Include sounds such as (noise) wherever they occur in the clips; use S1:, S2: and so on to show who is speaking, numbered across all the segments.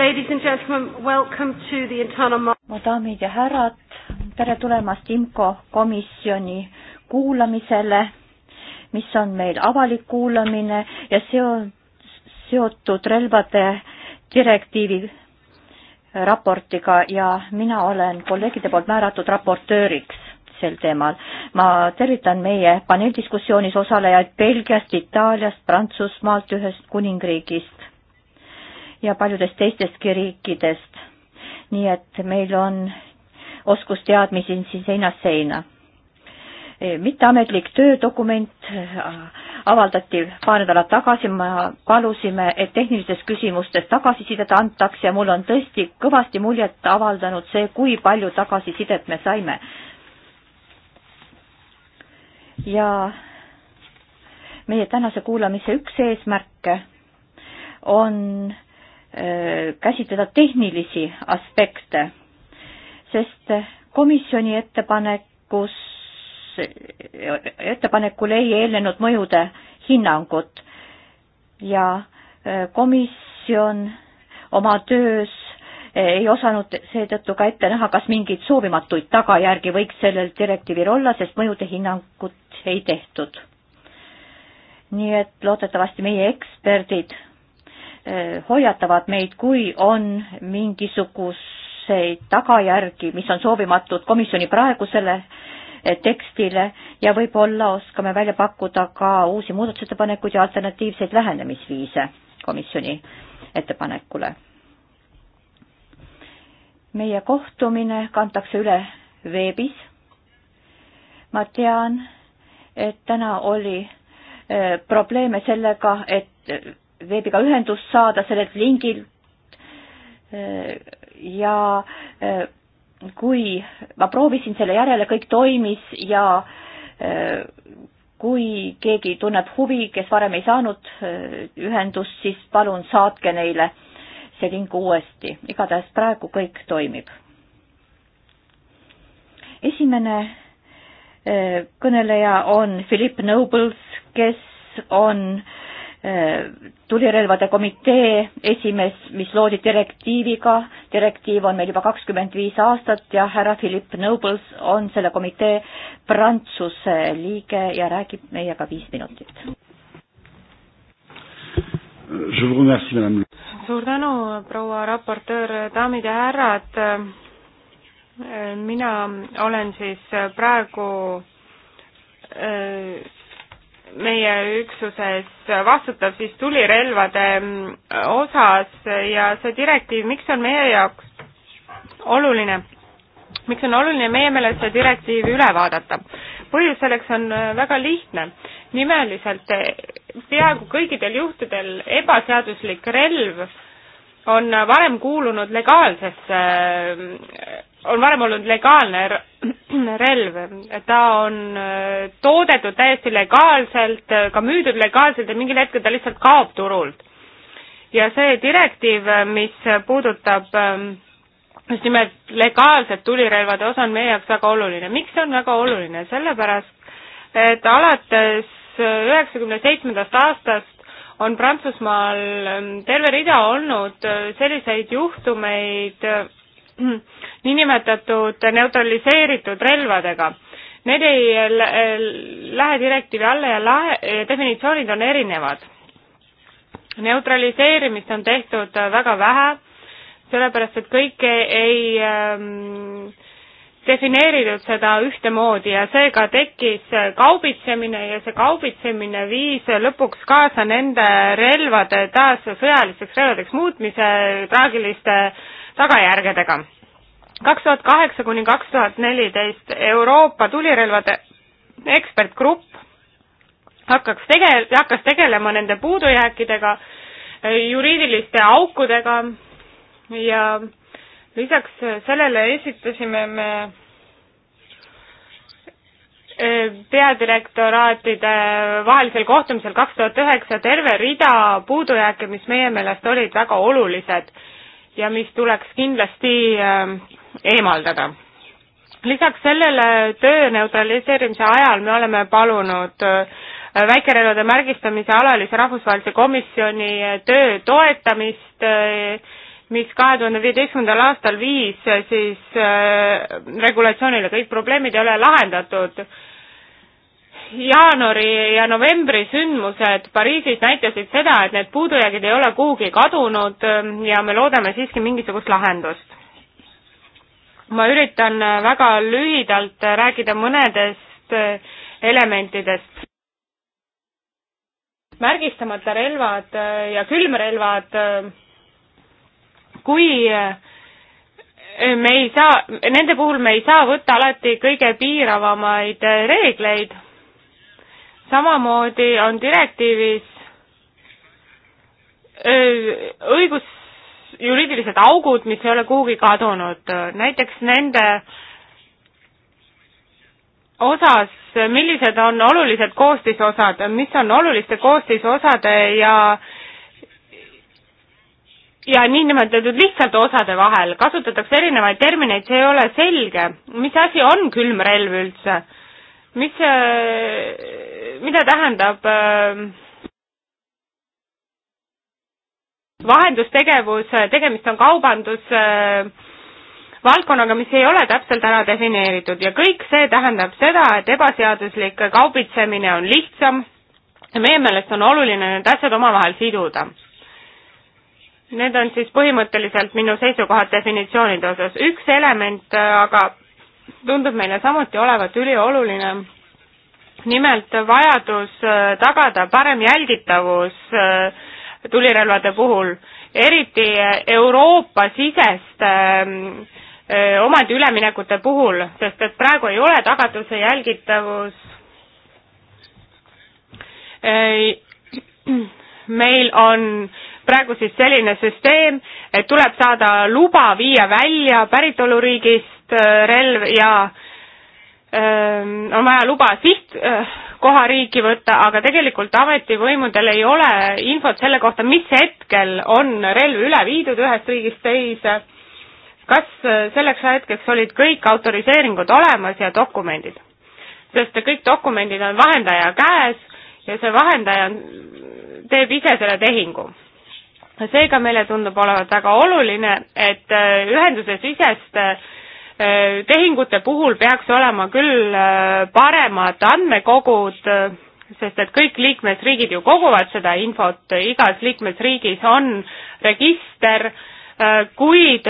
S1: Ladies and gentlemen, welcome to the internal market. mu daamid ja härrad, tere tulemast IMCO komisjoni kuulamisele, mis on meil avalik kuulamine ja see on seotud relvade direktiivi raportiga ja mina olen kolleegide poolt määratud raportööriks sel teemal. ma tervitan meie paneeldiskussioonis osalejaid Belgiast, Itaaliast, Prantsusmaalt, ühest kuningriigist ja paljudest teistestki riikidest. nii et meil on oskusteadmisi siin seinast seina. E, mitteametlik töödokument e, avaldati paar nädalat tagasi, me palusime, et tehnilistes küsimustes tagasisidet antaks ja mul on tõesti kõvasti muljet avaldanud see, kui palju tagasisidet me saime. ja meie tänase kuulamise üks eesmärke on Äh, käsitleda tehnilisi aspekte, sest komisjoni ettepanekus, ettepanekul ei eelnenud mõjude hinnangut ja äh, komisjon oma töös ei osanud seetõttu ka ette näha, kas mingeid soovimatuid tagajärgi võiks sellel direktiivil olla, sest mõjude hinnangut ei tehtud. nii et loodetavasti meie eksperdid Äh, hoiatavad meid, kui on mingisuguseid tagajärgi, mis on soovimatud komisjoni praegusele äh, tekstile ja võib-olla oskame välja pakkuda ka uusi muudatusettepanekuid ja alternatiivseid lähenemisviise komisjoni ettepanekule. meie kohtumine kantakse üle veebis. ma tean, et täna oli äh, probleeme sellega, et veebiga ühendust saada sellelt lingilt ja eh, kui ma proovisin selle järele, kõik toimis ja eh, kui keegi tunneb huvi, kes varem ei saanud eh, ühendust, siis palun saatke neile see link uuesti, igatahes praegu kõik toimib. esimene kõneleja on Philip Nobles, kes on äh, tulirelvade komitee esimees, mis loodi direktiiviga, direktiiv on meil juba kakskümmend viis aastat ja härra Philipp Nobles on selle komitee Prantsuse liige ja räägib meiega viis minutit.
S2: suur
S3: tänu, proua raportöör, daamid ja härrad. mina olen siis praegu äh, meie üksuses vastutab siis tulirelvade mm, osas ja see direktiiv, miks on meie jaoks oluline? miks on oluline meie meelest see direktiiv üle vaadata? põhjus selleks on äh, väga lihtne. nimeliselt äh, peaaegu kõikidel juhtudel ebaseaduslik relv äh, on varem kuulunud legaalsesse, on varem olnud legaalne (clears throat) relv, ta on äh, toodetud täiesti legaalselt, äh, ka müüdud legaalselt ja mingil hetkel ta lihtsalt kaob turult. ja see direktiiv, äh, mis puudutab ähm, just nimelt legaalset tulirelvade osa, on meie jaoks väga oluline. miks see on väga oluline? sellepärast, et alates üheksakümne seitsmendast aastast on Prantsusmaal ähm, terve rida olnud äh, selliseid juhtumeid äh, (clears throat) niinimetatud neutraliseeritud relvadega. Need ei äh, lähe direktiivi alla ja lahe, definitsioonid on erinevad. neutraliseerimist on tehtud väga vähe, sellepärast et kõik ei ähm, defineeritud seda ühtemoodi ja seega tekkis kaubitsemine ja see kaubitsemine viis lõpuks kaasa nende relvade taas sõjalisteks relvadeks muutmise traagiliste tagajärgedega. kaks tuhat kaheksa kuni kaks tuhat neliteist Euroopa tulirelvade ekspertgrupp hakkaks tege-, hakkas tegelema nende puudujääkidega, juriidiliste aukudega ja lisaks sellele esitasime me peadirektoraatide vahelisel kohtumisel kaks tuhat üheksa terve rida puudujääke, mis meie meelest olid väga olulised ja mis tuleks kindlasti äh, eemaldada. lisaks sellele töö neutraliseerimise ajal me oleme palunud äh, väikerelvade märgistamise alalise rahvusvahelise komisjoni äh, töö toetamist mis kahe tuhande viieteistkümnendal aastal viis siis äh, regulatsioonile, kõik probleemid ei ole lahendatud jaanuari ja novembri sündmused Pariisis näitasid seda, et need puudujäägid ei ole kuhugi kadunud ähm, ja me loodame siiski mingisugust lahendust. ma üritan äh, väga lühidalt äh, rääkida mõnedest äh, elementidest. märgistamata relvad ja külmrelvad, kui me ei saa, nende puhul me ei saa võtta alati kõige piiravamaid reegleid samamoodi on direktiivis õigus, juriidilised augud, mis ei ole kuhugi kadunud, näiteks nende osas, millised on olulised koostisosad, mis on oluliste koostisosade ja ja niinimetatud lihtsalt osade vahel kasutatakse erinevaid termineid, see ei ole selge, mis asi on külmrelv üldse mis see, äh, mida tähendab äh, vahendustegevus, tegemist on kaubandus äh, valdkonnaga, mis ei ole täpselt ära defineeritud ja kõik see tähendab seda, et ebaseaduslik kaubitsemine on lihtsam ja meie meelest on oluline need asjad omavahel siduda. Need on siis põhimõtteliselt minu seisukohad definitsioonide osas. üks element aga tundub meile samuti olevat ülioluline. nimelt vajadus äh, tagada parem jälgitavus äh, tulirelvade puhul, eriti äh, Euroopa-siseste ähm, omandi üleminekute puhul, sest et praegu ei ole tagatud see jälgitavus. (clears throat) meil on praegu siis selline süsteem, et tuleb saada luba viia välja päritoluriigist Äh, relv ja ähm, on vaja luba sihtkohariiki äh, võtta, aga tegelikult ametivõimudel ei ole infot selle kohta, mis hetkel on relv üle viidud ühest riigist teise. kas äh, selleks hetkeks olid kõik autoriseeringud olemas ja dokumendid? sest kõik dokumendid on vahendaja käes ja see vahendaja on, teeb ise selle tehingu. seega meile tundub olevat väga oluline, et ühenduse siseste äh, Äh, tehingute puhul peaks olema küll äh, paremad andmekogud, äh, sest et kõik liikmesriigid ju koguvad seda infot, igas liikmesriigis on register, kuid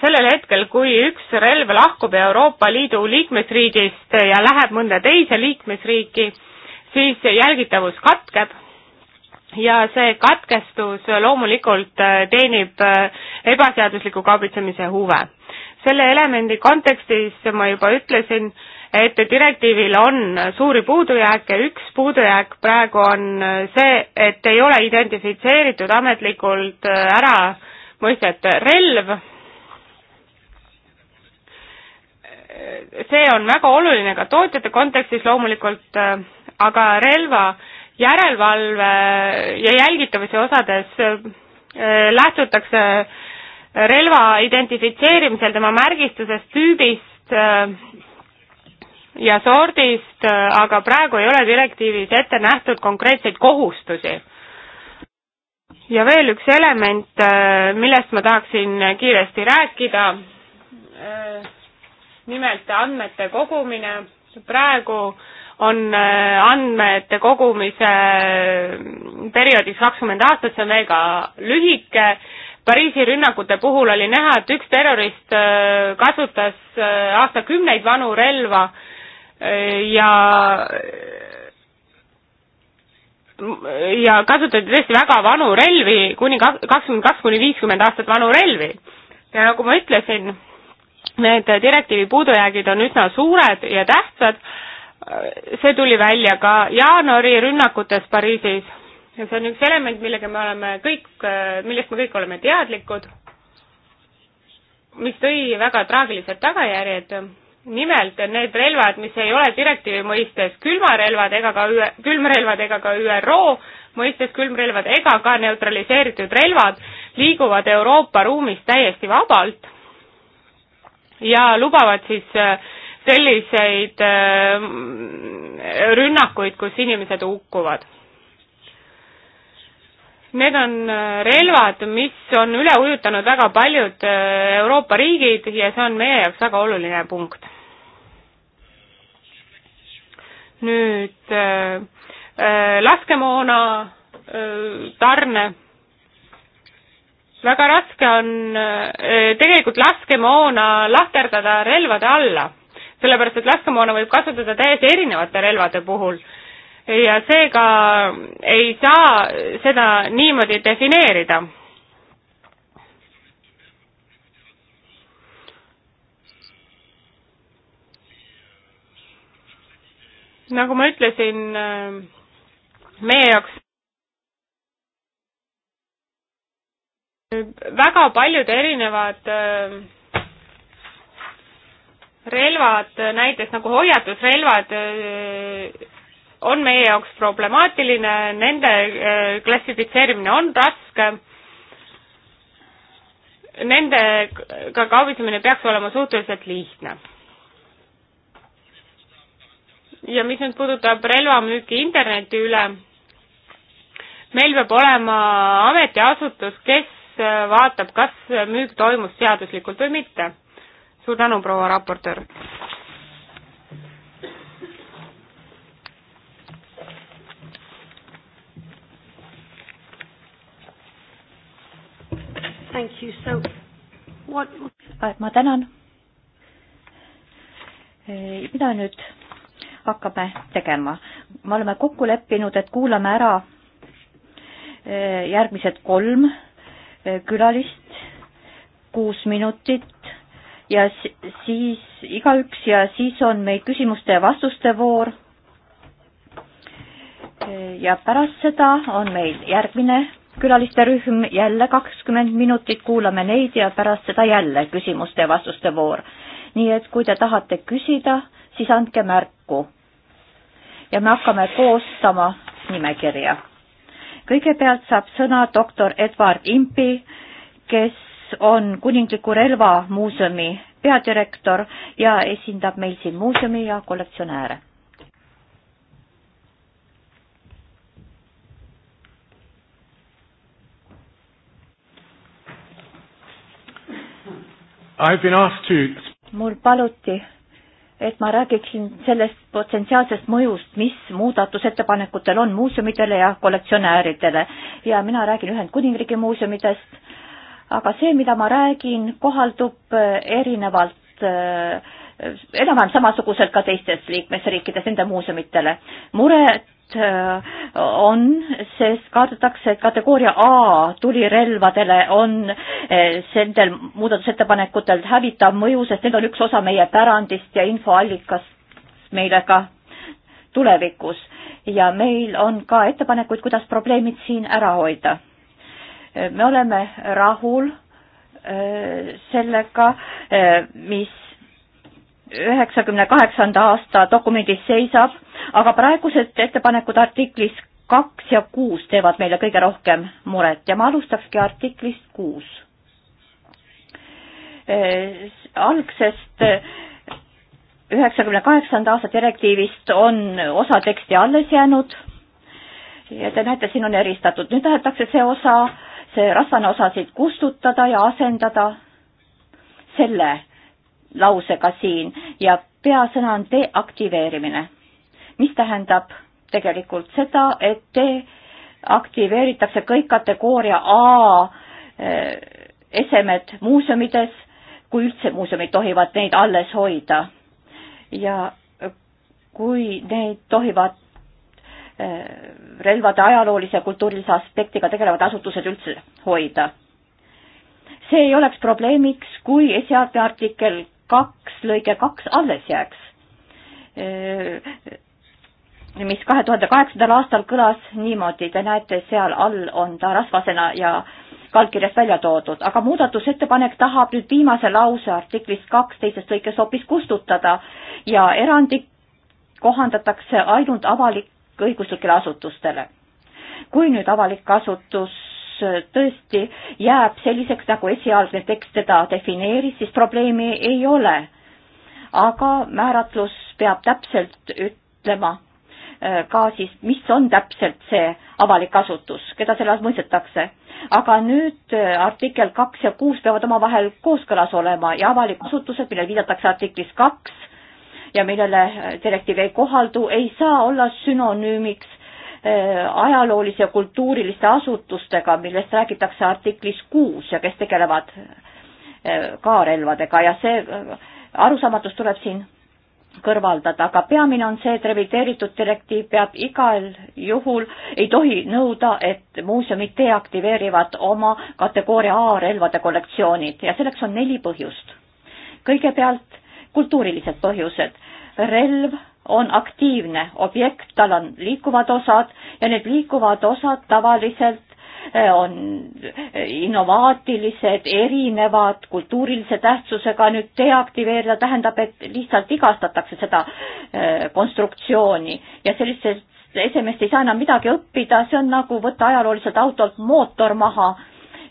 S3: sellel hetkel, kui üks relv lahkub Euroopa Liidu liikmesriigist ja läheb mõnda teise liikmesriiki, siis jälgitavus katkeb ja see katkestus loomulikult teenib ebaseadusliku kaubitsemise huve selle elemendi kontekstis ma juba ütlesin, et direktiivil on suuri puudujääke, üks puudujääk praegu on see, et ei ole identifitseeritud ametlikult ära mõistet relv. see on väga oluline ka tootjate kontekstis loomulikult, aga relva järelevalve ja jälgitavuse osades eh, lähtutakse relva identifitseerimisel, tema märgistusest, tüübist äh, ja sordist, äh, aga praegu ei ole direktiivis ette nähtud konkreetseid kohustusi. ja veel üks element, äh, millest ma tahaksin kiiresti rääkida, nimelt andmete kogumine, praegu on andmete kogumise perioodiks kakskümmend aastat, see on väga lühike Pariisi rünnakute puhul oli näha, et üks terrorist äh, kasutas äh, aastakümneid vanu relva äh, ja ja kasutati tõesti väga vanu relvi, kuni kakskümmend kaks kuni viiskümmend aastat vanu relvi. ja nagu ma ütlesin, need direktiivi puudujäägid on üsna suured ja tähtsad, see tuli välja ka jaanuari rünnakutes Pariisis ja see on üks element, millega me oleme kõik, millest me kõik oleme teadlikud, mis tõi väga traagilised tagajärjed. nimelt need relvad, mis ei ole direktiivi mõistes külmarelvad ega ka ÜR, külmrelvad ega ka ÜRO mõistes külmrelvad ega ka neutraliseeritud relvad, liiguvad Euroopa ruumis täiesti vabalt ja lubavad siis äh, selliseid äh, rünnakuid, kus inimesed hukkuvad Need on äh, relvad, mis on üle ujutanud väga paljud äh, Euroopa riigid ja see on meie jaoks väga oluline punkt. nüüd äh, äh laskemoona äh, tarne väga raske on tegelikult laskemoona lahterdada relvade alla, sellepärast et laskemoona võib kasutada täiesti erinevate relvade puhul ja seega ei saa seda niimoodi defineerida. nagu ma ütlesin, äh, meie jaoks väga paljud erinevad äh, relvad, näiteks nagu hoiatusrelvad, äh, on meie jaoks problemaatiline, nende äh, klassifitseerimine on raske, nendega kaubitsemine peaks olema suhteliselt lihtne. ja mis nüüd puudutab relvamüüki interneti üle, meil peab olema ametiasutus, kes äh, vaatab, kas müük toimus seaduslikult või mitte. suur tänu, proua raportöör!
S2: Thank you. So what...
S1: Ah, ma tänan. Eh, mida nüüd hakkame tegema? me oleme kokku leppinud, et kuulame ära eh, järgmised kolm eh, külalist, kuus minutit ja siis igaüks ja siis on meil küsimuste ja vastuste voor. ja pärast seda on meil järgmine külaliste rühm jälle kakskümmend minutit, kuulame neid ja pärast seda jälle küsimuste ja vastuste voor. nii et kui te tahate küsida, siis andke märku. ja me hakkame koostama nimekirja. kõigepealt saab sõna doktor Edward Impi, kes on Kuningliku Relvamuuseumi peadirektor ja esindab meil siin muuseumi ja kollektsionääre
S2: To...
S1: mul paluti, et ma räägiksin sellest potentsiaalsest mõjust, mis muudatusettepanekutel on muuseumidele ja kollektsionääridele ja mina räägin Ühendkuningriigi muuseumidest, aga see, mida ma räägin, kohaldub eh, erinevalt äh, enam-vähem samasugused ka teistes liikmesriikides nende muuseumidele. mured äh, on, sest kardetakse, et kategooria A tulirelvadele on äh, nendel muudatusettepanekutel hävitav mõju, sest need on üks osa meie pärandist ja infoallikast meile ka tulevikus. ja meil on ka ettepanekuid, kuidas probleemid siin ära hoida. Äh, me oleme rahul sellega, mis üheksakümne kaheksanda aasta dokumendis seisab, aga praegused ettepanekud artiklis kaks ja kuus teevad meile kõige rohkem muret ja ma alustakski artiklist kuus. algsest eh, üheksakümne kaheksanda aasta direktiivist on osa teksti alles jäänud ja te näete, siin on eristatud, nüüd tahetakse see osa, see rasvane osa siit kustutada ja asendada selle lausega siin ja peasõna on deaktiveerimine, mis tähendab tegelikult seda, et deaktiveeritakse kõik kategooria A eh, esemed muuseumides, kui üldse muuseumid tohivad neid alles hoida. ja kui need tohivad eh, relvade ajaloolise ja kultuurilise aspektiga tegelevad asutused üldse hoida. see ei oleks probleemiks, kui esialgne artikkel kaks lõige kaks alles jääks, mis kahe tuhande kaheksandal aastal kõlas niimoodi, te näete, seal all on ta rasvasena ja kaldkirjas välja toodud, aga muudatusettepanek tahab nüüd viimase lause artiklist kaks teises lõikes hoopis kustutada ja erandi kohandatakse ainult avalik-õiguslikele asutustele. kui nüüd avalik asutus tõesti jääb selliseks, nagu esialgne tekst teda defineeris, siis probleemi ei ole. aga määratlus peab täpselt ütlema äh, ka siis, mis on täpselt see avalik asutus, keda selle all mõistetakse. aga nüüd äh, artikkel kaks ja kuus peavad omavahel kooskõlas olema ja avalikud asutused, millele viidatakse artiklis kaks ja millele äh, direktiiv ei kohaldu, ei saa olla sünonüümiks Äh, ajaloolise ja kultuuriliste asutustega, millest räägitakse artiklis kuus ja kes tegelevad äh, ka relvadega ja see äh, arusaamatus tuleb siin kõrvaldada, aga peamine on see, et revideeritud direktiiv peab igal juhul, ei tohi nõuda, et muuseumid deaktiveerivad oma kategooria A relvade kollektsioonid ja selleks on neli põhjust. kõigepealt kultuurilised põhjused. relv on aktiivne objekt, tal on liikuvad osad ja need liikuvad osad tavaliselt eh, on eh, innovaatilised, erinevad, kultuurilise tähtsusega, nüüd deaktiveerida tähendab, et lihtsalt vigastatakse seda eh, konstruktsiooni ja sellistest esemest ei saa enam midagi õppida, see on nagu võtta ajalooliselt autolt mootor maha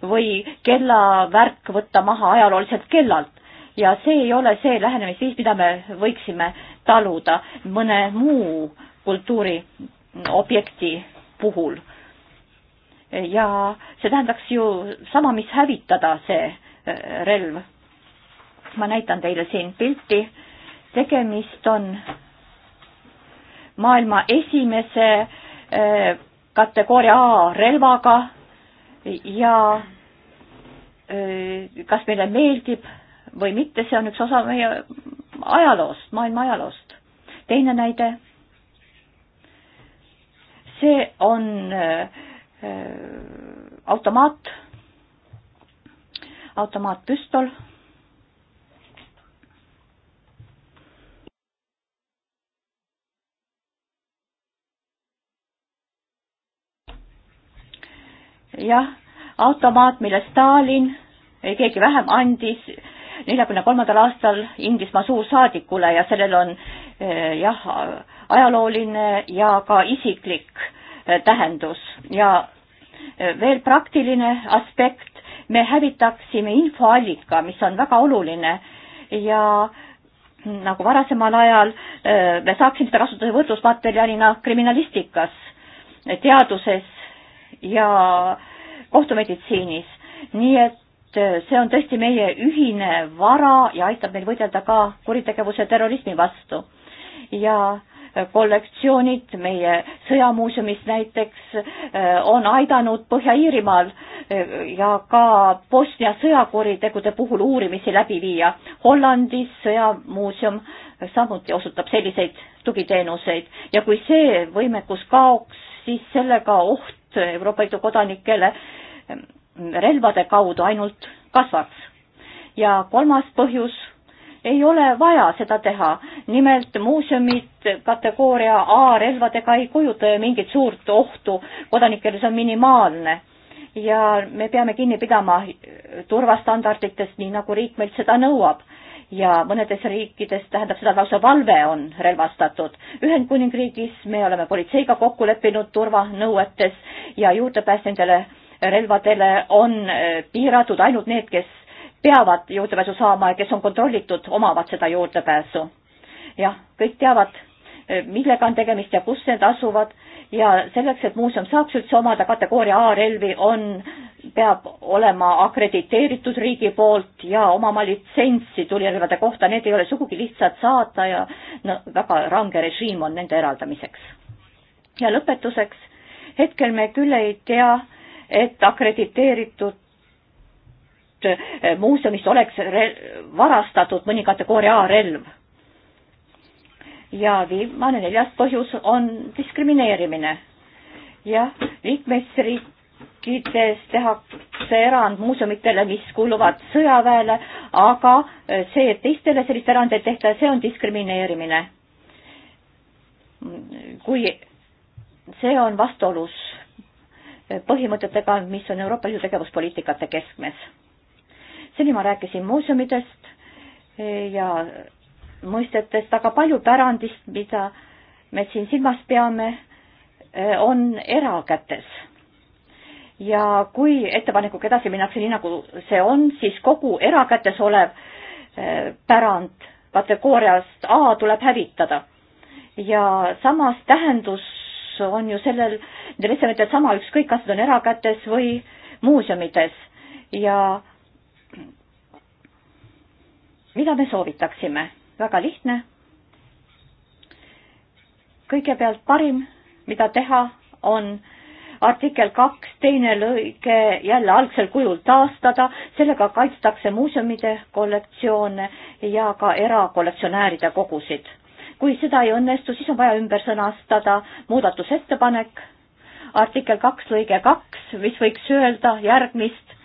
S1: või kellavärk võtta maha ajalooliselt kellalt. ja see ei ole see lähenemisviis, mida me võiksime äh, taluda mõne muu kultuuriobjekti puhul. ja see tähendaks ju sama, mis hävitada see äh, relv. ma näitan teile siin pilti. tegemist on maailma esimese äh, kategooria A relvaga ja äh, kas meile meeldib või mitte, see on üks osa meie ajaloost, maailma ajaloost. teine näide. see on äh, äh automaat, automaatpüstol jah, automaat, mille Stalin, keegi vähem andis neljakümne kolmandal aastal Inglismaa suursaadikule ja sellel on eh, jah, ajalooline ja ka isiklik eh, tähendus ja eh, veel praktiline aspekt, me hävitaksime infoallika, mis on väga oluline ja nagu varasemal ajal me saaksime seda kasutada võrdlusmaterjalina kriminalistikas, teaduses ja kohtumeditsiinis. nii et Äh, see on tõesti meie ühine vara ja aitab meil võidelda ka kuritegevuse terrorismi vastu. ja äh, kollektsioonid meie sõjamuuseumis näiteks äh, on aidanud Põhja-Iirimaal ja ka Bosnia sõjakuritegude puhul uurimisi läbi viia. Hollandis sõjamuuseum samuti osutab selliseid tugiteenuseid ja kui see võimekus kaoks, siis sellega oht Euroopa Liidu kodanikele relvade kaudu ainult kasvaks. ja kolmas põhjus, ei ole vaja seda teha, nimelt muuseumid kategooria A relvadega ei kujuta ju mingit suurt ohtu, kodanikele see on minimaalne. ja me peame kinni pidama turvastandarditest, nii nagu riik meilt seda nõuab ja mõnedes riikides tähendab seda lausa valve on relvastatud. Ühendkuningriigis me oleme politseiga kokku leppinud turvanõuetes ja juurdepääs nendele relvadele on äh, piiratud ainult need, kes peavad juurdepääsu saama ja kes on kontrollitud, omavad seda juurdepääsu. jah, kõik teavad, äh, millega on tegemist ja kus need asuvad ja selleks, et muuseum saaks üldse omada kategooria A relvi, on, peab olema akrediteeritud riigi poolt ja omama litsentsi tulirelvade kohta, need ei ole sugugi lihtsad saada ja no väga range režiim on nende eraldamiseks. ja lõpetuseks, hetkel me küll ei tea, et akrediteeritud eh, muuseumist oleks varastatud mõni kategooria A relv. ja viimane, neljas põhjus on diskrimineerimine. jah, liikmesriikides tehakse erand muuseumitele, mis kuuluvad sõjaväele, aga eh, see, et teistele sellist erandit ei tehta, see on diskrimineerimine. kui see on vastuolus põhimõtetega, mis on Euroopa Liidu tegevuspoliitikate keskmes. seni ma rääkisin muuseumidest e, ja mõistetest, aga palju pärandist, mida me siin silmas peame, e, on erakätes. ja kui ettepanekuga edasi minnakse nii, nagu see on, siis kogu erakätes olev e, pärand kategooriast A tuleb hävitada ja samas tähendus on ju sellel nendel esemetel sama, ükskõik, kas nad on erakätes või muuseumides ja mida me soovitaksime? väga lihtne. kõigepealt parim, mida teha, on artikkel kaks teine lõige jälle algsel kujul taastada, sellega kaitstakse muuseumide kollektsioone ja ka erakollektsionääride kogusid kui seda ei õnnestu, siis on vaja ümber sõnastada muudatusettepanek, artikkel kaks lõige kaks, mis võiks öelda järgmist,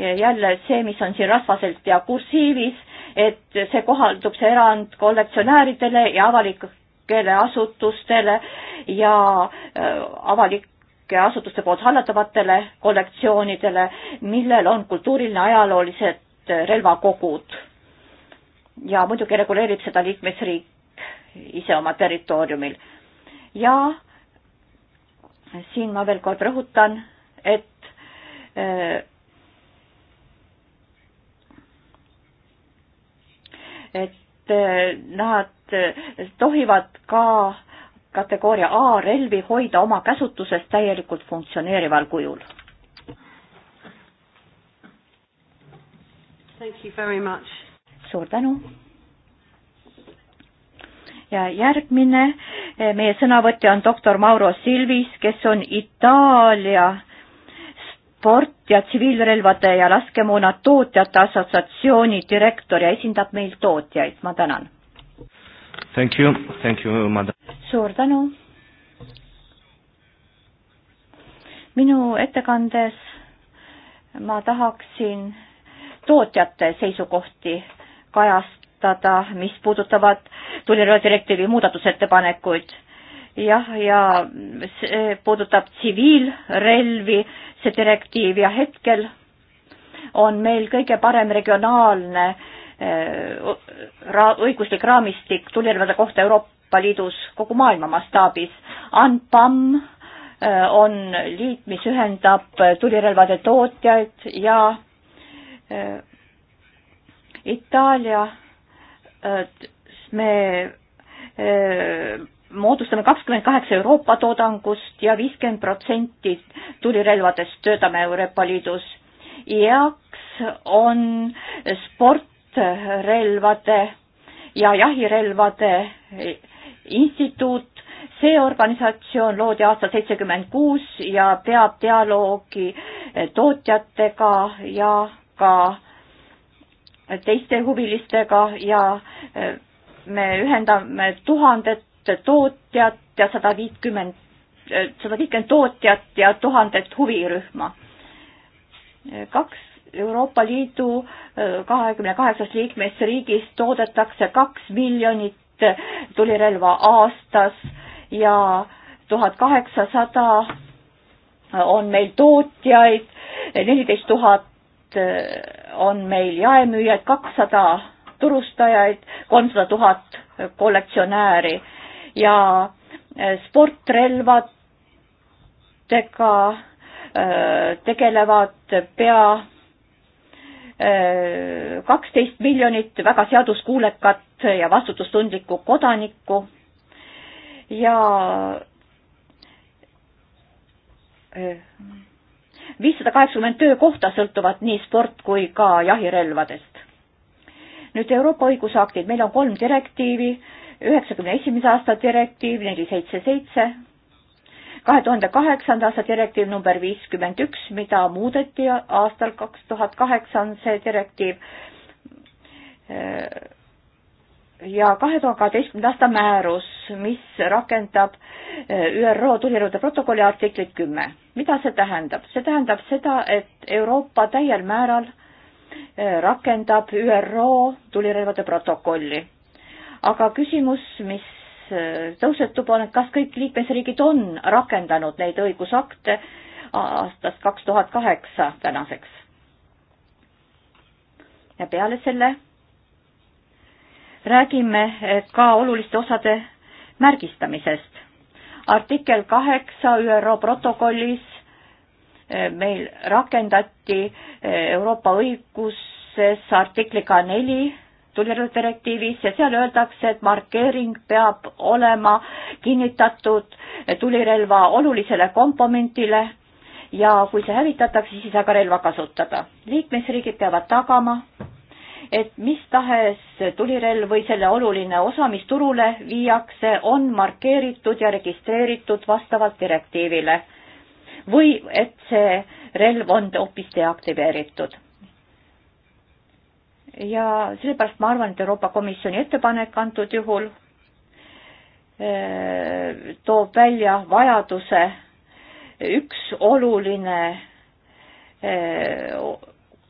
S1: jälle see, mis on siin rasvaselt ja kursiivis, et see kohaldub, see erand kollektsionääridele ja avalikele asutustele ja avalik-, äh, avalike asutuste poolt hallatavatele kollektsioonidele, millel on kultuuriline ajaloolised relvakogud. ja muidugi reguleerib seda liikmesriik ise oma territooriumil. ja siin ma veel kord rõhutan, et äh, et äh, nad äh, tohivad ka kategooria A relvi hoida oma käsutuses täielikult funktsioneerival kujul. suur tänu ja järgmine eh, meie sõnavõtja on doktor Mauro Silvis, kes on Itaalia sport- ja tsiviilrelvade ja laskemoona tootjate assotsiatsiooni direktor ja esindab meil tootjaid, ma tänan.
S2: Thank you, thank you, madam.
S1: suur tänu. minu ettekandes ma tahaksin tootjate seisukohti kajastada arutada, mis puudutavad tuliröödirektiivi muudatusettepanekuid jah, ja see puudutab tsiviilrelvi, see direktiiv ja hetkel on meil kõige parem regionaalne eh, ra-, õiguslik raamistik tulirelvade kohta Euroopa Liidus kogu maailma mastaabis. ANPAM eh, on liit, mis ühendab tulirelvade tootjaid ja eh, Itaalia me e, moodustame kakskümmend kaheksa Euroopa toodangust ja viiskümmend protsenti tulirelvadest töötame Euroopa Liidus. heaks on sportrelvade ja jahirelvade instituut, see organisatsioon loodi aastal seitsekümmend kuus ja peab dialoogi tootjatega ja ka teiste huvilistega ja eh, me ühendame tuhandet tootjat ja sada viitkümmend, eh, sada viitkümmend tootjat ja tuhandet huvirühma. Eh, kaks Euroopa Liidu kahekümne kaheksas liikmesriigis toodetakse kaks miljonit tulirelva aastas ja tuhat kaheksasada on meil tootjaid, neliteist tuhat Eh, on meil jaemüüjaid, kakssada turustajaid, kolmsada tuhat kollektsionääri ja eh, sportrelvadega eh, tegelevad pea kaksteist miljonit väga seaduskuulekat ja vastutustundlikku kodanikku ja viissada kaheksakümmend töökohta sõltuvad nii sport kui ka jahirelvadest. nüüd Euroopa õigusaktid, meil on kolm direktiivi, üheksakümne esimese aasta direktiiv neli seitse seitse, kahe tuhande kaheksanda aasta direktiiv number viiskümmend üks, mida muudeti aastal kaks tuhat kaheksa, on see direktiiv ja kahe tuhande kaheteistkümnenda aasta määrus, mis rakendab eh, ÜRO tulirõude protokolli artiklit kümme. mida see tähendab? see tähendab seda, et Euroopa täiel määral eh, rakendab ÜRO tulirelvade protokolli. aga küsimus, mis eh, tõusetub, on, et kas kõik liikmesriigid on rakendanud neid õigusakte aastast kaks tuhat kaheksa tänaseks. ja peale selle räägime ka oluliste osade märgistamisest. artikkel kaheksa ÜRO protokollis eh, meil rakendati eh, Euroopa õiguses artikliga neli tulirõhudirektiivis ja seal öeldakse, et markeering peab olema kinnitatud tulirelva olulisele komponentile ja kui see hävitatakse, siis ei saa ka relva kasutada. liikmesriigid peavad tagama, et mis tahes tulirelv või selle oluline osa, mis turule viiakse, on markeeritud ja registreeritud vastavalt direktiivile või et see relv on hoopis deaktiveeritud. ja sellepärast ma arvan, et Euroopa Komisjoni ettepanek antud juhul eh, toob välja vajaduse üks oluline eh,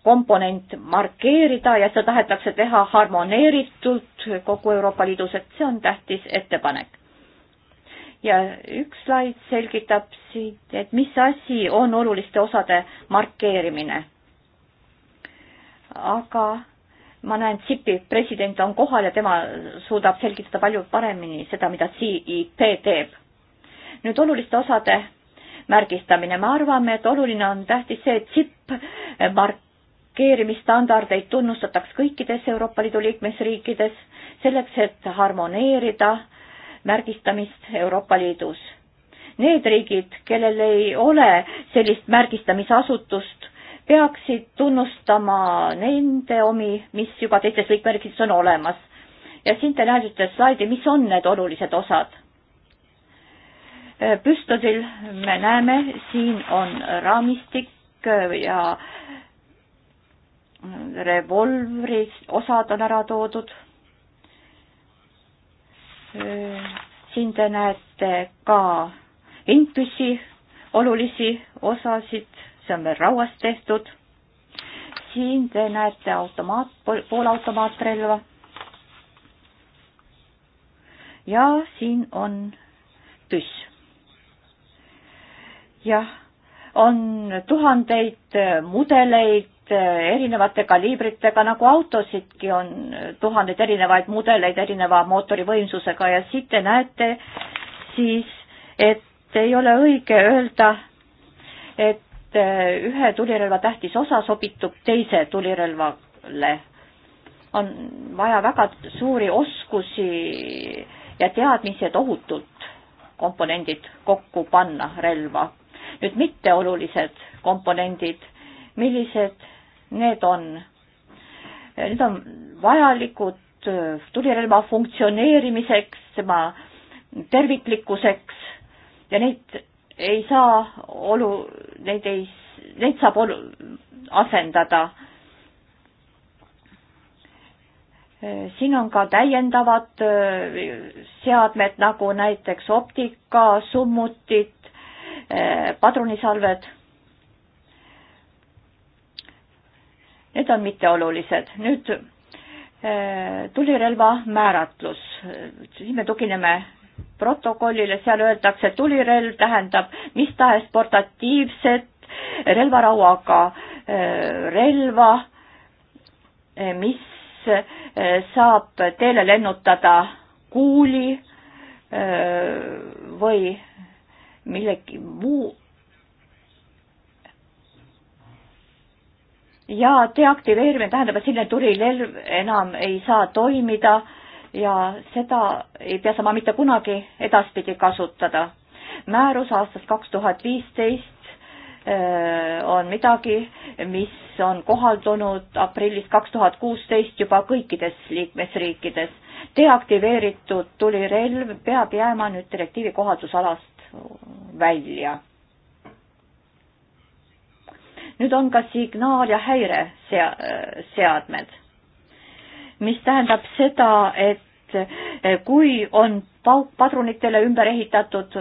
S1: komponent markeerida ja seda tahetakse teha harmoneeritult kogu Euroopa Liidus, et see on tähtis ettepanek. ja üks slaid selgitab siit, et mis asi on oluliste osade markeerimine. aga ma näen, CIP-i president on kohal ja tema suudab selgitada palju paremini seda, mida CIP e teeb. nüüd oluliste osade märgistamine, me arvame, et oluline on tähtis see, et CIP mark-, reageerimisstandardeid tunnustataks kõikides Euroopa Liidu liikmesriikides, selleks et harmoneerida märgistamist Euroopa Liidus. Need riigid, kellel ei ole sellist märgistamisasutust, peaksid tunnustama nende omi, mis juba teistes liikmeriikides on olemas. ja siin te näete slaidi, mis on need olulised osad. püstodil me näeme, siin on raamistik ja revolvri osad on ära toodud. siin te näete ka impüsi olulisi osasid, see on veel rauast tehtud. siin te näete automaat, poolautomaatrelva. ja siin on püss. jah, on tuhandeid mudeleid Eh, erinevate kaliibritega, nagu autosidki on eh, tuhandeid erinevaid mudeleid erineva mootorivõimsusega ja siit te näete siis, et ei ole õige öelda, et eh, ühe tulirelva tähtis osa sobitub teise tulirelvale. on vaja väga suuri oskusi ja teadmisi, et ohutult komponendid kokku panna relva. nüüd mitteolulised komponendid, millised need on. Need on vajalikud äh, tulirelva funktsioneerimiseks, tema terviklikkuseks ja neid ei saa olu, neid ei, neid saab olu, asendada. Äh, siin on ka täiendavad äh, seadmed nagu näiteks optika, summutid, padrunisalved Need on mitteolulised. nüüd äh, tulirelva määratlus, siis me tugineme protokollile, seal öeldakse, tulirelv tähendab mis tahes portatiivset relvarauaga äh, relva, äh, mis saab teele lennutada kuuli või millegi muu ja deaktiveerimine tähendab, et selline tulirelv enam ei saa toimida ja seda ei pea sama mitte kunagi edaspidi kasutada. määrus aastast kaks tuhat viisteist äh, on midagi, mis on kohaldunud aprillist kaks tuhat kuusteist juba kõikides liikmesriikides. deaktiveeritud tulirelv peab jääma nüüd direktiivi kohaldusalast välja nüüd on ka signaal- ja häireseadmed, mis tähendab seda, et eh, kui on paukpadrunitele ümber ehitatud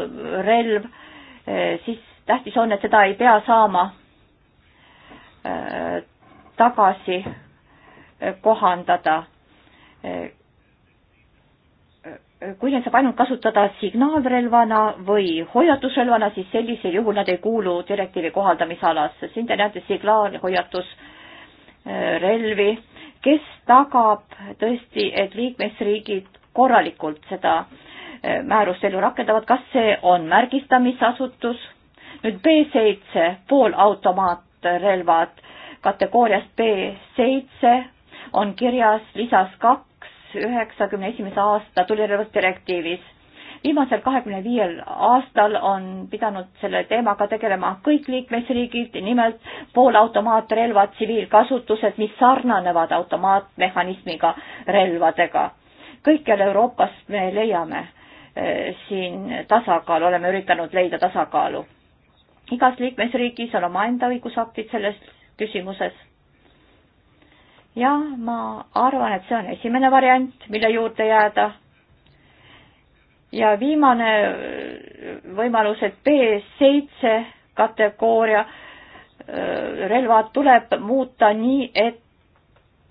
S1: relv, eh, siis tähtis on, et seda ei pea saama eh, tagasi kohandada kui neid saab ainult kasutada signaalrelvana või hoiatusrelvana, siis sellisel juhul nad ei kuulu direktiivi kohaldamisalasse. siin te näete signaal, hoiatusrelvi, kes tagab tõesti, et liikmesriigid korralikult seda eh, määrust ellu rakendavad, kas see on märgistamisasutus, nüüd B seitse poolautomaatrelvad kategooriast B seitse on kirjas lisas kaks, üheksakümne esimese aasta tulirelvasdirektiivis. viimasel kahekümne viiel aastal on pidanud selle teemaga tegelema kõik liikmesriigid, nimelt poolautomaatrelvad, tsiviilkasutused, mis sarnanevad automaatmehhanismiga relvadega. kõikjal Euroopas me leiame eh, siin tasakaalu, oleme üritanud leida tasakaalu. igas liikmesriigis on omaenda õigusaktid selles küsimuses ja ma arvan, et see on esimene variant, mille juurde jääda. ja viimane võimalus, et B7 kategooria äh, relvad tuleb muuta nii, et,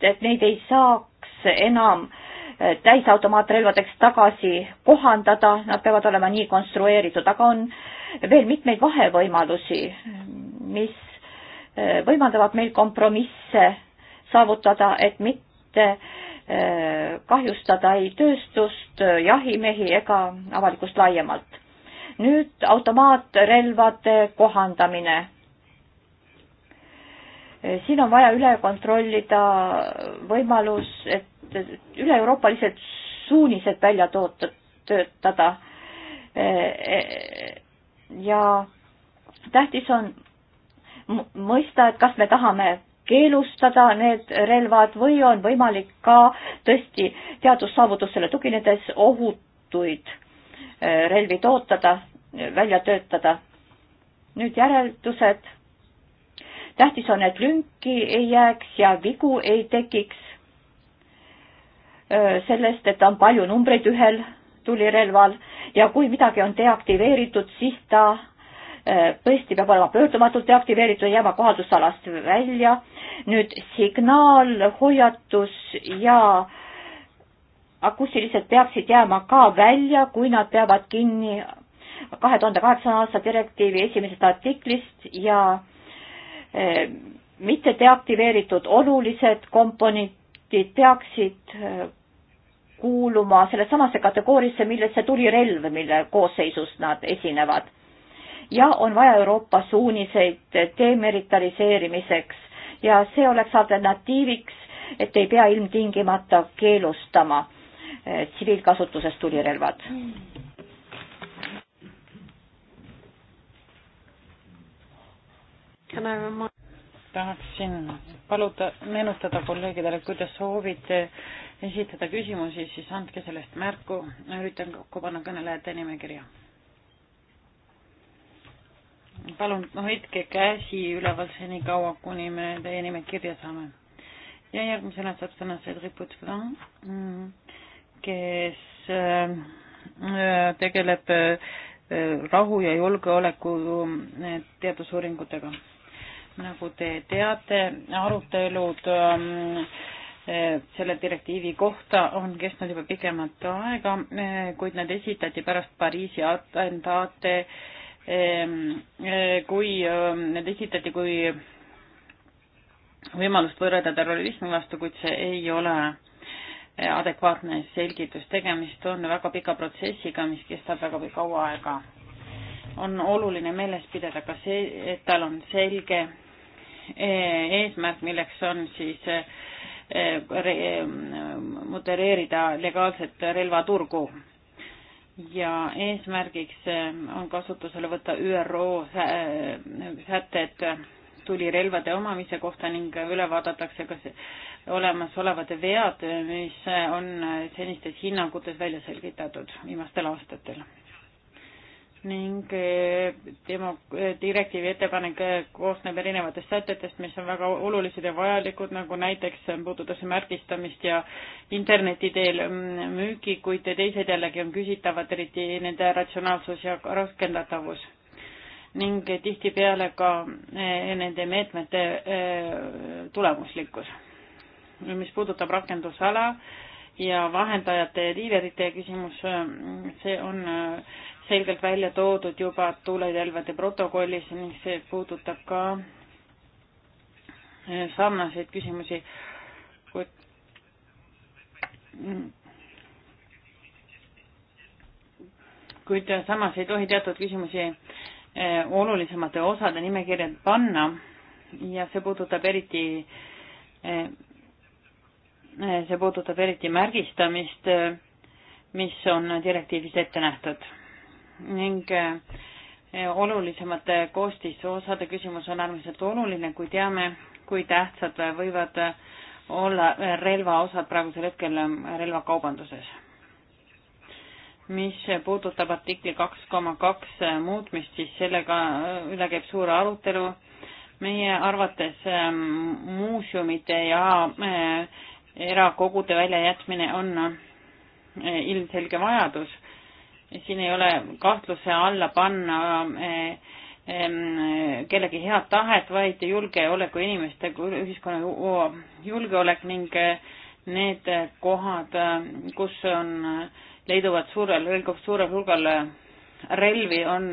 S1: et neid ei saaks enam äh, täisautomaatrelvadeks tagasi kohandada, nad peavad olema nii konstrueeritud, aga on veel mitmeid vahevõimalusi, mis äh, võimaldavad meil kompromisse saavutada, et mitte äh, kahjustada ei tööstust, äh, jahimehi ega avalikkust laiemalt. nüüd automaatrelvade kohandamine. Äh, siin on vaja üle kontrollida võimalus, et üle-euroopalised suunised välja toota, töötada. ja tähtis on mõista, et kas me tahame keelustada need relvad või on võimalik ka tõesti teadussaavutustele tuginedes ohutuid eh, relvi tootada, välja töötada. nüüd järeldused. tähtis on, et lünki ei jääks ja vigu ei tekiks eh, sellest, et on palju numbreid ühel tulirelval ja kui midagi on deaktiveeritud, siis ta Äh, tõesti peab olema pöördumatult deaktiveeritud ja jääma kohaldusalast välja. nüüd signaal, hoiatus ja akustilised peaksid jääma ka välja, kui nad peavad kinni kahe tuhande kaheksanda aasta direktiivi esimesest artiklist ja eh, mitte deaktiveeritud olulised komponentid peaksid eh, kuuluma sellesamasse kategooriasse, millesse tulirelv, mille koosseisus nad esinevad ja on vaja Euroopa suuniseid demeritaliseerimiseks ja see oleks alternatiiviks, et ei pea ilmtingimata keelustama eh, tsiviilkasutuses tulirelvad.
S4: tahaksin paluda, meenutada kolleegidele, kui te soovite esitada küsimusi, siis andke sellest märku, üritan kokku panna kõnelejate nimekirja palun hoidke käsi üleval senikaua, kuni me teie nime kirja saame. ja järgmisena saab sõna Cedric Putslan, mm, kes äh, äh, tegeleb äh, rahu ja julgeoleku teadusuuringutega. nagu te teate, arutelud ähm, selle direktiivi kohta on kestnud juba pikemat aega, kuid nad esitati pärast Pariisi atentaate äh, Ehm, eh, kui ehm, need esitati kui võimalust võrrelda terrorismi vastu, kuid see ei ole eh, adekvaatne selgitus. tegemist on väga pika protsessiga, mis kestab väga kaua aega. on oluline meeles pidada ka see, et tal on selge eh, eesmärk, milleks on siis modereerida legaalset relvaturgu ja eesmärgiks ähm, on kasutusele võtta ÜRO äh, sätted tulirelvade omamise kohta ning üle vaadatakse ka olemasolevad vead, mis on senistes hinnangutes välja selgitatud viimastel aastatel ning eh, demo-, eh, direktiivi ettepanek eh, koosneb erinevatest sätetest, mis on väga olulised ja vajalikud, nagu näiteks puudutas märgistamist ja interneti teel mm, müügi, kuid teised jällegi on küsitavad, eriti nende ratsionaalsus ja rakendatavus. ning tihtipeale ka nende meetmete tulemuslikkus. mis puudutab rakendusala, ja vahendajate ja diilerite küsimus, see on äh, selgelt välja toodud juba tuuletõlvede protokollis ning see puudutab ka äh, sarnaseid küsimusi, kuid mm, kuid samas ei tohi teatud küsimusi äh, olulisemate osade nimekirja panna ja see puudutab eriti see puudutab eriti märgistamist, mis on direktiivis ette nähtud ning eh, olulisemate koostisosade küsimus on äärmiselt oluline, kui teame, kui tähtsad võivad olla relvaosad praegusel hetkel relvakaubanduses. mis puudutab artikli kaks koma kaks muutmist, siis sellega üle käib suur arutelu. meie arvates eh, muuseumide ja eh, erakogude väljajätmine on eh, ilmselge vajadus. siin ei ole kahtluse alla panna eh, kellegi head tahet, vaid julgeoleku inimeste kui ühiskonna julgeolek ning eh, need kohad, kus on, leiduvad suurel, suurel hulgal relvi, on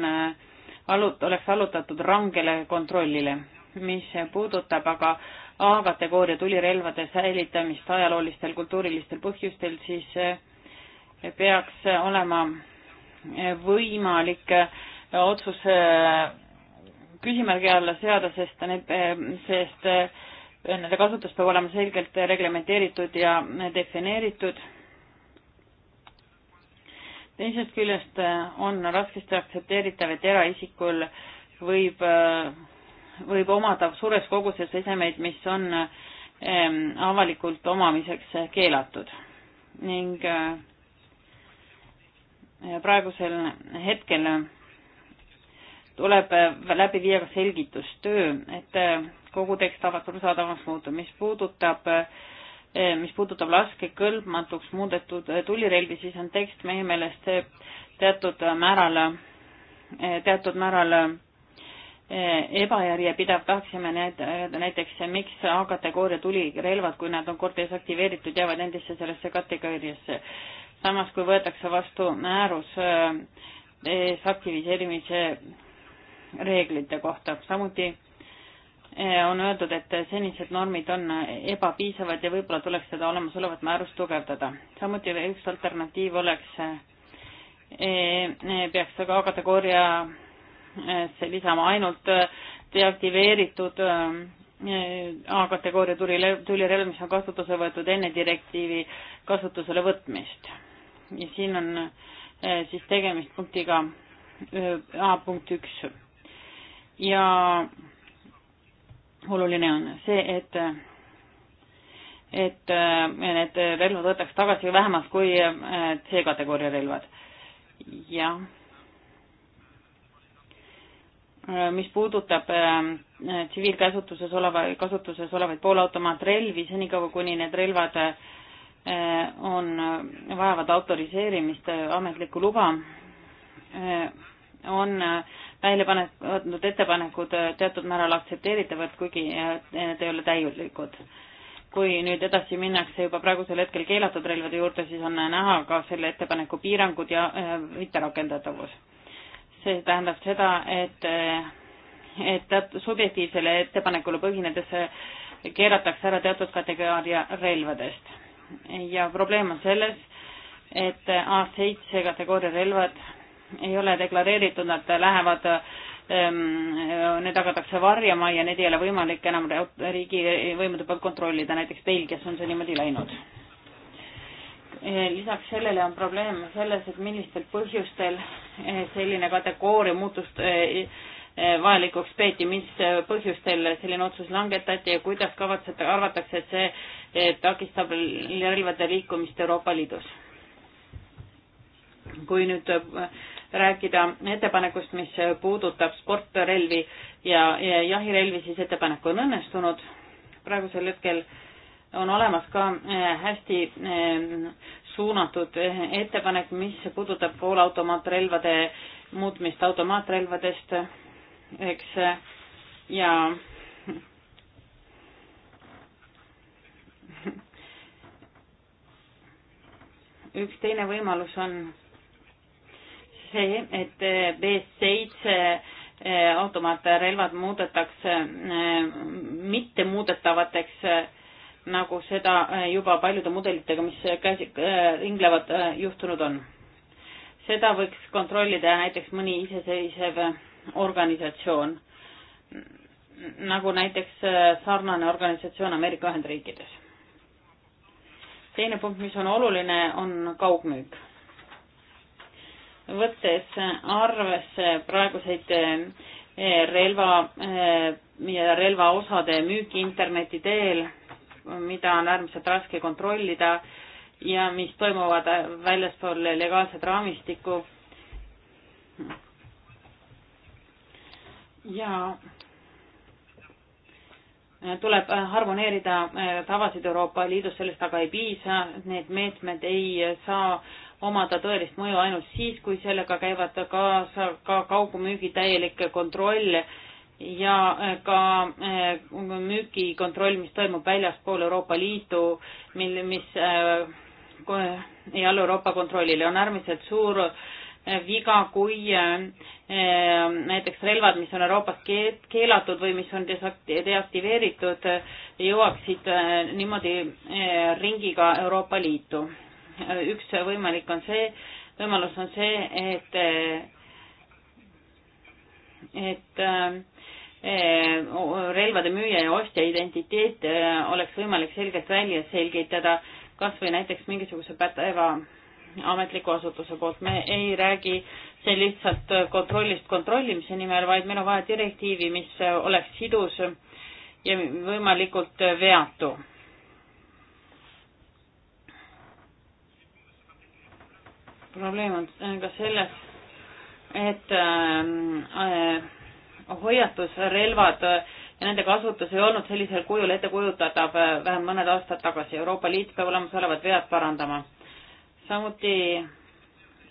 S4: allut-, oleks allutatud rangele kontrollile. mis puudutab aga A-kategooria tulirelvade säilitamist ajaloolistel, kultuurilistel põhjustel, siis eh, peaks olema eh, võimalik eh, otsus küsimärgi alla seada, sest need, sest nende kasutus peab olema selgelt reglementeeritud ja defineeritud. teisest küljest on raskesti aktsepteeritav, et eraisikul võib võib omada suures koguses esemeid, mis on ehm, avalikult omamiseks keelatud ning äh, praegusel hetkel tuleb äh, läbi viia ka selgitustöö, et äh, kogu tekst arusaadavamaks muutub, mis puudutab mis puudutab laskekõlbmatuks muudetud tulirelvi, siis on tekst meie meelest teatud määral, teatud määral Eh, ebajärjepidev, tahaksime näida näiteks, miks A-kategooria tulirelvad, kui nad on kord desaktiveeritud, jäävad endisse sellesse kategooriasse. samas, kui võetakse vastu määrus eh, desaktiviseerimise reeglite kohta, samuti eh, on öeldud, et senised normid on ebapiisavad ja võib-olla tuleks seda olemasolevat määrust tugevdada. samuti üks alternatiiv oleks, peaks ka kategooria lisama ainult äh, deaktiveeritud äh, A-kategooria tulile, tulirelv, mis on kasutusele võetud enne direktiivi kasutusele võtmist. ja siin on äh, siis tegemist punktiga A punkt üks. ja oluline on see, et et need relvad võetaks tagasi vähemalt kui C-kategooria relvad. jah Äh, mis puudutab ähm, äh, tsiviilkäsutuses oleva, kasutuses olevaid poolautomaatrelvi, senikaua kuni need relvad äh, on, vajavad autoriseerimist, ametlikku luba, on välja pandud ettepanekud teatud määral aktsepteeritavad, kuigi need ei ole täielikud. kui nüüd edasi minnakse juba praegusel hetkel keelatud relvade juurde, siis on näha ka selle ettepaneku piirangud ja mitterakendatavus äh, see tähendab seda, et, et teatud subjektiivsele ettepanekule põhinedes keeratakse ära teatud kategooria relvadest. ja probleem on selles, et A7 kategooria relvad ei ole deklareeritud, nad lähevad ähm, Need hakatakse varjama ja neid ei ole võimalik enam riigivõimude poolt kontrollida, näiteks Belgias on see niimoodi läinud Eh, lisaks sellele on probleem selles, et millistel põhjustel eh, selline kategooria muutust eh, vajalikuks peeti, mis põhjustel selline otsus langetati ja kuidas kavatsete, arvatakse, et see takistab relvade liikumist Euroopa Liidus? kui nüüd rääkida ettepanekust, mis puudutab sportrelvi ja, ja jahirelvi, siis ettepanek on õnnestunud. praegusel hetkel äh, on olemas ka eh, hästi eh, suunatud eh, ettepanek, mis puudutab poolautomaatrelvade muutmist automaatrelvadest, eks, ja üks teine võimalus on see, et B7 automaatrelvad muudetakse mittemuudetavateks nagu seda eh, juba paljude mudelitega, mis käsi, eh, ringlevad, eh, juhtunud on. seda võiks kontrollida näiteks mõni iseseisev organisatsioon, nagu näiteks sarnane organisatsioon Ameerika Ühendriikides. teine punkt, mis on oluline, on kaugmüük. võttes arvesse praeguseid relva ja relvaosade müüki interneti teel mida on äärmiselt raske kontrollida ja mis toimuvad väljaspool legaalset raamistikku. ja tuleb harmoneerida tavasid Euroopa Liidus, sellest aga ei piisa, need meetmed ei saa omada tõelist mõju ainult siis, kui sellega käivad kaasa ka kaugmüügi täielik kontroll ja äh, ka äh, müügikontroll, mis toimub väljaspool Euroopa Liitu, mil, mis äh, ei allu Euroopa kontrollile, on äärmiselt suur viga, kui näiteks relvad, mis on Euroopas keelatud või mis on deaktiveeritud, jõuaksid niimoodi ringiga Euroopa Liitu. üks võimalik on see, võimalus on see, et, et Eh, relvade müüja ja ostja identiteet eh, oleks võimalik selgelt välja selgitada, kas või näiteks mingisuguse pädeva ametliku asutuse poolt. me ei räägi siin lihtsalt kontrollist kontrollimise nimel, vaid meil on vaja direktiivi, mis oleks sidus ja võimalikult veatu. probleem on eh, ka selles, et ähm, äh, äh, hoiatusrelvad äh, ja nende kasutus ei olnud sellisel kujul ettekujutatav äh, vähem mõned aastad tagasi. Euroopa Liit peab olemasolevad vead parandama. samuti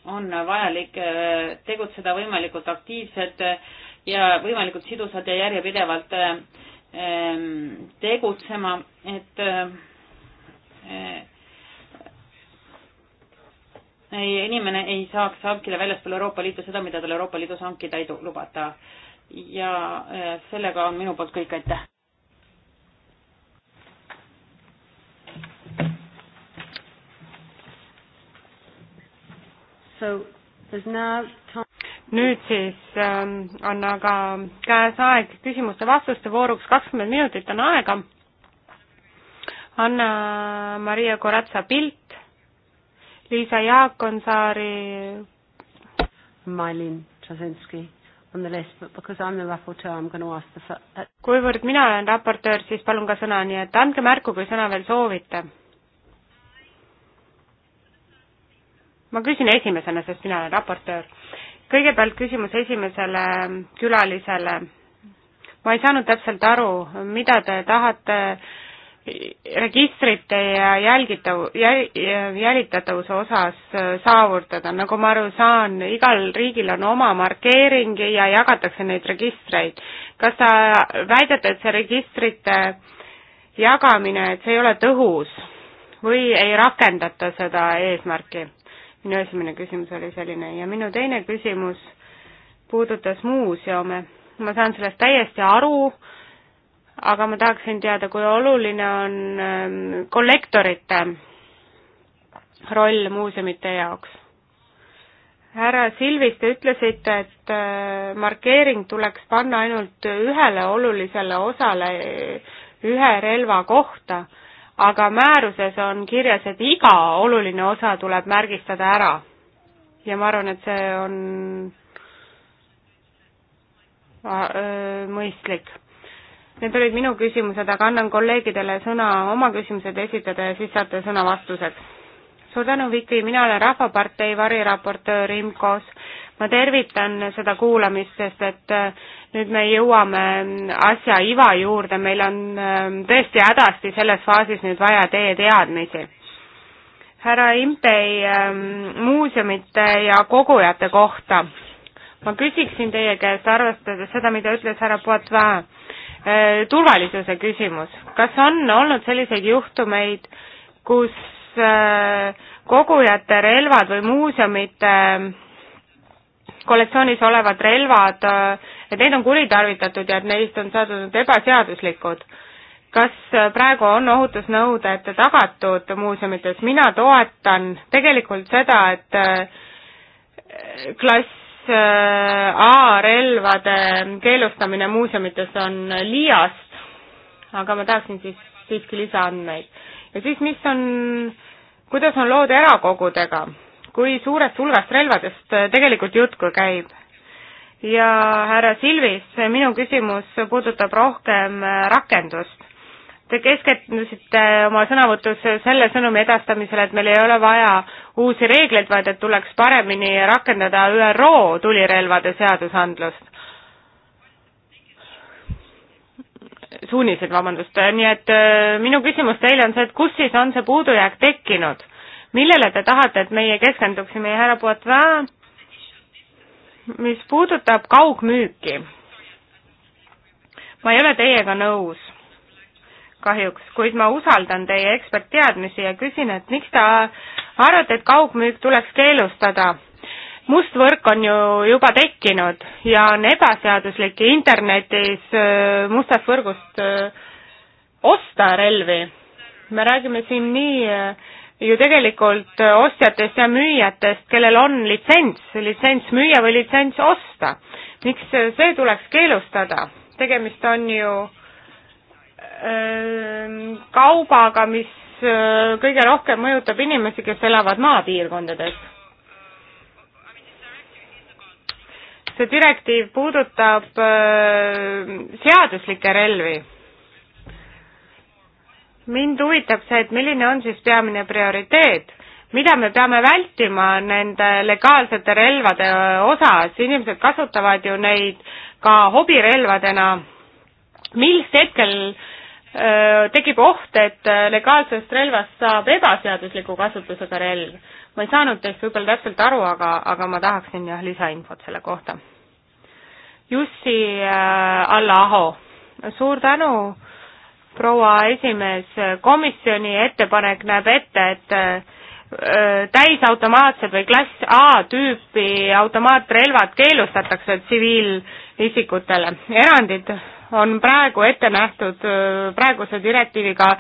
S4: on vajalik äh, tegutseda võimalikult aktiivselt ja võimalikult sidusalt ja järjepidevalt ähm, tegutsema, et ei, inimene ei saaks hankida väljaspool Euroopa Liitu seda, mida tal Euroopa Liidus hankida ei lubata ja äh, sellega on minu poolt kõik, aitäh.
S3: nüüd siis äh, on aga käes aeg küsimuste-vastuste vooruks, kakskümmend minutit on aega. Anna-Maria Koratsa-Pilt, Liisa Jaakonsaari.
S2: Malin Tšasenski on the list, but because I'm the rapporteur, I'm going to ask the first... Uh,
S3: kuivõrd mina olen raportöör, siis palun ka sõna, nii et andke märku, kui sõna veel soovite. ma küsin esimesena, sest mina olen raportöör. kõigepealt küsimus esimesele külalisele. ma ei saanud täpselt aru, mida te tahate äh, registrite ja jälgitav, jälitatavuse osas äh, saavutada, nagu ma aru saan, igal riigil on oma markeering ja jagatakse neid registreid. kas sa väidad, et see registrite jagamine, et see ei ole tõhus või ei rakendata seda eesmärki? minu esimene küsimus oli selline ja minu teine küsimus puudutas muuseume. ma saan sellest täiesti aru äh,, aga ma tahaksin teada, kui oluline on ähm, kollektorite roll muuseumite jaoks. härra Silvis, te ütlesite, et äh, markeering tuleks panna ainult ühele olulisele osale ühe relva kohta, aga määruses on kirjas, et iga oluline osa tuleb märgistada ära. ja ma arvan, et see on äh, mõistlik Need olid minu küsimused, aga annan kolleegidele sõna oma küsimused esitada ja siis saate sõna vastuseks. suur tänu, Viki, mina olen Rahvapartei variraportöör IMCO-s. ma tervitan seda kuulamist, sest et äh, nüüd me jõuame mm, asja iva juurde, meil on ähm, tõesti hädasti selles faasis nüüd vaja teie teadmisi härra Impei ähm, muuseumite ja kogujate kohta. ma küsiksin teie käest, arvestades seda, mida ütles härra Poitvin Äh, turvalisuse küsimus. kas on olnud selliseid juhtumeid, kus äh, kogujate relvad või muuseumite äh, kollektsioonis olevad relvad, et neid on kuritarvitatud ja et neist on saadud ebaseaduslikud. kas praegu on ohutusnõuded tagatud muuseumites? mina toetan tegelikult seda, et klass Äh, A-relvade keelustamine muuseumites on liiast, aga ma tahaksin siis siiski lisaandmeid. ja siis, mis on, kuidas on lood erakogudega, kui suurest hulgast relvadest tegelikult juttu käib? ja härra Silvis, minu küsimus puudutab rohkem rakendust. Te keskendusite oma sõnavõtus selle sõnumi edastamisele, et meil ei ole vaja uusi reegleid, vaid et tuleks paremini rakendada ÜRO tulirelvade seadusandlust. suunised, vabandust, nii et äh, minu küsimus teile on see, et kus siis on see puudujääk tekkinud? millele te tahate, et meie keskenduksime ja härra Poitvin, mis puudutab kaugmüüki, ma ei ole teiega nõus kahjuks, kuid ma usaldan teie ekspertteadmisi ja küsin, et miks te arvate, et kaugmüük tuleks keelustada? must võrk on ju juba tekkinud ja on ebaseaduslik internetis äh, mustast võrgust äh, osta relvi. me räägime siin nii äh, ju tegelikult ostjatest ja müüjatest, kellel on litsents, litsents müüa või litsents osta. miks see tuleks keelustada? tegemist on ju äh, Ähm, kaubaga, mis äh, kõige rohkem mõjutab inimesi, kes elavad maapiirkondades. see direktiiv puudutab äh, seaduslikke relvi. mind huvitab see, et milline on siis peamine prioriteet, mida me peame vältima nende legaalsete relvade äh, osas, inimesed kasutavad ju neid ka hobirelvadena, mis hetkel äh, Äh, tekib oht, et äh, legaalsest relvast saab ebaseadusliku kasutusega relv. ma ei saanud teist võib-olla täpselt aru, aga, aga ma tahaksin jah, lisainfot selle kohta. Jussi äh, Alla Aho, suur tänu, proua esimees, komisjoni ettepanek näeb ette, et äh, äh täisautomaatsed või klass A tüüpi automaatrelvad keelustatakse tsiviilisikutele. erandid on praegu ette nähtud praeguse direktiiviga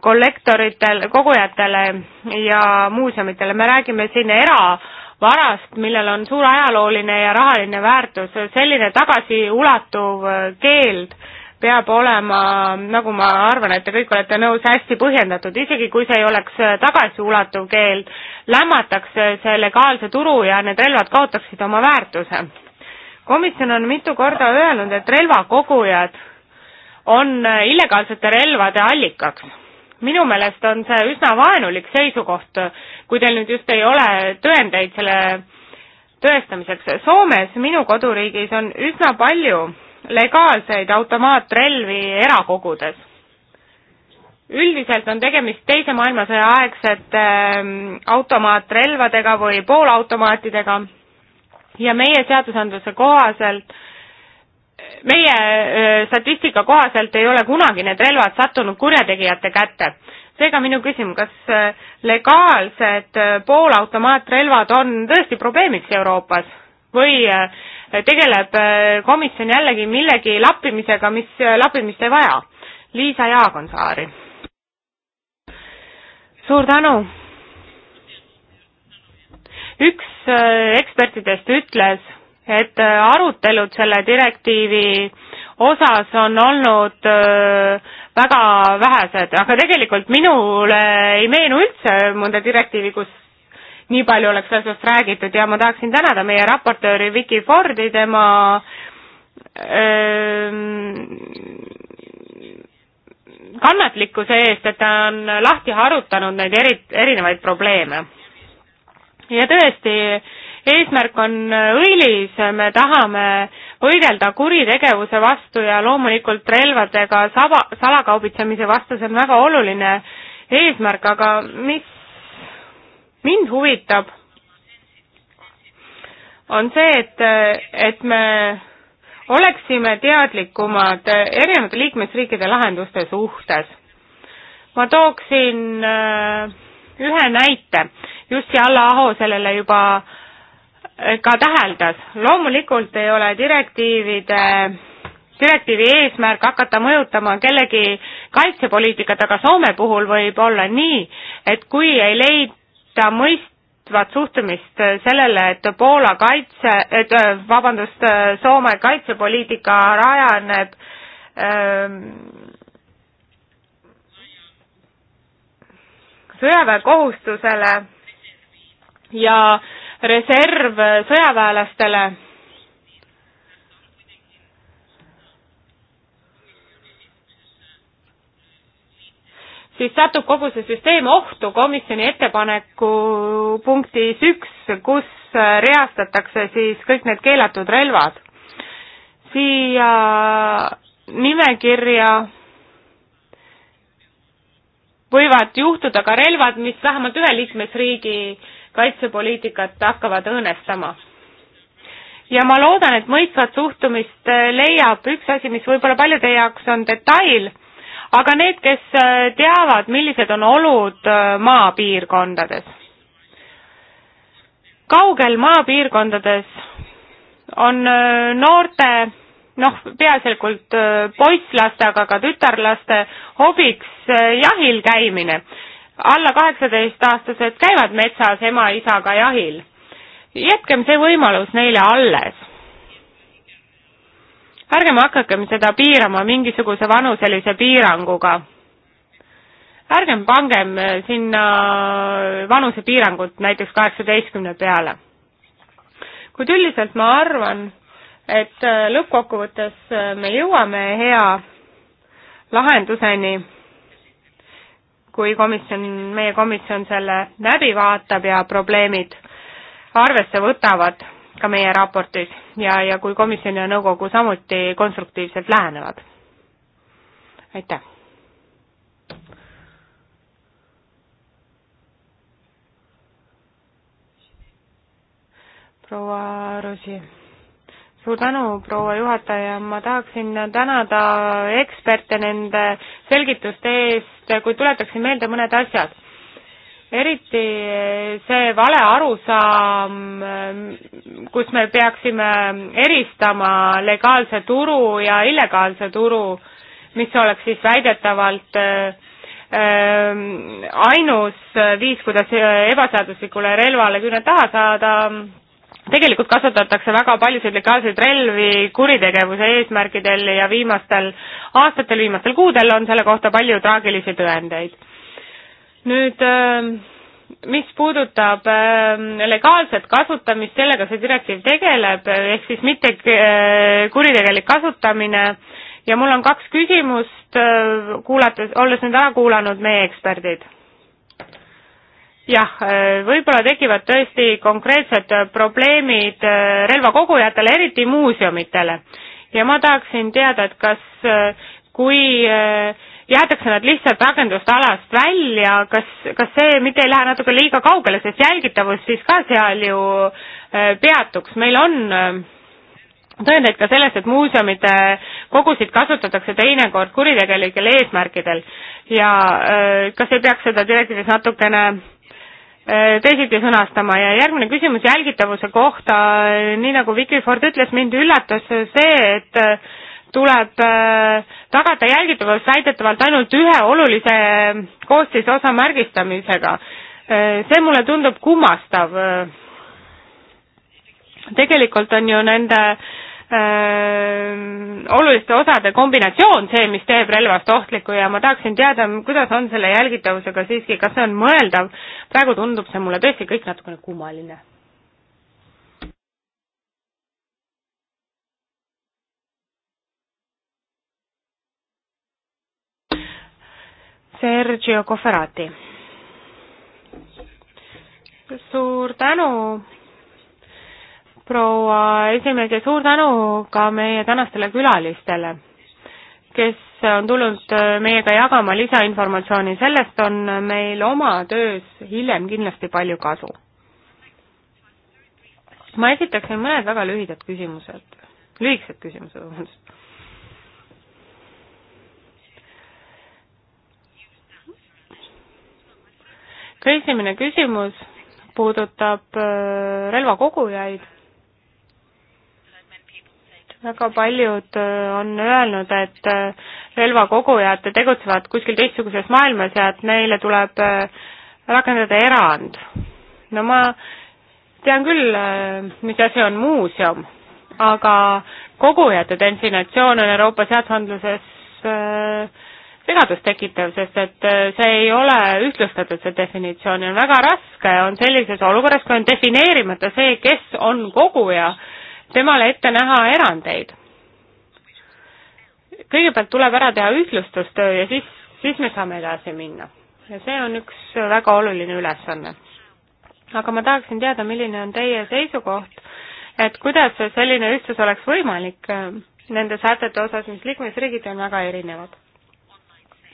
S3: kollektoritel, kogujatele ja muuseumitele, me räägime siin eravarast, millel on suur ajalooline ja rahaline väärtus, selline tagasiulatuv keeld peab olema, nagu ma arvan, et te kõik olete nõus, hästi põhjendatud, isegi kui see ei oleks tagasiulatuv keeld, lämmatakse see legaalse turu ja need relvad kaotaksid oma väärtuse komisjon on mitu korda öelnud, et relvakogujad on äh, illegaalsete relvade allikaks. minu meelest on see üsna vaenulik seisukoht, kui teil nüüd just ei ole tõendeid selle tõestamiseks. Soomes, minu koduriigis, on üsna palju legaalseid automaatrelvi erakogudes. üldiselt on tegemist Teise maailmasõja aegsete äh, automaatrelvadega või poolautomaatidega ja meie seadusandluse kohaselt meie statistika kohaselt ei ole kunagi need relvad sattunud kurjategijate kätte. seega minu küsimus, kas legaalsed poolautomaatrelvad on tõesti probleemiks Euroopas või tegeleb komisjon jällegi millegi lappimisega, mis lappimist ei vaja? Liisa Jaagonsaari. suur tänu üks äh, ekspertidest ütles, et äh, arutelud selle direktiivi osas on olnud äh, väga vähesed, aga tegelikult minule ei meenu üldse mõnda direktiivi, kus nii palju oleks asjast räägitud ja ma tahaksin tänada meie raportööri Vicky Fordi, tema öö, ähm, kannatlikkuse eest, et ta on lahti harutanud neid eri, erinevaid probleeme ja tõesti, eesmärk on õilis, me tahame võidelda kuritegevuse vastu ja loomulikult relvadega saba, salakaubitsemise vastu, see on väga oluline eesmärk, aga mis mind huvitab, on see, et, et me oleksime teadlikumad erinevate liikmesriikide lahenduste suhtes. ma tooksin äh, ühe näite just Jalla Aho sellele juba eh, ka täheldas. loomulikult ei ole direktiivide direktiivi eesmärk hakata mõjutama kellegi kaitsepoliitikat, aga Soome puhul võib olla nii, et kui ei leida mõistvat suhtumist sellele, et Poola kaitse, et eh, vabandust, Soome kaitsepoliitika rajaneb ähm, sõjaväekohustusele ja reserv sõjaväelastele. siis satub kogu see süsteem ohtu komisjoni ettepaneku punktis üks, kus reastatakse siis kõik need keelatud relvad. siia nimekirja võivad juhtuda ka relvad, mis vähemalt ühe liikmesriigi äh, kaitsepoliitikat hakkavad õõnestama. ja ma loodan, et mõistvat suhtumist äh, leiab üks asi, mis võib-olla paljude jaoks on detail, aga need, kes äh, teavad, millised on olud äh, maapiirkondades. kaugel maapiirkondades on noorte noh, peaasjalikult poisslaste, aga ka tütarlaste hobiks jahil käimine alla kaheksateistaastased käivad metsas ema-isaga jahil. jätkem see võimalus neile alles. ärgem hakakem seda piirama mingisuguse vanuselise piiranguga. ärgem pangem sinna vanusepiirangut näiteks kaheksateistkümne peale. kuid üldiselt ma arvan, et lõppkokkuvõttes me jõuame hea lahenduseni kui komisjon, meie komisjon selle läbi vaatab ja probleemid arvesse võtavad ka meie raportis ja, ja kui komisjon ja nõukogu samuti konstruktiivselt lähenevad. aitäh. proua Rosi suur tänu, proua juhataja, ma tahaksin tänada eksperte nende selgituste eest, kuid tuletaksin meelde mõned asjad. eriti see vale arusaam, kus me peaksime eristama legaalse turu ja illegaalse turu, mis oleks siis väidetavalt äh, ainus viis, kuidas ebaseaduslikule relvale küüned taha saada tegelikult kasutatakse väga paljusid legaalseid relvi kuritegevuse eesmärkidel ja viimastel aastatel, viimastel kuudel on selle kohta palju traagilisi tõendeid. nüüd ähm, mis puudutab ähm, legaalset kasutamist, sellega see direktiiv tegeleb, ehk siis mitte äh, kuritegelik kasutamine ja mul on kaks küsimust, äh, kuulates, olles nüüd ära kuulanud meie eksperdid jah, äh, võib-olla tekivad tõesti konkreetsed probleemid äh, relvakogujatele, eriti muuseumitele. ja ma tahaksin teada, et kas, äh, kui jäetakse nad lihtsalt rakendusalast välja, kas, kas see mitte ei lähe natuke liiga kaugele, sest jälgitavus siis ka seal ju peatuks, meil on tõendeid ka sellest, et muuseumide kogusid kasutatakse teinekord kuritegelikel eesmärkidel ja kas ei peaks seda direktiivis natukene Äh, teisiti sõnastama ja järgmine küsimus jälgitavuse kohta, nii nagu Vicky Ford ütles, mind üllatas see, et äh, tuleb äh, tagada jälgitavus väidetavalt ainult ühe olulise koostisosa märgistamisega. see mulle tundub kummastav. tegelikult on ju nende äh, oluliste osade kombinatsioon see, mis teeb relvast ohtliku ja ma tahaksin teada, kuidas on selle jälgitavusega siiski, kas see on mõeldav, praegu tundub see mulle tõesti kõik natukene kummaline. Sergio Cofferati. suur tänu proua esimees ja suur tänu ka meie tänastele külalistele, kes on tulnud äh, meiega jagama lisainformatsiooni, sellest on meil oma töös hiljem kindlasti palju kasu. ma esitaksin mõned väga lühidad küsimused, lühikesed küsimused, vabandust. esimene küsimus puudutab äh, relvakogujaid väga paljud äh, on öelnud, et äh, relvakogujad tegutsevad kuskil teistsuguses maailmas ja et neile tuleb äh, rakendada erand. no ma tean küll, mis asi on muuseum, aga kogujate destinatsioon on Euroopa seadusandluses segadust tekitav, sest et see ei ole ühtlustatud, see definitsioon ja on väga raske, on sellises olukorras, kui on defineerimata see, kes on koguja temale ette näha erandeid. kõigepealt tuleb ära teha ühtlustustöö ja siis, siis me saame edasi minna. ja see on üks väga oluline ülesanne. aga ma tahaksin teada, milline on teie seisukoht, et kuidas selline ühtsus oleks võimalik äh, nende sätete osas, mis liikmesriigid on väga erinevad.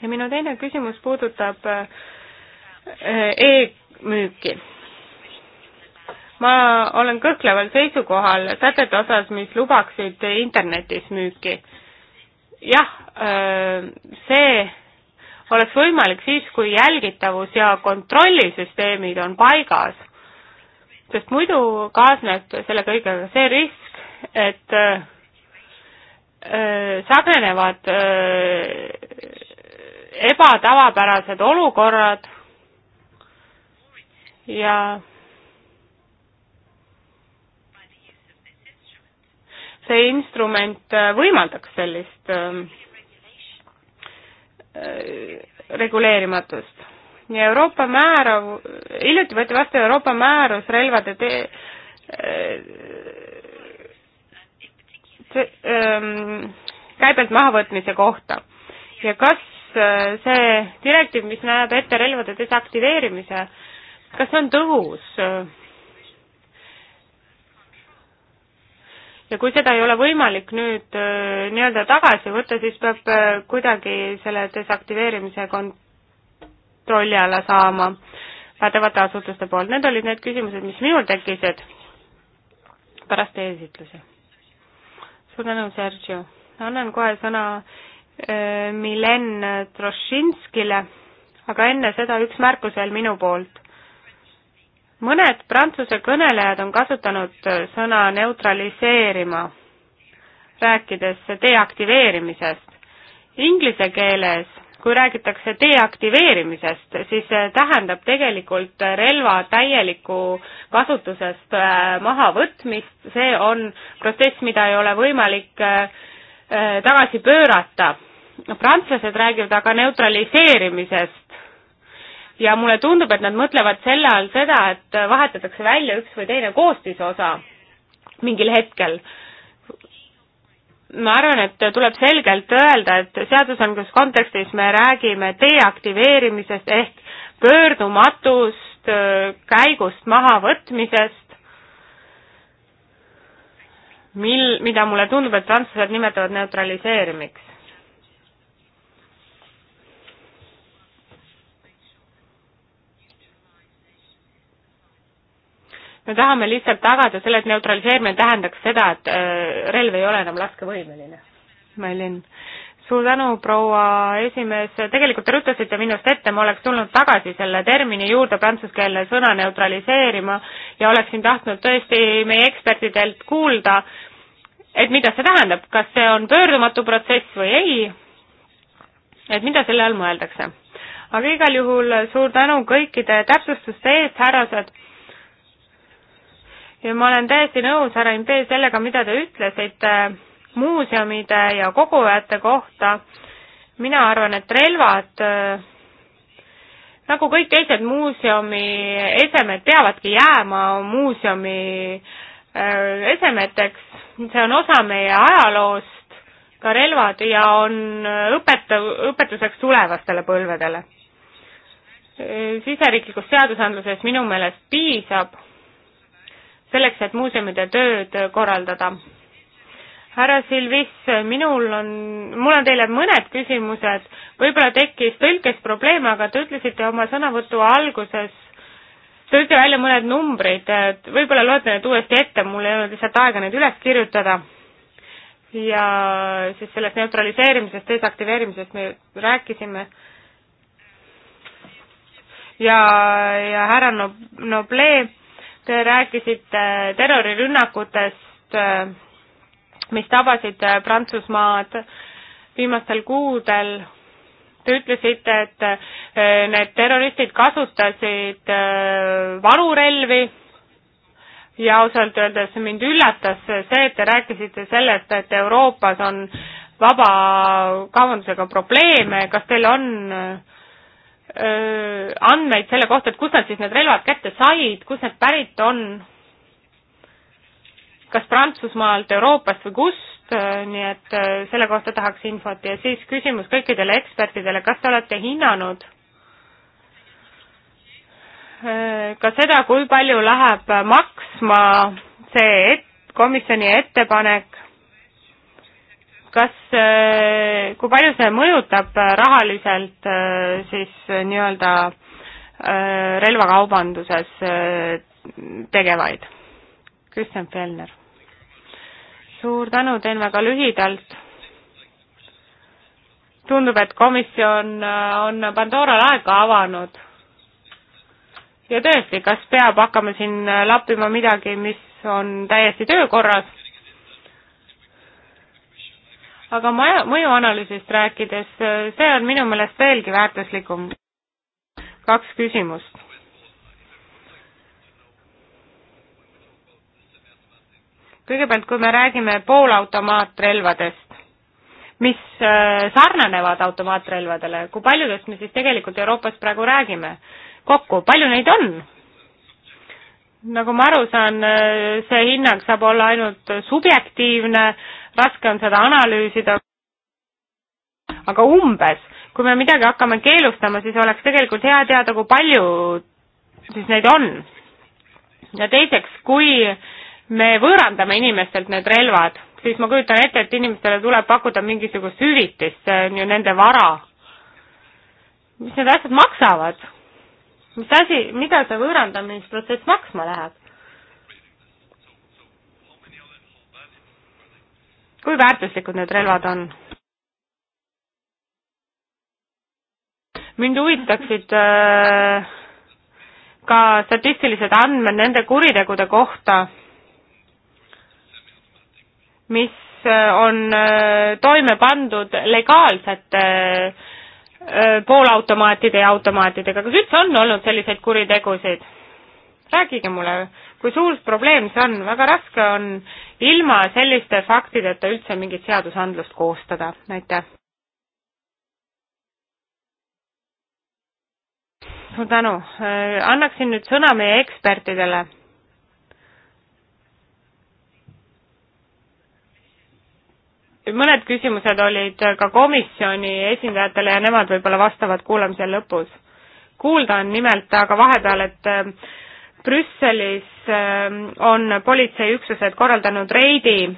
S3: ja minu teine küsimus puudutab äh, e-müüki ma olen kõhkleval seisukohal sätete osas, mis lubaksid internetis müüki. jah, äh, see oleks võimalik siis, kui jälgitavus ja kontrollisüsteemid on paigas, sest muidu kaasneb selle kõigega see risk, et äh, äh, sagenevad ebatavapärased olukorrad ja see instrument äh, võimaldaks sellist ähm, äh, reguleerimatust. ja Euroopa määrav, hiljuti võeti vastu Euroopa määrus relvade tee, äh, ähm, käibelt mahavõtmise kohta ja kas see direktiiv, mis näeb ette relvade desaktiveerimise, kas see on tõhus? ja kui seda ei ole võimalik nüüd äh, nii-öelda tagasi võtta, siis peab äh, kuidagi selle desaktiveerimise kontrolli alla saama pädevate asutuste poolt. Need olid need küsimused, mis minul tekkisid pärast teie esitlusi. suur tänu, Sergio. annan kohe sõna äh, Milen Trošinskile, aga enne seda üks märkus veel minu poolt mõned prantsuse kõnelejad on kasutanud äh, sõna neutraliseerima, rääkides deaktiveerimisest. Inglise keeles, kui räägitakse deaktiveerimisest, siis see äh, tähendab tegelikult äh, relva täielikku kasutusest mahavõtmist, see on protsess, mida ei ole võimalik tagasi pöörata. prantslased räägivad aga neutraliseerimisest, ja mulle tundub, et nad mõtlevad selle all seda, et vahetatakse välja üks või teine koostisosa mingil hetkel. ma arvan, et tuleb selgelt öelda, et seadusandluse kontekstis me räägime deaktiveerimisest ehk pöördumatust käigust mahavõtmisest, mil, mida mulle tundub, et prantslased nimetavad neutraliseerimiks me tahame lihtsalt tagada selle, et neutraliseerimine tähendaks seda, et äh, relv ei ole enam laskevõimeline. Mailin, suur tänu, proua esimees, tegelikult te rutasite minust ette, ma oleks tulnud tagasi selle termini juurde, prantsuskeelne sõna neutraliseerima, ja oleksin tahtnud tõesti meie ekspertidelt kuulda, et mida see tähendab, kas see on pöördumatu protsess või ei, et mida selle all mõeldakse. aga igal juhul suur tänu kõikide täpsustuste eest, härrased ja ma olen täiesti nõus, härra Impee, sellega, mida te ütlesite muuseumide ja kogujate kohta. mina arvan, et relvad äh, nagu kõik teised muuseumi esemed peavadki jääma muuseumi äh, esemeteks, see on osa meie ajaloost, ka relvad ja on äh, õpetav, õpetuseks tulevastele põlvedele. siseriiklikus seadusandluses minu meelest piisab selleks, et muuseumide tööd korraldada. härra Silvis, minul on, mul on teile mõned küsimused, võib-olla tekkis tõlkes probleeme, aga te ütlesite oma sõnavõtu alguses, tõite välja mõned numbrid, võib-olla loete need uuesti ette, mul ei olnud lihtsalt aega neid üles kirjutada ja siis sellest neutraliseerimisest, desaktiveerimisest me rääkisime. ja, ja härra Noble Te rääkisite terrorirünnakutest, mis tabasid Prantsusmaad viimastel kuudel. Te ütlesite, et need terroristid kasutasid äh, varurelvi ja ausalt öeldes mind üllatas see, et te rääkisite sellest, et Euroopas on vaba kaubandusega probleeme, kas teil on äh, andmeid selle kohta, et kust nad siis need relvad kätte said, kust need pärit on, kas Prantsusmaalt, Euroopast või kust, nii et selle kohta tahaks infot ja siis küsimus kõikidele ekspertidele, kas te olete hinnanud ka seda, kui palju läheb maksma see et-, komisjoni ettepanek kas, äh, kui palju see mõjutab äh, rahaliselt äh, siis nii-öelda relvakaubanduses tegevaid? Kristjan Fjellner. suur tänu, teen väga lühidalt. tundub, et komisjon on Pandora laeka avanud. ja tõesti, kas peab hakkama siin lappima midagi, mis on täiesti töökorras aga maja, mõjuanalüüsist rääkides, see on minu meelest veelgi väärtuslikum. kaks küsimust. kõigepealt, kui me räägime poolautomaatrelvadest, mis äh, sarnanevad automaatrelvadele, kui paljudest me siis tegelikult Euroopas praegu räägime? kokku, palju neid on? nagu ma aru saan, äh, see hinnang saab olla ainult subjektiivne, raske on seda analüüsida, aga umbes, kui me midagi hakkame keelustama, siis oleks tegelikult hea teada, kui palju siis neid on. ja teiseks, kui me võõrandame inimestelt need relvad, siis ma kujutan ette, et inimestele tuleb pakkuda mingisugust hüvitist, see on ju nende vara. mis need asjad maksavad? mis asi, mida see võõrandamisprotsess maksma läheb? kui väärtuslikud need relvad on? mind huvitaksid äh, ka statistilised andmed nende kuritegude kohta, mis äh, on äh, toime pandud legaalsete poolautomaatide ja automaatidega, kas üldse on olnud selliseid kuritegusid? rääkige mulle kui suur probleem see on, väga raske on ilma selliste faktideta üldse mingit seadusandlust koostada, aitäh. suur tänu, äh, annaksin nüüd sõna meie ekspertidele. mõned küsimused olid ka komisjoni esindajatele ja nemad võib-olla vastavad kuulamise lõpus. kuulda on nimelt aga vahepeal, et äh, Brüsselis ähm, on politseiüksused korraldanud reidi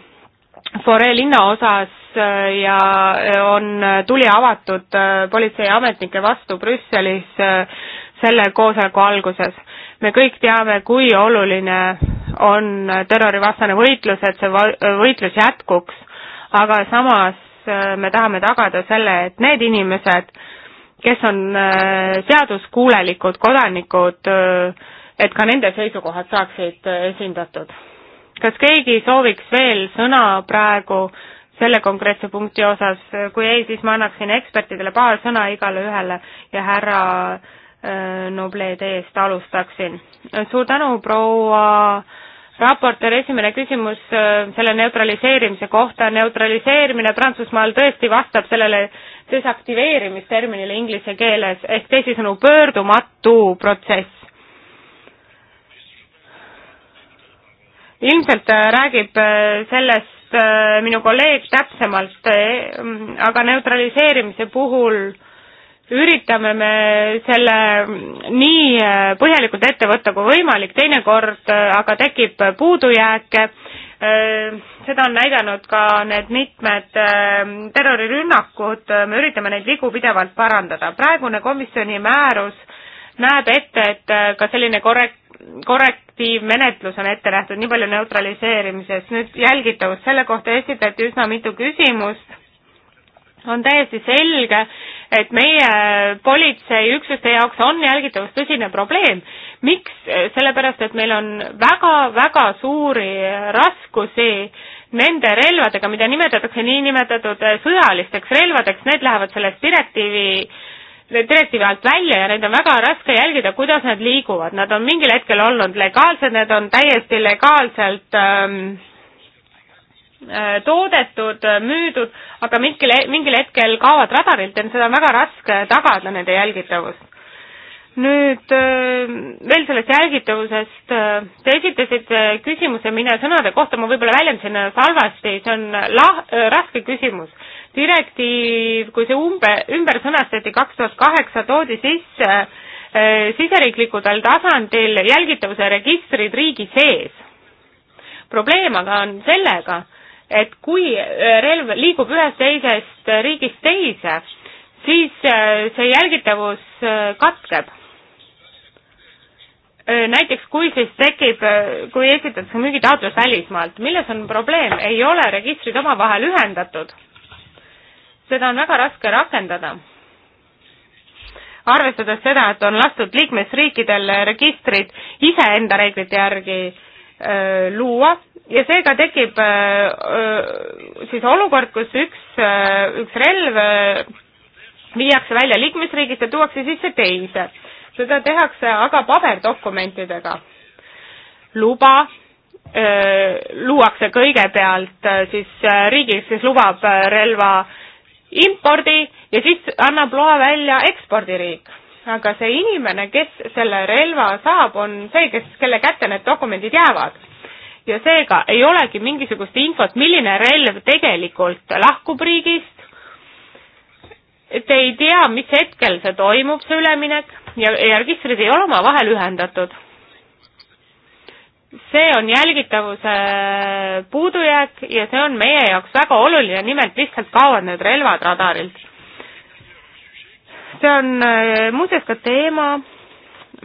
S3: Foree linnaosas äh, ja äh, on tuli avatud äh, politseiametnike vastu Brüsselis selle koosoleku alguses. me kõik teame, kui oluline on terrorivastane võitlus, et see võitlus jätkuks, aga samas me tahame tagada selle, et need inimesed, kes on seaduskuulelikud kodanikud, et ka nende seisukohad saaksid esindatud. kas keegi sooviks veel sõna praegu selle konkreetse punkti osas, kui ei, siis ma annaksin ekspertidele paar sõna igale ühele ja härra äh, Noblee teest alustaksin. suur tänu, proua raportöör, esimene küsimus äh, selle neutraliseerimise kohta. neutraliseerimine Prantsusmaal tõesti vastab sellele desaktiveerimisterminile inglise keeles ehk teisisõnu pöördumatu protsess ilmselt äh, räägib äh, sellest äh, minu kolleeg täpsemalt, aga neutraliseerimise puhul üritame me selle mm, nii põhjalikult ette võtta kui võimalik, teinekord aga tekib puudujääke, seda on näidanud ka need mitmed terrorirünnakud, me üritame neid vigu pidevalt parandada. praegune komisjoni määrus näeb ette, et ka selline korrekt-, korrektiivmenetlus on ette nähtud nii palju neutraliseerimisest, nüüd jälgitavus, selle kohta esitati üsna mitu küsimust, on täiesti selge, et meie politseiüksuste jaoks on jälgitavus tõsine probleem. miks? sellepärast, et meil on väga-väga suuri raskusi nende relvadega, mida nimetatakse niinimetatud sõjalisteks relvadeks, need lähevad sellest direktiivi äh, direktiivi alt välja ja neid on väga raske jälgida, kuidas nad liiguvad, nad on mingil hetkel olnud legaalsed, need on täiesti legaalselt ähm, äh, toodetud, müüdud, aga mingil, mingil hetkel kaovad radarilt ja seda on väga raske tagada, nende jälgitavust. nüüd ähm, veel sellest jälgitavusest, äh, te esitasite küsimuse minu sõnade kohta, ma võib-olla väljendasin ennast halvasti, see on lah-, äh, raske küsimus direktiiv, kui see umbe, ümber sõnastati kaks tuhat kaheksa, toodi sisse äh, siseriiklikudel tasandil jälgitavuse registrid riigi sees. probleem aga on sellega, et kui eh, relv liigub ühest teisest riigist teise, siis eh, see jälgitavus katkeb. näiteks kui siis tekib, kui esitatakse müügitaotlus välismaalt, milles on probleem, ei ole registrid omavahel ühendatud seda on väga raske rakendada. arvestades seda, et on lastud liikmesriikidel registrid iseenda reeglite järgi öö, äh, luua ja seega tekib öö, äh, äh, siis olukord, kus üks, üks relv öö, viiakse välja liikmesriigist ja tuuakse sisse teise. seda tehakse aga paberdokumentidega. luba luuakse kõigepealt siis riigiks, kes lubab relva impordi ja siis annab loa välja ekspordiriik. aga see inimene, kes selle relva saab, on see, kes, kelle kätte need dokumendid jäävad. ja seega ei olegi mingisugust infot, milline relv tegelikult lahkub riigist, te ei tea, mis hetkel see toimub, see üleminek, ja, ja registrid ei ole omavahel ühendatud see on jälgitavuse puudujääk ja see on meie jaoks väga oluline, nimelt lihtsalt kaovad need relvad radarilt. see on äh, muuseas ka teema,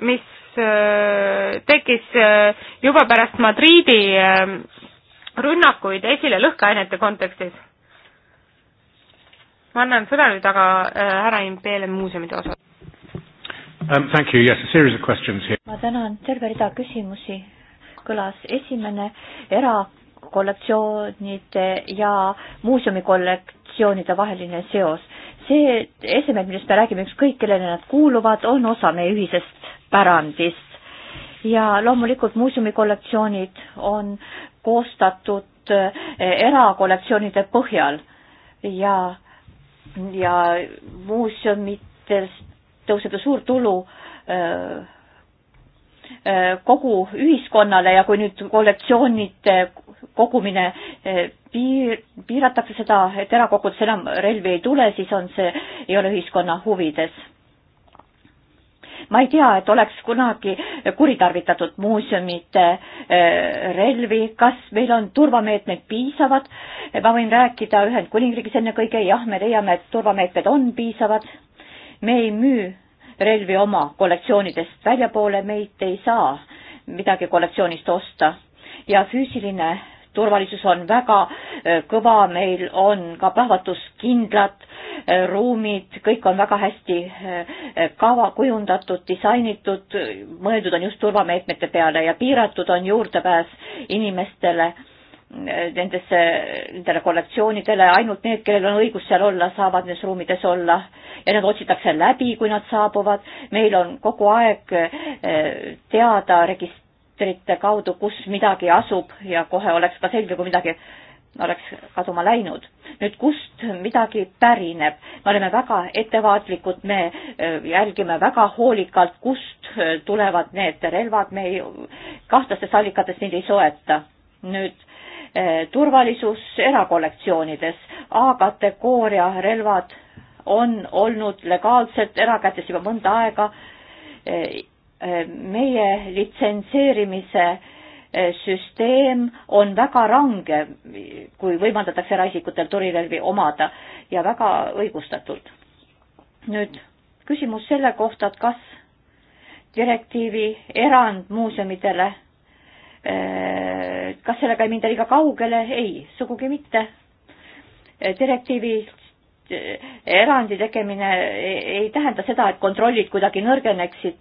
S3: mis äh, tekkis äh, juba pärast Madriidi rünnakuid esile lõhkeainete kontekstis. ma annan sõna nüüd
S1: aga härra Impeelen muuseumide osas.
S2: Um, thank you, yes, a series of questions here. ma
S1: tänan, terve rida küsimusi kõlas esimene erakollektsioonide ja muuseumikollektsioonide vaheline seos. see esemed, millest me räägime, ükskõik kellele nad kuuluvad, on osa meie ühisest pärandist. ja loomulikult muuseumikollektsioonid on koostatud eh, erakollektsioonide põhjal ja, ja muuseumitest tõuseb ju suur tulu öö, eh, Äh, kogu ühiskonnale ja kui nüüd kollektsioonide äh, kogumine äh, piir, piiratakse seda, et erakogudes enam relvi ei tule, siis on see, ei ole ühiskonna huvides. ma ei tea, et oleks kunagi kuritarvitatud muuseumite relvi, kas meil on turvameetmed piisavad, ma võin rääkida Ühendkuningriigis ennekõike, jah, me leiame, et turvameetmed on piisavad, me ei müü relvi oma kollektsioonidest väljapoole, meid ei saa midagi kollektsioonist osta ja füüsiline turvalisus on väga äh, kõva, meil on ka plahvatuskindlad äh, ruumid, kõik on väga hästi äh, kava kujundatud, disainitud, mõeldud on just turvameetmete peale ja piiratud on juurdepääs inimestele nendesse, nendele kollektsioonidele, ainult need, kellel on õigus seal olla, saavad nendes ruumides olla ja need otsitakse läbi, kui nad saabuvad. meil on kogu aeg eh, teada registrite kaudu, kus midagi asub ja kohe oleks ka selge, kui midagi oleks kaduma läinud. nüüd kust midagi pärineb, me oleme väga ettevaatlikud, me eh, jälgime väga hoolikalt, kust eh, tulevad need relvad, me ei, kahtlastest allikatest neid ei soeta. nüüd äh, Eh, turvalisus erakollektsioonides. A-kategooria relvad on olnud legaalselt erakätes juba mõnda aega. Eh, eh, meie litsenseerimise süsteem on väga range, kui võimaldatakse eraisikutel tulirelvi omada ja väga õigustatult. nüüd küsimus selle kohta, et kas direktiivi erand muuseumidele Äh, kas sellega ei minda liiga kaugele? ei, sugugi mitte. Äh, direktiivi äh, erandi tegemine ei tähenda seda, et kontrollid kuidagi nõrgeneksid.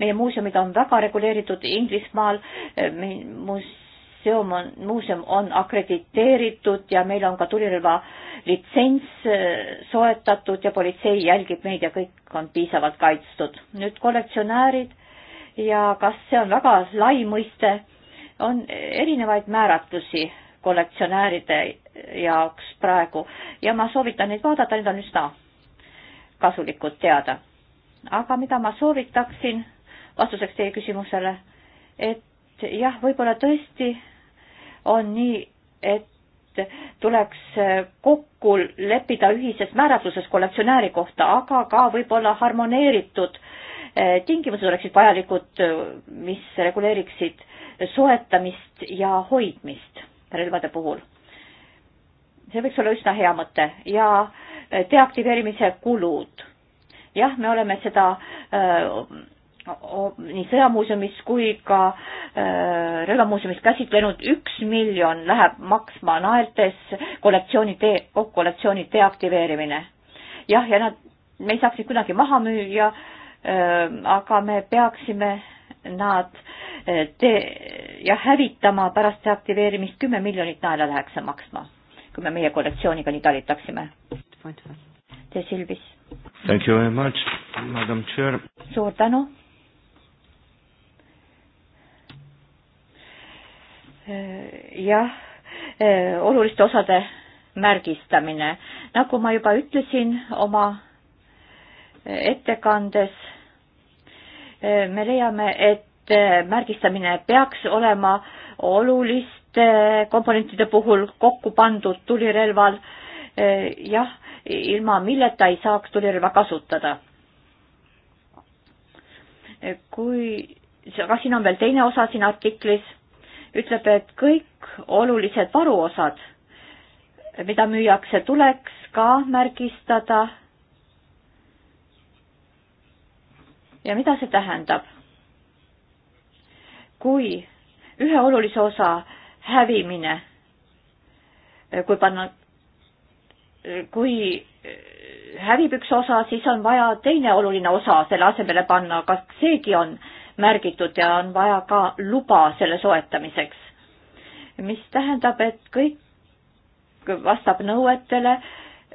S1: meie muuseumid on väga reguleeritud Inglismaal, muuseum on, muuseum on akrediteeritud ja meil on ka tulirelva litsents soetatud ja politsei jälgib meid ja kõik on piisavalt kaitstud. nüüd kollektsionäärid ja kas see on väga lai mõiste on erinevaid määratlusi kollektsionääride jaoks praegu ja ma soovitan neid vaadata, need on üsna kasulikud teada. aga mida ma soovitaksin vastuseks teie küsimusele, et jah, võib-olla tõesti on nii, et tuleks kokku leppida ühises määratluses kollektsionääri kohta, aga ka võib-olla harmoneeritud tingimused oleksid vajalikud, mis reguleeriksid soetamist ja hoidmist relvade puhul. see võiks olla üsna hea mõte ja deaktiveerimise kulud. jah, me oleme seda öö, nii sõjamuuseumis kui ka äh, relvamuuseumis käsitlenud, üks miljon läheb maksma naeltes kollektsiooni tee, kogu kollektsiooni deaktiveerimine. jah, ja nad, me ei saaks neid kunagi maha müüa äh,, aga me peaksime nad eh, te- ja hävitama pärast deaktiveerimist, kümme miljonit naela läheks see maksma, kui me meie kollektsiooniga nii talitaksime. Te Silvis.
S2: Thank you very much, madam chair.
S1: suur tänu. Eh, jah, eh, oluliste osade märgistamine, nagu ma juba ütlesin oma ettekandes me leiame, et märgistamine peaks olema oluliste komponentide puhul kokku pandud tulirelval, jah, ilma milleta ei saaks tulirelva kasutada. kui, aga siin on veel teine osa siin artiklis, ütleb, et kõik olulised varuosad, mida müüakse, tuleks ka märgistada ja mida see tähendab? kui ühe olulise osa hävimine, kui panna, kui hävib üks osa, siis on vaja teine oluline osa selle asemele panna, kas seegi on märgitud ja on vaja ka luba selle soetamiseks. mis tähendab, et kõik vastab nõuetele äh,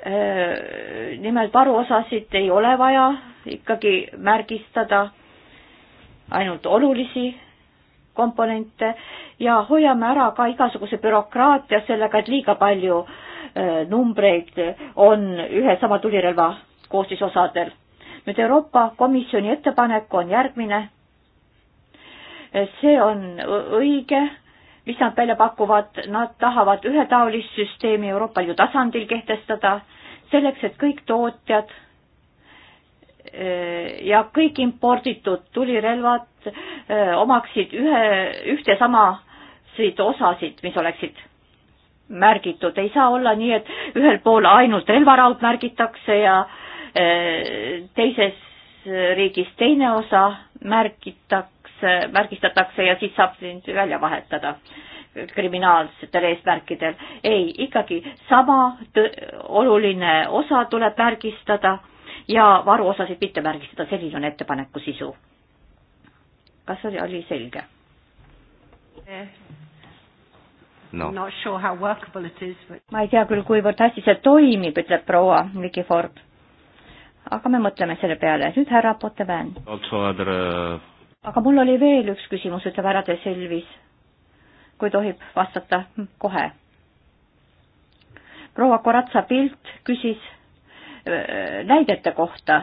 S1: Äh, nimelt varuosasid ei ole vaja ikkagi märgistada, ainult olulisi komponente ja hoiame ära ka igasuguse bürokraatia sellega, et liiga palju äh, numbreid on ühe sama tulirelva koostisosadel. nüüd Euroopa Komisjoni ettepanek on järgmine. Äh, see on õige mis nad välja pakuvad, nad tahavad ühetaolist süsteemi Euroopa Liidu tasandil kehtestada, selleks et kõik tootjad eh, ja kõik imporditud tulirelvad eh, omaksid ühe, ühte samasid osasid, mis oleksid märgitud, ei saa olla nii, et ühel pool ainult relvaraud märgitakse ja eh, teises riigis teine osa märgitakse märgistatakse ja siis saab sind välja vahetada kriminaalsetel eesmärkidel. ei, ikkagi sama oluline osa tuleb märgistada ja varuosasid mitte märgistada, selline on ettepaneku sisu. kas oli, oli selge? No. Sure is, but... ma ei tea küll, kuivõrd hästi see toimib, ütleb proua Vicky Ford. aga me mõtleme selle peale. nüüd härra Potevan.
S2: Also other uh,
S1: aga mul oli veel üks küsimus, ütleb härra De Silvis, kui tohib vastata kohe. proua Koratsa Pilt küsis äh, näidete kohta.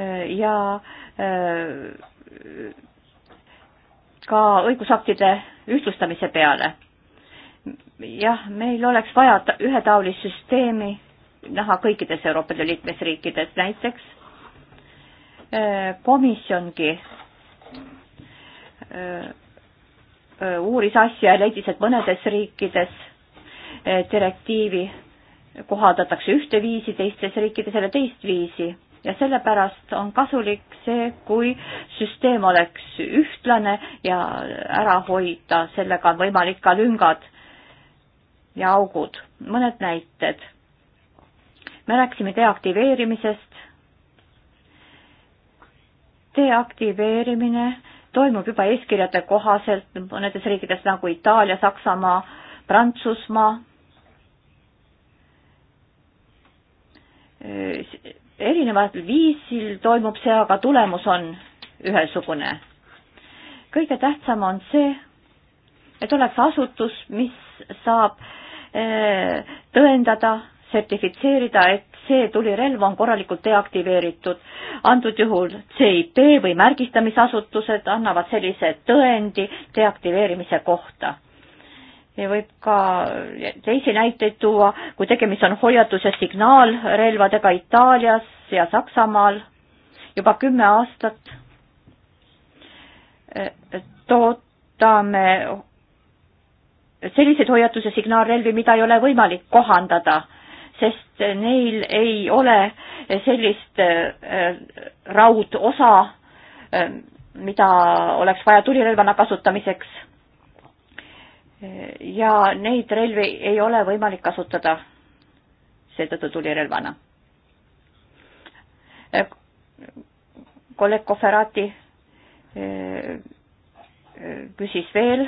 S1: Äh, ja äh, ka õigusaktide ühtlustamise peale. jah, meil oleks vaja ühetaolist süsteemi näha kõikides Euroopa Liidu liikmesriikides, näiteks eh, komisjongi eh, eh, uuris asja ja leidis, et mõnedes riikides direktiivi kohaldatakse ühte viisi, teistes riikides jälle teist viisi ja sellepärast on kasulik see, kui süsteem oleks ühtlane ja ära hoida, sellega on võimalik ka lüngad ja augud. mõned näited me rääkisime deaktiveerimisest. deaktiveerimine toimub juba eeskirjade kohaselt mõnedes riikides nagu Itaalia, Saksamaa, Prantsusmaa. erineval viisil toimub see, aga tulemus on ühesugune. kõige tähtsam on see, et oleks asutus, mis saab eh, tõendada sertifitseerida, et see tulirelv on korralikult deaktiveeritud. antud juhul CIP või märgistamisasutused annavad sellise tõendi deaktiveerimise kohta ja võib ka teisi näiteid tuua, kui tegemist on hoiatus- ja signaalrelvadega Itaalias ja Saksamaal juba kümme aastat eh, toodame selliseid hoiatus- ja signaalrelvi, mida ei ole võimalik kohandada sest neil ei ole sellist äh, raudosa, äh, mida oleks vaja tulirelvana kasutamiseks. Äh, ja neid relvi ei ole võimalik kasutada seetõttu tulirelvana. kolleeg Koferati küsis veel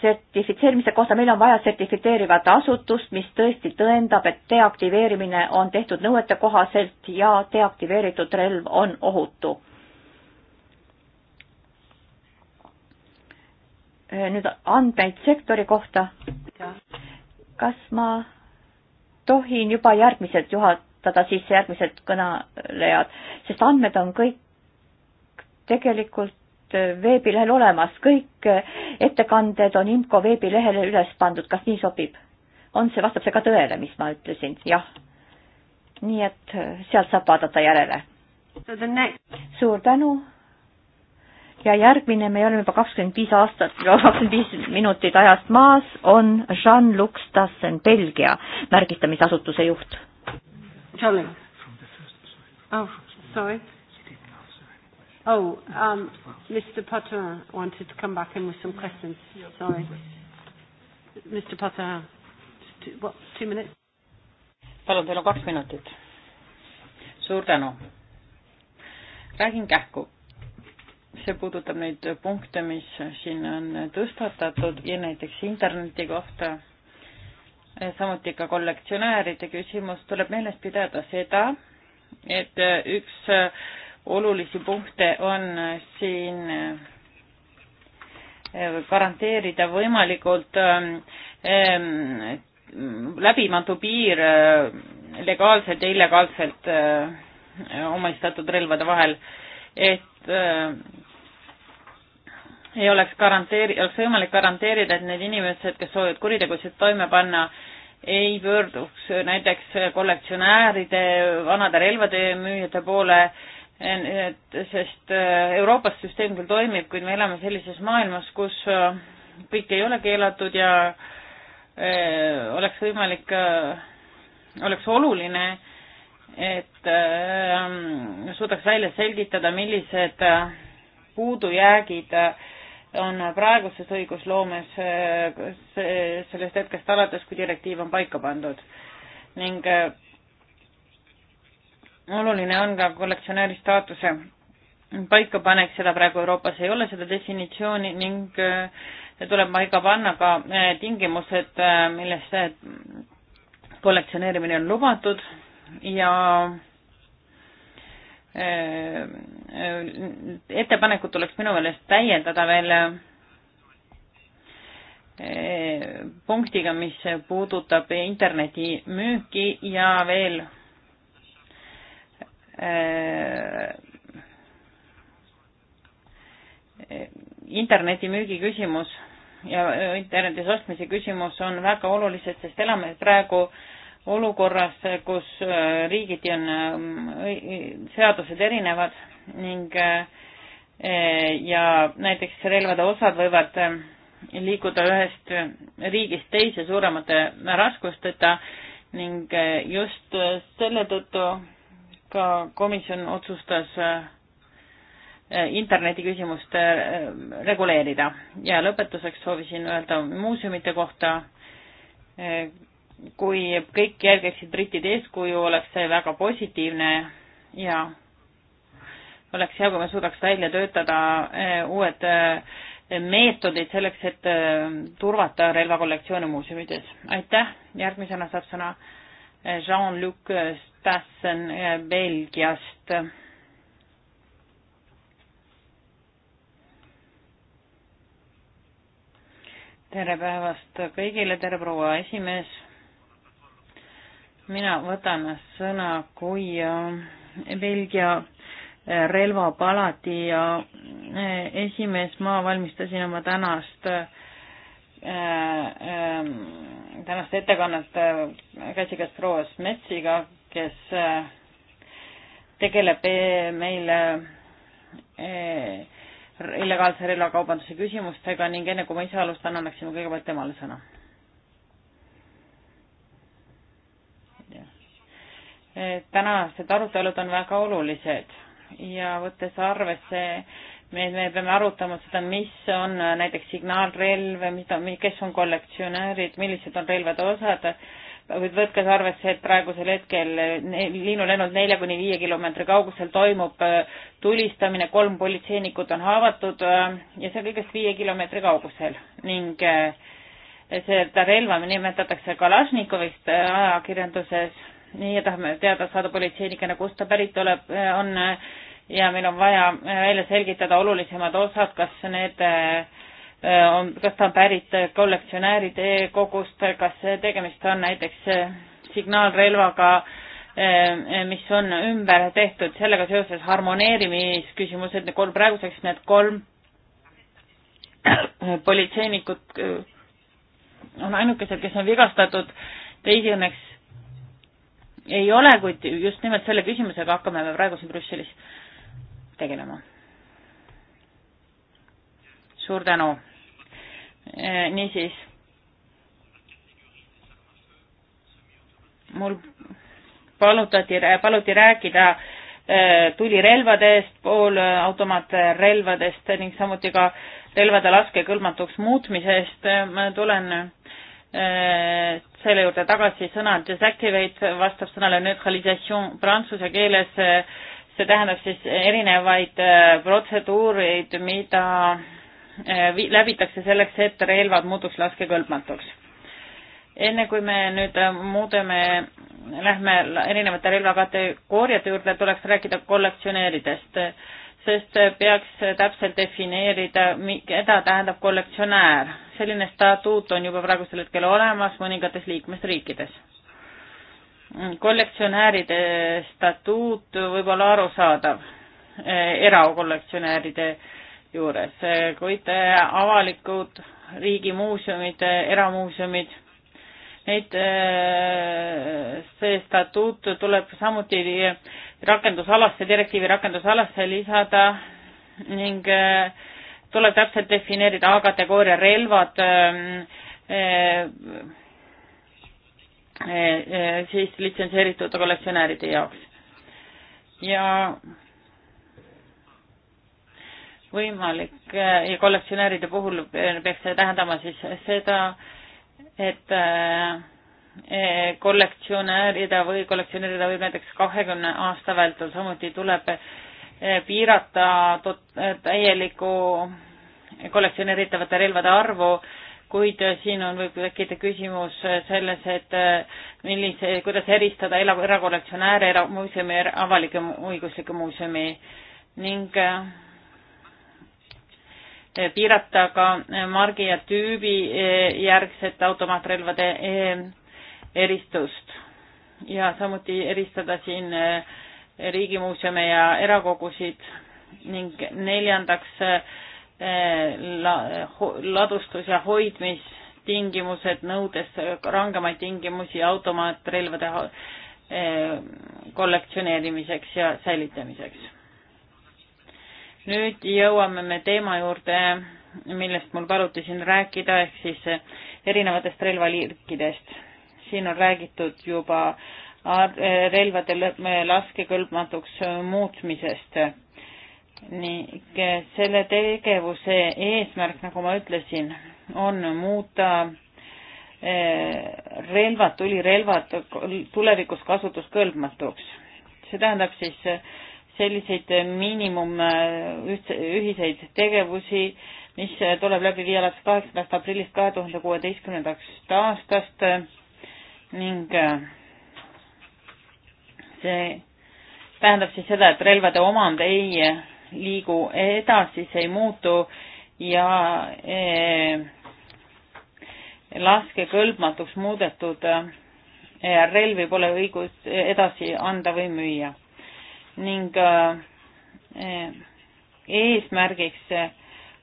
S1: sertifitseerimise kohta meil on vaja sertifitseerivat asutust, mis tõesti tõendab, et deaktiveerimine on tehtud nõuetekohaselt ja deaktiveeritud relv on ohutu. nüüd andmeid sektori kohta. kas ma tohin juba järgmiselt juhatada sisse järgmised kõnelejad, sest andmed on kõik tegelikult veebilehel olemas, kõik ettekanded on IMCO veebilehele üles pandud, kas nii sobib? on see, vastab see ka tõele, mis ma ütlesin, jah. nii et äh, sealt saab vaadata järele. suur tänu. ja järgmine, me oleme juba kakskümmend viis aastat, kakskümmend viis minutit ajast maas, on Jean-Luc Stassen, Belgia märgistamisasutuse juht.
S2: Oh, sorry. Oh, um, Mr. Potter wanted to come back in with some questions. Sorry. Mr. Potter, two, what, two minutes? palun, teil on kaks minutit. suur tänu.
S4: räägin kähku. see puudutab neid punkte, mis siin on tõstatatud ja näiteks interneti kohta. samuti ka kollektsionääride küsimus, tuleb meeles pidada seda, et üks äh, olulisi punkte on siin äh, garanteerida võimalikult ähm, ähm, läbimatu piir äh, legaalselt ja illegaalselt äh, omistatud relvade vahel, et ei oleks garanteeri-, oleks võimalik garanteerida, et need inimesed, kes soovivad kuritegusid toime panna, ei pöörduks näiteks kollektsionääride, vanade relvade müüjate poole, et sest äh, Euroopas süsteem küll toimib, kuid me elame sellises maailmas, kus äh, kõik ei ole keelatud ja äh, oleks võimalik, oleks oluline, et suudaks välja selgitada, millised puudujäägid on praeguses õigusloomes sellest hetkest alates, kui direktiiv on paika pandud ning oluline on ka kollektsionääri staatuse paikapanek, seda praegu Euroopas ei ole, seda definitsiooni ning äh, tuleb paika panna ka äh, tingimused, äh, milles kollektsioneerimine on lubatud ja ettepanekut tuleks minu meelest täiendada veel punktiga, mis puudutab internetimüüki ja veel Äh, äh, internetimüügi küsimus ja äh, internetis ostmise küsimus on väga olulised, sest elame praegu olukorras, kus riigiti on seadused erinevad ning ja näiteks relvade osad võivad liikuda ühest riigist teise suuremate raskusteta ning just selle tõttu ka komisjon otsustas äh, interneti küsimust äh, reguleerida ja lõpetuseks soovisin öelda muuseumite kohta. Äh, kui kõik järgiksid brittide eeskuju, oleks see väga positiivne ja oleks hea, kui me suudaks välja töötada uued meetodid selleks, et turvata relvakollektsioone muuseumides. aitäh, järgmisena saab sõna Jean-Luc Stassen eh, Belgiast. tere päevast kõigile, tere proua esimees. mina võtan sõna kui eh, Belgia eh, relvapalati ja esimees, ma valmistasin oma tänast äh, Äh, ähm, tänast ettekannet äh, käsikäes proua Smetsiga, kes äh, tegeleb e-, meil e-, illegaalse relvakaubanduse küsimustega ning enne kui ma ise alustan, annaksime kõigepealt temale sõna. tänased arutelud on väga olulised ja võttes arvesse me, me peame arutama seda, mis on näiteks signaalrelv, mida, kes on kollektsionäärid, millised on relvade osad, kuid võtkes arvesse, et praegusel hetkel linnulennud nelja kuni viie kilomeetri kaugusel toimub äh, tulistamine, kolm politseinikut on haavatud äh, ja see kõigest viie kilomeetri kaugusel ning äh, seda relva nimetatakse Kalašnikovist ajakirjanduses, nii ja tahame teada saada politseinikena, kust ta pärit oleb, on ja meil on vaja äh, välja selgitada olulisemad osad, kas need äh, on, kas ta on pärit kollektsionääride kogust, kas tegemist on näiteks äh, signaalrelvaga, mis on ümber tehtud, sellega seoses harmoneerimisküsimused, need kolm, praeguseks need kolm (clears throat) politseinikut on ainukesed, kes on vigastatud, teisi õnneks ei ole, kuid just nimelt selle küsimusega hakkame me praegu siin Brüsselis tegelema. suur tänu. Äh, niisiis. mul palutati, paluti rääkida äh, tulirelvadest, poolautomaatrelvadest ning samuti ka relvade laskekõlbmatuks muutmisest. ma tulen äh, selle juurde tagasi, sõna disactivate vastab sõnale neutralisation prantsuse keeles see tähendab siis erinevaid äh, protseduureid, mida äh, läbitakse selleks, et relvad muutuks laskekõlbmatuks. enne kui me nüüd äh, muudame, lähme erinevate relvakategooriate juurde, tuleks rääkida kollektsionääridest, sest peaks täpselt defineerida, keda tähendab kollektsionäär. selline statuut on juba praegusel hetkel olemas mõningates liikmesriikides kollektsionääride statuut võib olla arusaadav e, erakollektsionääride juures, e, kuid e, avalikud riigimuuseumid, eramuuseumid, neid, see statuut tuleb samuti rakendusalasse, direktiivi rakendusalasse lisada ning tuleb täpselt defineerida A-kategooria relvad, siis litsenseeritud kollektsionääride jaoks. ja võimalik ja kollektsionääride puhul peaks see tähendama siis seda, et kollektsionäärida või kollektsionäärida võib näiteks kahekümne aasta vältel, samuti tuleb piirata tot-, täieliku kollektsioneeritavate relvade arvu kuid äh, siin on võib tekkida küsimus äh, selles, et äh, millise, kuidas eristada erakollektsionääre era, muuseumi, avalike õigusliku muuseumi ning piirata ka margi ja tüübi järgset automaatrelvade eristust ja samuti eristada siin riigimuuseume ja erakogusid ning neljandaks Eh, ladustus- ja hoidmistingimused, nõudes rangemaid tingimusi automaatrelvade eh, kollektsioneerimiseks ja säilitamiseks. nüüd jõuame me teema juurde, millest mul paluti siin rääkida, ehk siis eh, erinevatest relvaliikidest. siin on räägitud juba relvade laskekõlbmatuks muutmisest ning eh, selle tegevuse eesmärk, nagu ma ütlesin, on muuta eh, relvad, tulirelvad tulevikus kasutuskõlbmatuks. see tähendab siis eh, selliseid miinimum ühiseid tegevusi, mis tuleb läbi viia alates kaheksandast aprillist kahe tuhande kuueteistkümnendast aastast ning see tähendab siis seda, et relvade omand ei liigu edasi, see ei muutu ja eh, laskekõlbmatuks muudetud eh, relvi pole õigus edasi anda või müüa. ning eh, eesmärgiks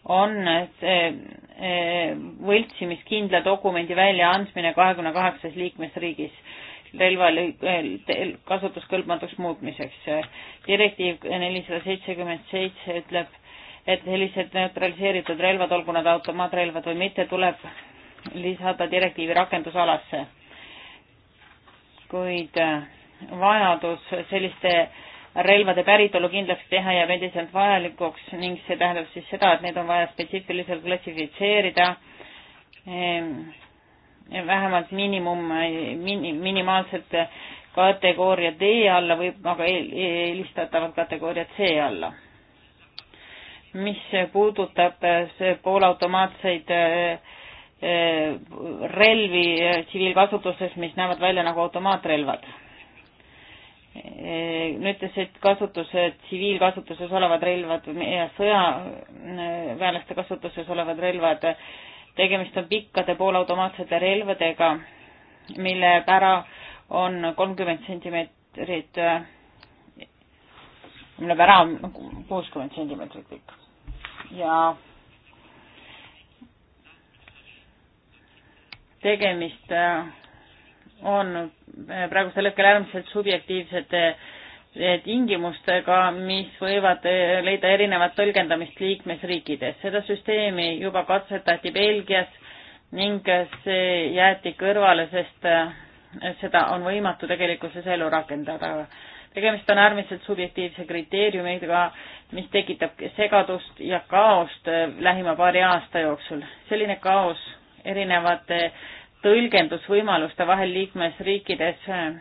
S4: on võltsimiskindla dokumendi väljaandmine kahekümne kaheksas liikmesriigis relvaliigel kasutuskõlbmatuks muutmiseks. direktiiv nelisada seitsekümmend seitse ütleb, et sellised neutraliseeritud relvad, olgu nad automaatrelvad või mitte, tuleb lisada direktiivi rakendusalasse. kuid äh, vajadus selliste relvade päritolu kindlaks teha jääb endiselt vajalikuks ning see tähendab siis seda, et need on vaja spetsiifiliselt klassifitseerida ehm, vähemalt miinimum min,, minimaalsed kategooria D e alla või aga e-, eelistatavad kategooria C alla. mis puudutab poolautomaatseid äh, relvi tsiviilkasutuses, mis näevad välja nagu automaatrelvad. Äh, nüüd see kasutuse, tsiviilkasutuses olevad relvad ja sõjaväelaste kasutuses olevad relvad tegemist on pikkade poolautomaatsete relvadega, mille pära on kolmkümmend sentimeetrit, mille pära on kuuskümmend sentimeetrit pikk ja tegemist on praegusel hetkel äärmiselt subjektiivsete tingimustega, mis võivad leida erinevat tõlgendamist liikmesriikides. seda süsteemi juba katsetati Belgias ning see jäeti kõrvale, sest äh, seda on võimatu tegelikkuses ellu rakendada. tegemist on äärmiselt subjektiivse kriteeriumiga, mis tekitab segadust ja kaost äh, lähima paari aasta jooksul. selline kaos erinevate tõlgendusvõimaluste vahel liikmesriikides äh,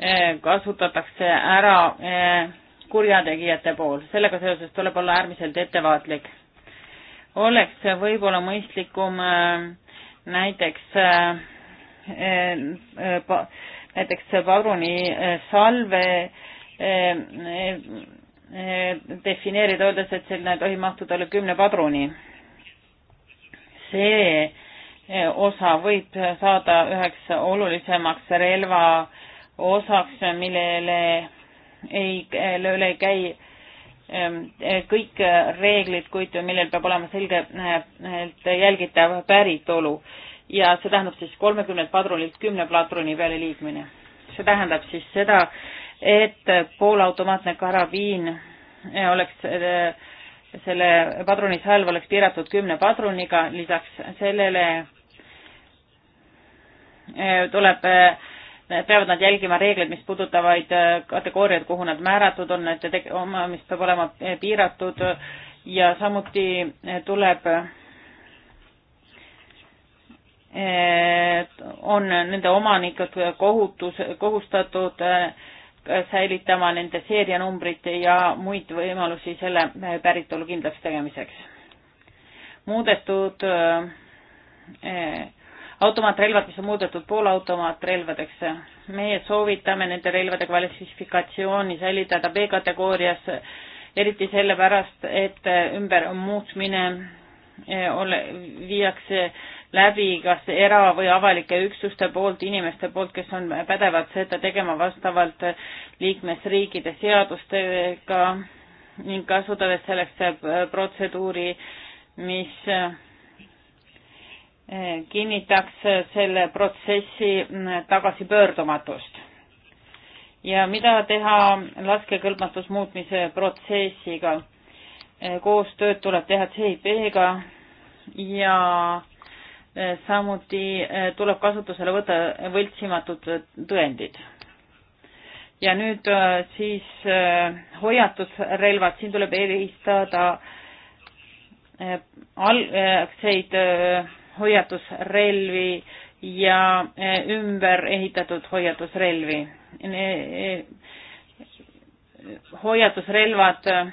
S4: Eh, kasutatakse ära eh, kurjategijate pool. sellega seoses tuleb olla äärmiselt ettevaatlik. oleks võib-olla mõistlikum eh, näiteks näiteks padruni salve defineerida, öeldes, et sinna ei tohi mahtuda üle kümne padruni. see osa võib saada üheks olulisemaks relva osaks, millele ei, üle ei käi ehm, kõik reeglid, kuid millel peab olema selgelt jälgitav päritolu. ja see tähendab siis kolmekümnelt padrunilt kümne padruni peale liikmine. see tähendab siis seda, et poolautomaatne karabiin oleks selle padruni salv oleks piiratud kümne padruniga, lisaks sellele eh, tuleb eh, peavad nad jälgima reegleid, mis puudutavad äh, kategooriaid, kuhu nad määratud on, et omamist peab olema äh, piiratud ja samuti äh, tuleb on nende omanikud kohutus, kohustatud säilitama nende seerianumbrit ja muid võimalusi selle päritolu kindlaks tegemiseks. muudetud eh, automaatrelvad, mis on muudetud poolautomaatrelvadeks. meie soovitame nende relvade kvalifikatsiooni säilitada B-kategoorias, eriti sellepärast, et ümbermuutmine eh, ole, viiakse läbi kas era- või avalike üksuste poolt, inimeste poolt, kes on pädevad seda tegema vastavalt liikmesriikide seadustega ning kasutades selleks protseduuri, mis kinnitaks selle protsessi tagasipöördumatust. ja mida teha laskekõlbmatus muutmise protsessiga? koostööd tuleb teha CIP-ga ja e, samuti e, tuleb kasutusele võtta võltsimatud tõendid. ja nüüd e, siis hoiatusrelvad, siin tuleb eristada algseid hoiatusrelvi ja eh, ümber ehitatud hoiatusrelvi. Eh, eh, hoiatusrelvad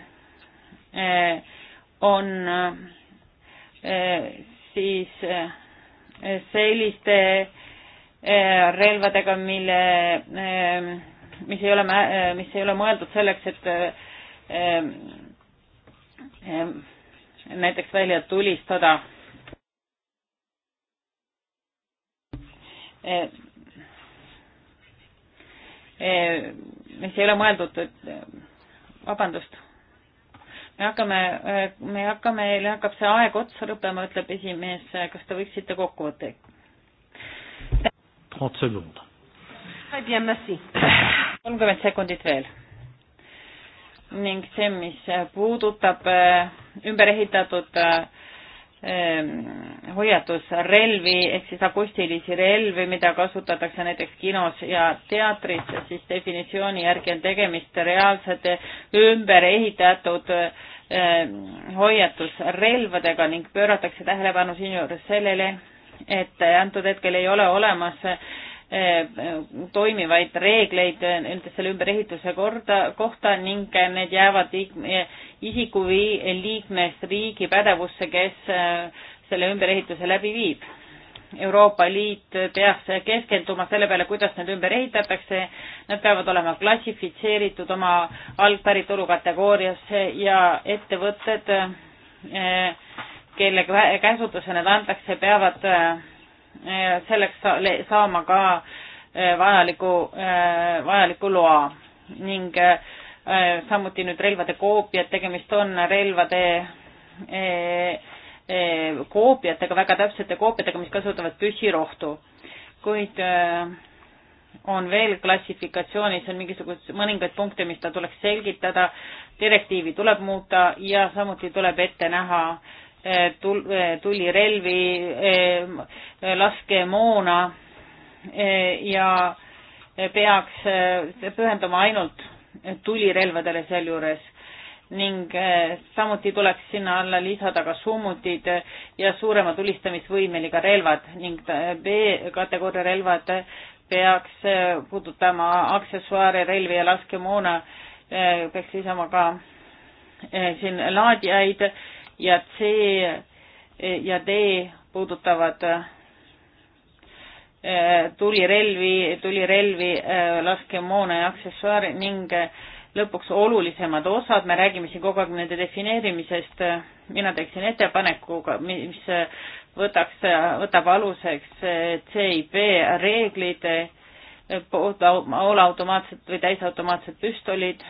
S4: on siis selliste relvadega, mille, mis ei ole, mis ei ole mõeldud selleks, et näiteks välja tulistada Eh, eh, mis ei ole mõeldud, et eh, vabandust, me hakkame, me hakkame, meil hakkab see aeg otsa lõppema, ütleb esimees, kas te võiksite kokkuvõtte? kolmkümmend sekundit veel. ning see, mis puudutab ümberehitatud äh, Ehm, hoiatusrelvi ehk siis akustilisi relvi, mida kasutatakse näiteks kinos ja teatris, siis definitsiooni järgi on tegemist reaalsete ümberehitatud ehm, hoiatusrelvadega ning pööratakse tähelepanu siinjuures sellele, et antud hetkel ei ole olemas Eh, toimivaid reegleid nende selle ümberehituse korda, kohta ning need jäävad eh, isiku või liikmesriigi pädevusse, kes eh, selle ümberehituse läbi viib. Euroopa Liit peaks keskenduma selle peale, kuidas need ümber ehitatakse, nad peavad olema klassifitseeritud oma algpäritolu kategooriasse ja ettevõtted, kelle käsutusse need antakse, peavad selleks saama ka äh, vajaliku, äh, vajaliku loa ning äh, samuti nüüd relvade koopiad, tegemist on relvade koopiatega, väga täpsete koopiatega, mis kasutavad püssirohtu. kuid on veel klassifikatsioonis, on mingisuguseid mõningaid punkte, mis ta tuleks selgitada, direktiivi tuleb muuta ja samuti tuleb ette näha äh, Eh, eh, tulirelvi, eh, laskemoona ja peaks pühenduma ainult tulirelvadele sealjuures ning samuti tuleks sinna alla lisada ka summutid ja suurema tulistamisvõimeliga relvad ning B-kategooria relvad peaks puudutama aksessuaare, relvi ja laskemoona, peaks lisama ka siin laadijaid ja C ja D puudutavad äh, tulirelvi, tulirelvi, äh, laskemoona ja aksessuaare ning äh, lõpuks olulisemad osad, me räägime siin kogu aeg nende defineerimisest, mina teeksin ettepaneku, mis võtaks, võtab aluseks CIP reeglid, poolautomaatsed või täisautomaatsed püstolid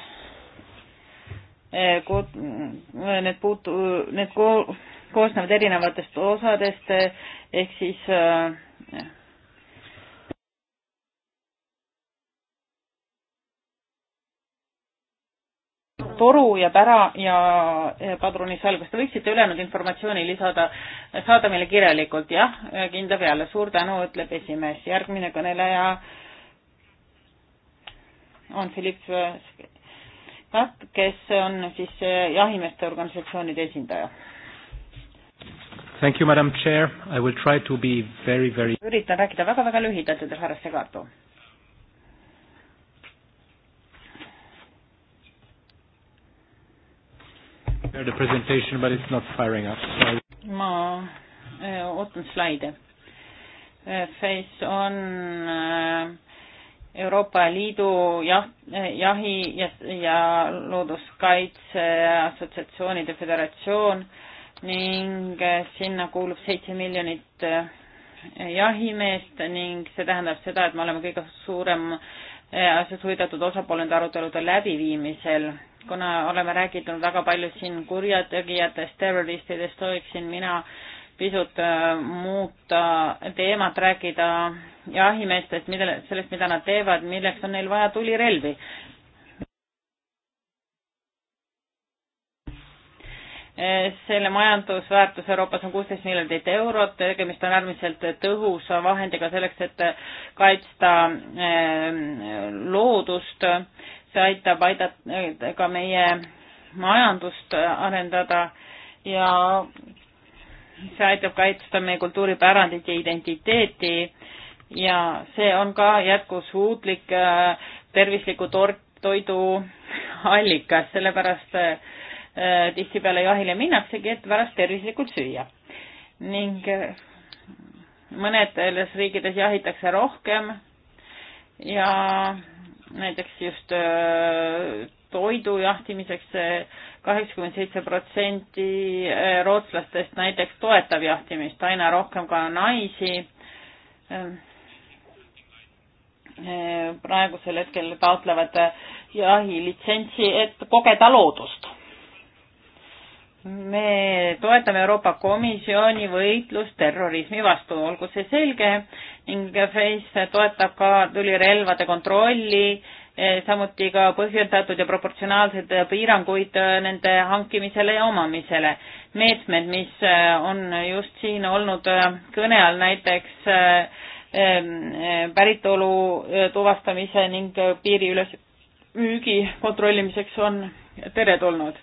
S4: Äh, äh, need puutu-, need ko-, koosnevad erinevatest osadest äh, ehk siis toru ja pära ja padrunisalv, kas te võiksite ülejäänud informatsiooni lisada, saada meile kirjalikult, jah, kindla peale, suur tänu, ütleb esimees, järgmine kõneleja on Philipp Kat, kes on siis eh, jahimeeste organisatsioonide esindaja.
S2: Thank you, madam chair, I will try to be very, very
S4: üritan rääkida väga-väga lühidalt, ütles härra Segato.
S2: The presentation but it's not firing up so.
S4: ma äh, ootan slaide. Eh, face on äh, Euroopa Liidu jaht, jahi ja, ja looduskaitse assotsiatsioonide föderatsioon ning sinna kuulub seitse miljonit eh, jahimeest ning see tähendab seda, et me oleme kõige suurem eh, asjast huvitatud osapool nende arutelude läbiviimisel. kuna oleme rääkinud väga palju siin kurjategijatest, terroristidest, sooviksin mina äh, pisut äh, muuta teemat, rääkida jahimeestest, millele, sellest, mida nad teevad, milleks on neil vaja tulirelvi. selle majandusväärtus Euroopas on kuusteist miljardit eurot, tegemist on äärmiselt tõhusa vahendiga selleks, et kaitsta äh, loodust, see aitab aidata ka meie majandust arendada ja see aitab kaitsta meie kultuuripärandit ja identiteeti ja see on ka jätkusuutlik äh, tervisliku tort, toidu allikas, sellepärast äh, tihtipeale jahile minnaksegi, et pärast tervislikult süüa. ning äh, mõnedes riikides jahitakse rohkem ja näiteks just toidu jahtimiseks kaheksakümmend seitse protsenti eh, rootslastest näiteks toetab jahtimist, aina rohkem ka naisi. Eh, eh, praegusel hetkel taotlevad jahilitsentsi, et kogeda loodust. me toetame Euroopa Komisjoni võitlust terrorismi vastu, olgu see selge ning Face toetab ka tulirelvade kontrolli Eh, samuti ka põhjendatud ja proportsionaalsed eh, piiranguid eh, nende hankimisele ja omamisele. meetmed, mis on just siin olnud kõne all, näiteks päritolu tuvastamise ning piiriüles müügi kontrollimiseks on teretulnud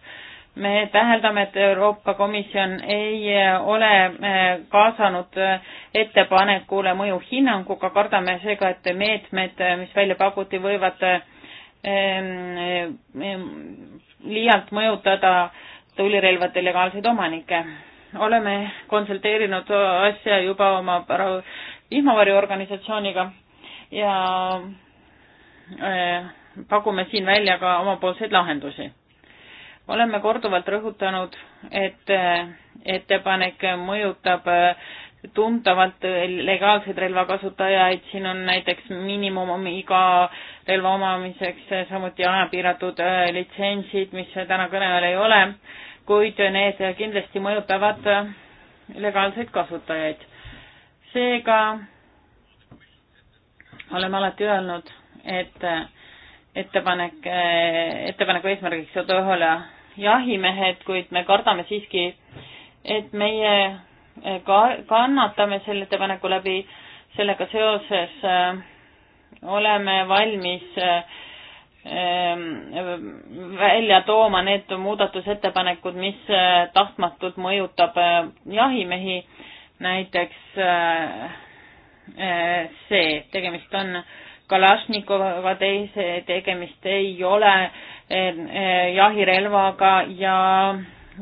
S4: me täheldame, et Euroopa Komisjon ei eh, ole eh, kaasanud eh, ettepanekule mõjuhinnanguga, kardame seega, et meetmed, mis välja pakuti, võivad liialt mõjutada tulirelvade legaalseid omanikke. oleme konsulteerinud asja juba oma vihmavarjuorganisatsiooniga ja pakume siin välja ka omapoolseid lahendusi oleme korduvalt rõhutanud, et eh, ettepanek mõjutab eh, tuntavalt legaalseid relvakasutajaid, siin on näiteks miinimum iga relva omamiseks, eh, samuti ajapiiratud litsentsid, mis täna kõne all ei ole, kuid need kindlasti mõjutavad legaalseid kasutajaid. seega oleme alati öelnud, et ettepanek, ettepaneku eesmärgiks on tööle jahimehed, kuid me kardame siiski, et meie eh, ka-, kannatame selle ettepaneku läbi, sellega seoses eh, oleme valmis eh, välja tooma need muudatusettepanekud, mis tahtmatult mõjutab jahimehi, näiteks see, tegemist on äh, Kalašnikova teise tegemist ei ole eh, eh, jahirelvaga ja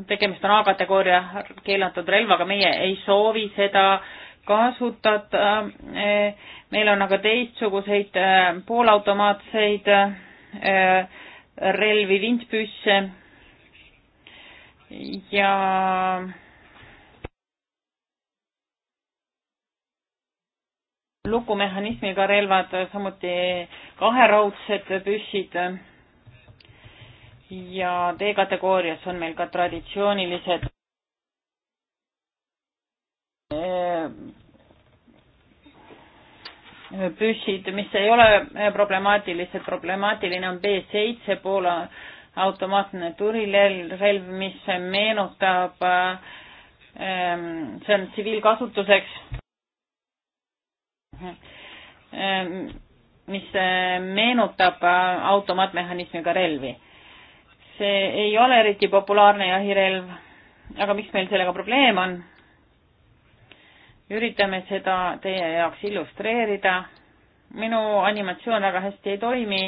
S4: tegemist on A-kategooria keelatud relvaga, meie ei soovi seda kasutada. Eh, meil on aga teistsuguseid poolautomaatseid relvi, vintpüsse ja lukumehhanismiga relvad, samuti kaheraudsed püssid. ja D-kategoorias on meil ka traditsioonilised eh, püssid, mis ei ole eh, problemaatilised, problemaatiline on B7 Poola automaatne tulirelv, mis meenutab, eh, see on tsiviilkasutuseks Ehm, mis ehm, meenutab äh, automaatmehhanismiga relvi. see ei ole eriti populaarne jahirelv, aga miks meil sellega probleem on? üritame seda teie jaoks illustreerida. minu animatsioon väga hästi ei toimi,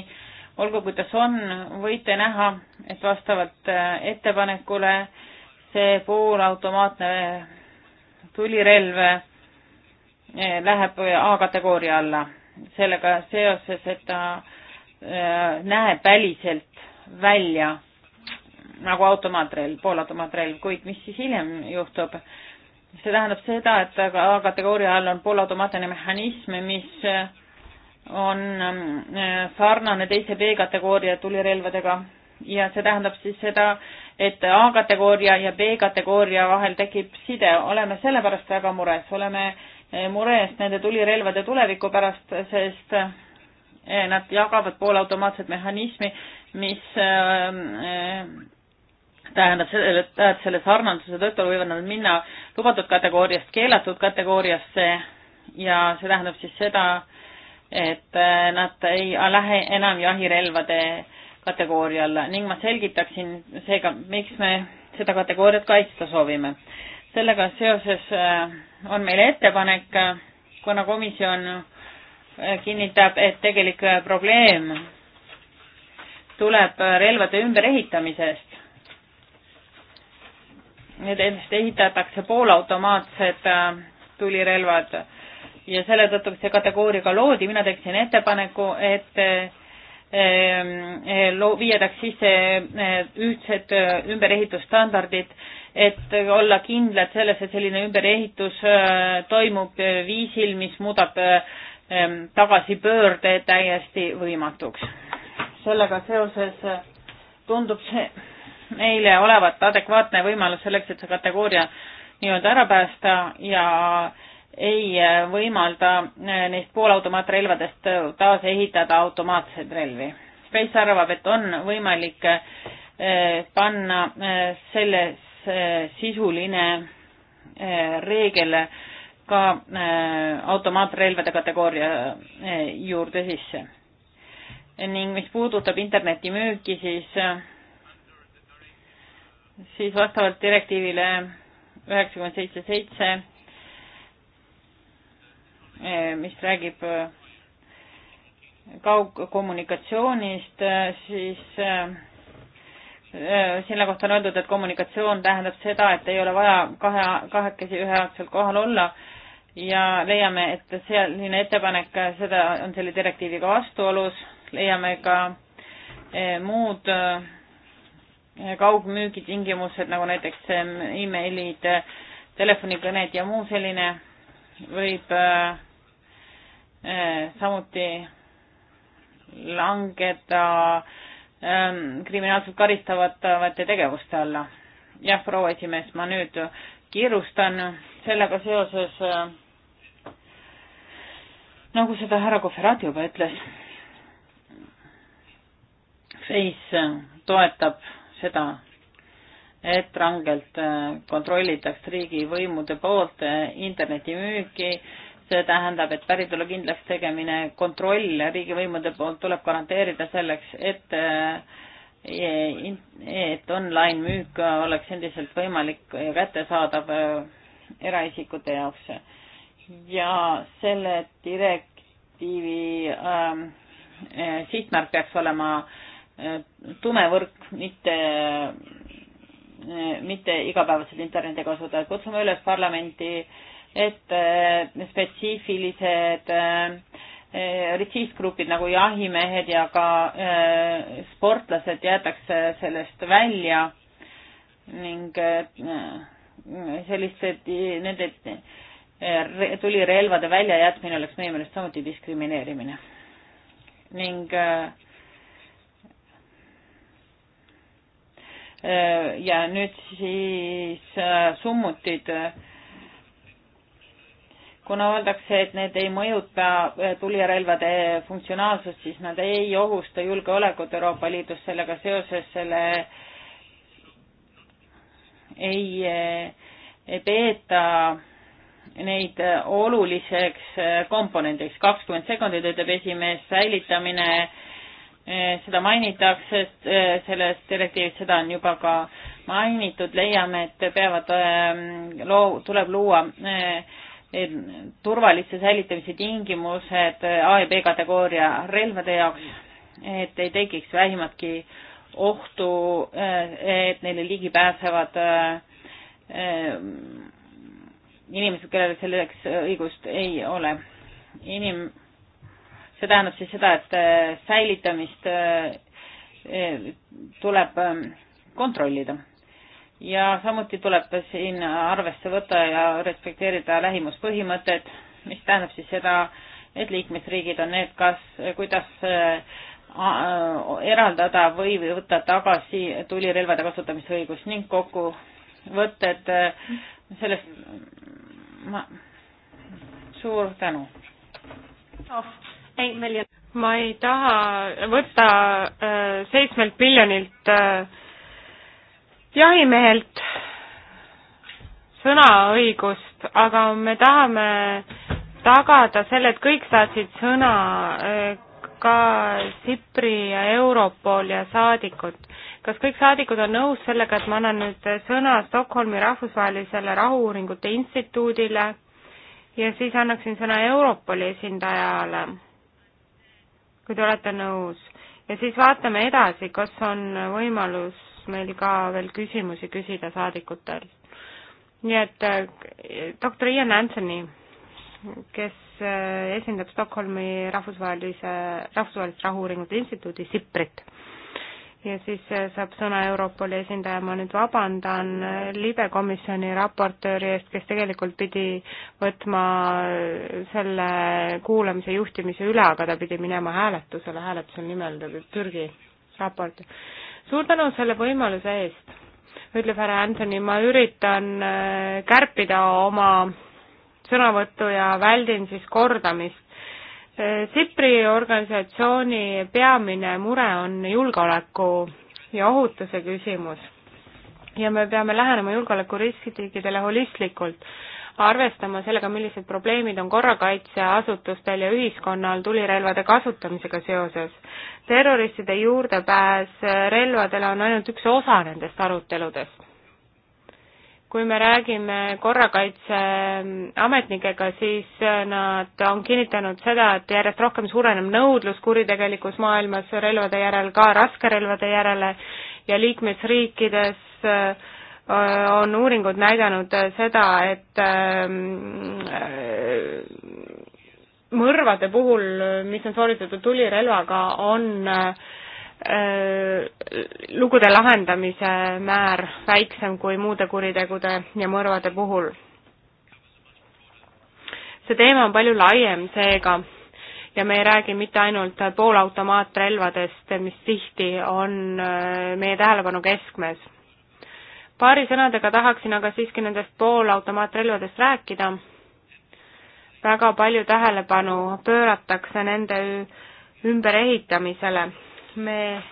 S4: olgu kuidas on, võite näha, et vastavalt äh, ettepanekule see poolautomaatne tulirelv Eh, läheb A-kategooria alla sellega seoses, et ta eh, näeb väliselt välja nagu automaatrelv, poolautomaatrelv, kuid mis siis hiljem juhtub? see tähendab seda, et A-kategooria all on poolautomaatne mehhanism, mis eh, on sarnane teise B-kategooria tulirelvadega ja see tähendab siis seda, et A-kategooria ja B-kategooria vahel tekib side, oleme selle pärast väga mures, oleme äh, mure eest nende tulirelvade tuleviku pärast, sest eh, nad jagavad poolautomaatset mehhanismi, mis eh, tähendab selle, tähendab selle sarnasuse tõttu võivad nad minna lubatud kategooriast keelatud kategooriasse ja see tähendab siis seda, et eh, nad ei lähe enam jahirelvade kategooria alla ning ma selgitaksin seega, miks me seda kategooriat kaitsta soovime sellega seoses äh, on meil ettepanek, äh, kuna komisjon äh, kinnitab, et tegelik probleem tuleb relvade ümberehitamisest. Nendest ehitatakse poolautomaatsed tulirelvad ja selle tõttu see kategooria ka loodi, mina teeksin ettepaneku, et viiadaks sisse ühtsed ümberehitusstandardid et olla kindlad selles, et selline ümberehitus äh, toimub äh, viisil, mis muudab äh, ähm, tagasipöörde täiesti võimatuks. sellega seoses tundub see meile olevat adekvaatne võimalus selleks, et see kategooria nii-öelda ära päästa ja ei võimalda neist poolautomaatrelvadest taas ehitada automaatseid relvi. Kreis arvab, et on võimalik panna selles sisuline eh, reegel ka eh, automaatrelvade kategooria eh, juurde sisse. ning mis puudutab internetimüüki, siis, siis vastavalt direktiivile üheksakümmend seitse seitse, mis räägib kaugkommunikatsioonist, siis Äh, selle kohta on öeldud, et kommunikatsioon tähendab seda, et ei ole vaja kahe, kahekesi üheaegselt kohal olla ja leiame, et selline ettepanek, äh, seda on selle direktiiviga vastuolus, leiame ka äh, muud kaugmüügi tingimused, nagu näiteks ähm, emailid, telefonikõned ja muu selline, võib samuti langeda Ähm, kriminaalselt karistatavate tegevuste alla. jah, proua esimees, ma nüüd kiirustan sellega seoses, äh, nagu seda härra Kohverati juba ütles, seis toetab seda, et rangelt äh, kontrollitaks riigivõimude poolt internetimüüki äh, see tähendab, et päritolu kindlaks tegemine, kontroll riigivõimude poolt tuleb garanteerida selleks, et eh, et online müük oleks endiselt võimalik ja kättesaadav eh, eraisikute jaoks. ja selle direktiivi ähm, eh, sihtmärk peaks olema tume võrk, mitte mitte igapäevased internetikasutajad. kutsume üles parlamenti äh, et äh, spetsiifilised retsiisgrupid äh, äh, nagu jahimehed ja ka sportlased jäetakse sellest välja ning sellised nende tulirelvade väljajätmine oleks meie meelest samuti diskrimineerimine ning ja nüüd siis summutid äh, kuna öeldakse, et need ei mõjuta eh, tulirelvade funktsionaalsust, siis nad ei ohusta julgeolekut Euroopa Liidus, sellega seoses selle ei, eh, ei peeta neid eh, oluliseks komponendiks. kakskümmend sekundit ütleb esimees, säilitamine, seda mainitakse, selles direktiivis seda on juba ka mainitud, leiame, et peavad, loo-, tuleb luua äh, turvalise säilitamise tingimused A ja B kategooria relvade jaoks, et ei tekiks vähimatki ohtu, et neile ligi pääsevad eh, inimesed, kellel selleks õigust ei ole. inim-, see tähendab siis seda, et eh, säilitamist eh, tuleb kontrollida ja samuti tuleb siin arvesse võtta ja respekteerida lähimuspõhimõtet, mis tähendab siis seda, et liikmesriigid on need, kas, kuidas äh, eraldada või võtta tagasi tulirelvade kasutamise õigus ning kokkuvõtted äh, sellest, ma,
S3: suur tänu oh,. ma ei taha võtta äh, seitsmelt miljonilt äh, jahimehelt sõnaõigust, aga me tahame tagada selle, et kõik saatsid sõna, eh, ka Sipri ja Europol ja saadikud. kas kõik saadikud on nõus sellega, et ma annan nüüd sõna Stockholmi Rahvusvahelisele Rahu-uuringute Instituudile ja siis annaksin sõna Europoli esindajale, kui te olete nõus. ja siis vaatame edasi, kas on võimalus oleks meil ka veel küsimusi küsida saadikutel. nii et eh, doktor Ian Anthony, kes eh, esindab Stockholmi rahvusvahelise, rahvusvahelist rahu-uuringute instituudi, SIPRit, ja siis eh, saab sõna Europoli esindaja, ma nüüd vabandan libekomisjoni raportööri eest, kes tegelikult pidi võtma selle kuulamise juhtimise üle, aga ta pidi minema hääletusele, hääletusel nimel Türgi raport suur tänu selle võimaluse eest, ütleb härra Anthony, ma üritan äh, kärpida oma sõnavõttu ja väldin siis kordamist. Äh, Sipri organisatsiooni peamine mure on julgeoleku ja ohutuse küsimus ja me peame lähenema julgeolekuriskidele holistlikult arvestama sellega, millised probleemid on korrakaitseasutustel ja ühiskonnal tulirelvade kasutamisega seoses. terroristide juurdepääs relvadele on ainult üks osa nendest aruteludest. kui me räägime korrakaitseametnikega, siis nad on kinnitanud seda, et järjest rohkem suureneb nõudlus kuritegelikus maailmas relvade järel, ka raskerelvade järele ja liikmesriikides äh, Äh, on uuringud näidanud äh, seda, et ähm, äh, mõrvade puhul, mis on sooritatud tulirelvaga, on lugude lahendamise määr väiksem kui muude kuritegude ja mõrvade puhul. see teema on palju laiem seega ja me ei räägi mitte ainult poolautomaatrelvadest, mis tihti on meie tähelepanu keskmes paari sõnadega tahaksin aga siiski nendest poolautomaatrelvadest rääkida. väga palju tähelepanu pööratakse nende ümberehitamisele. me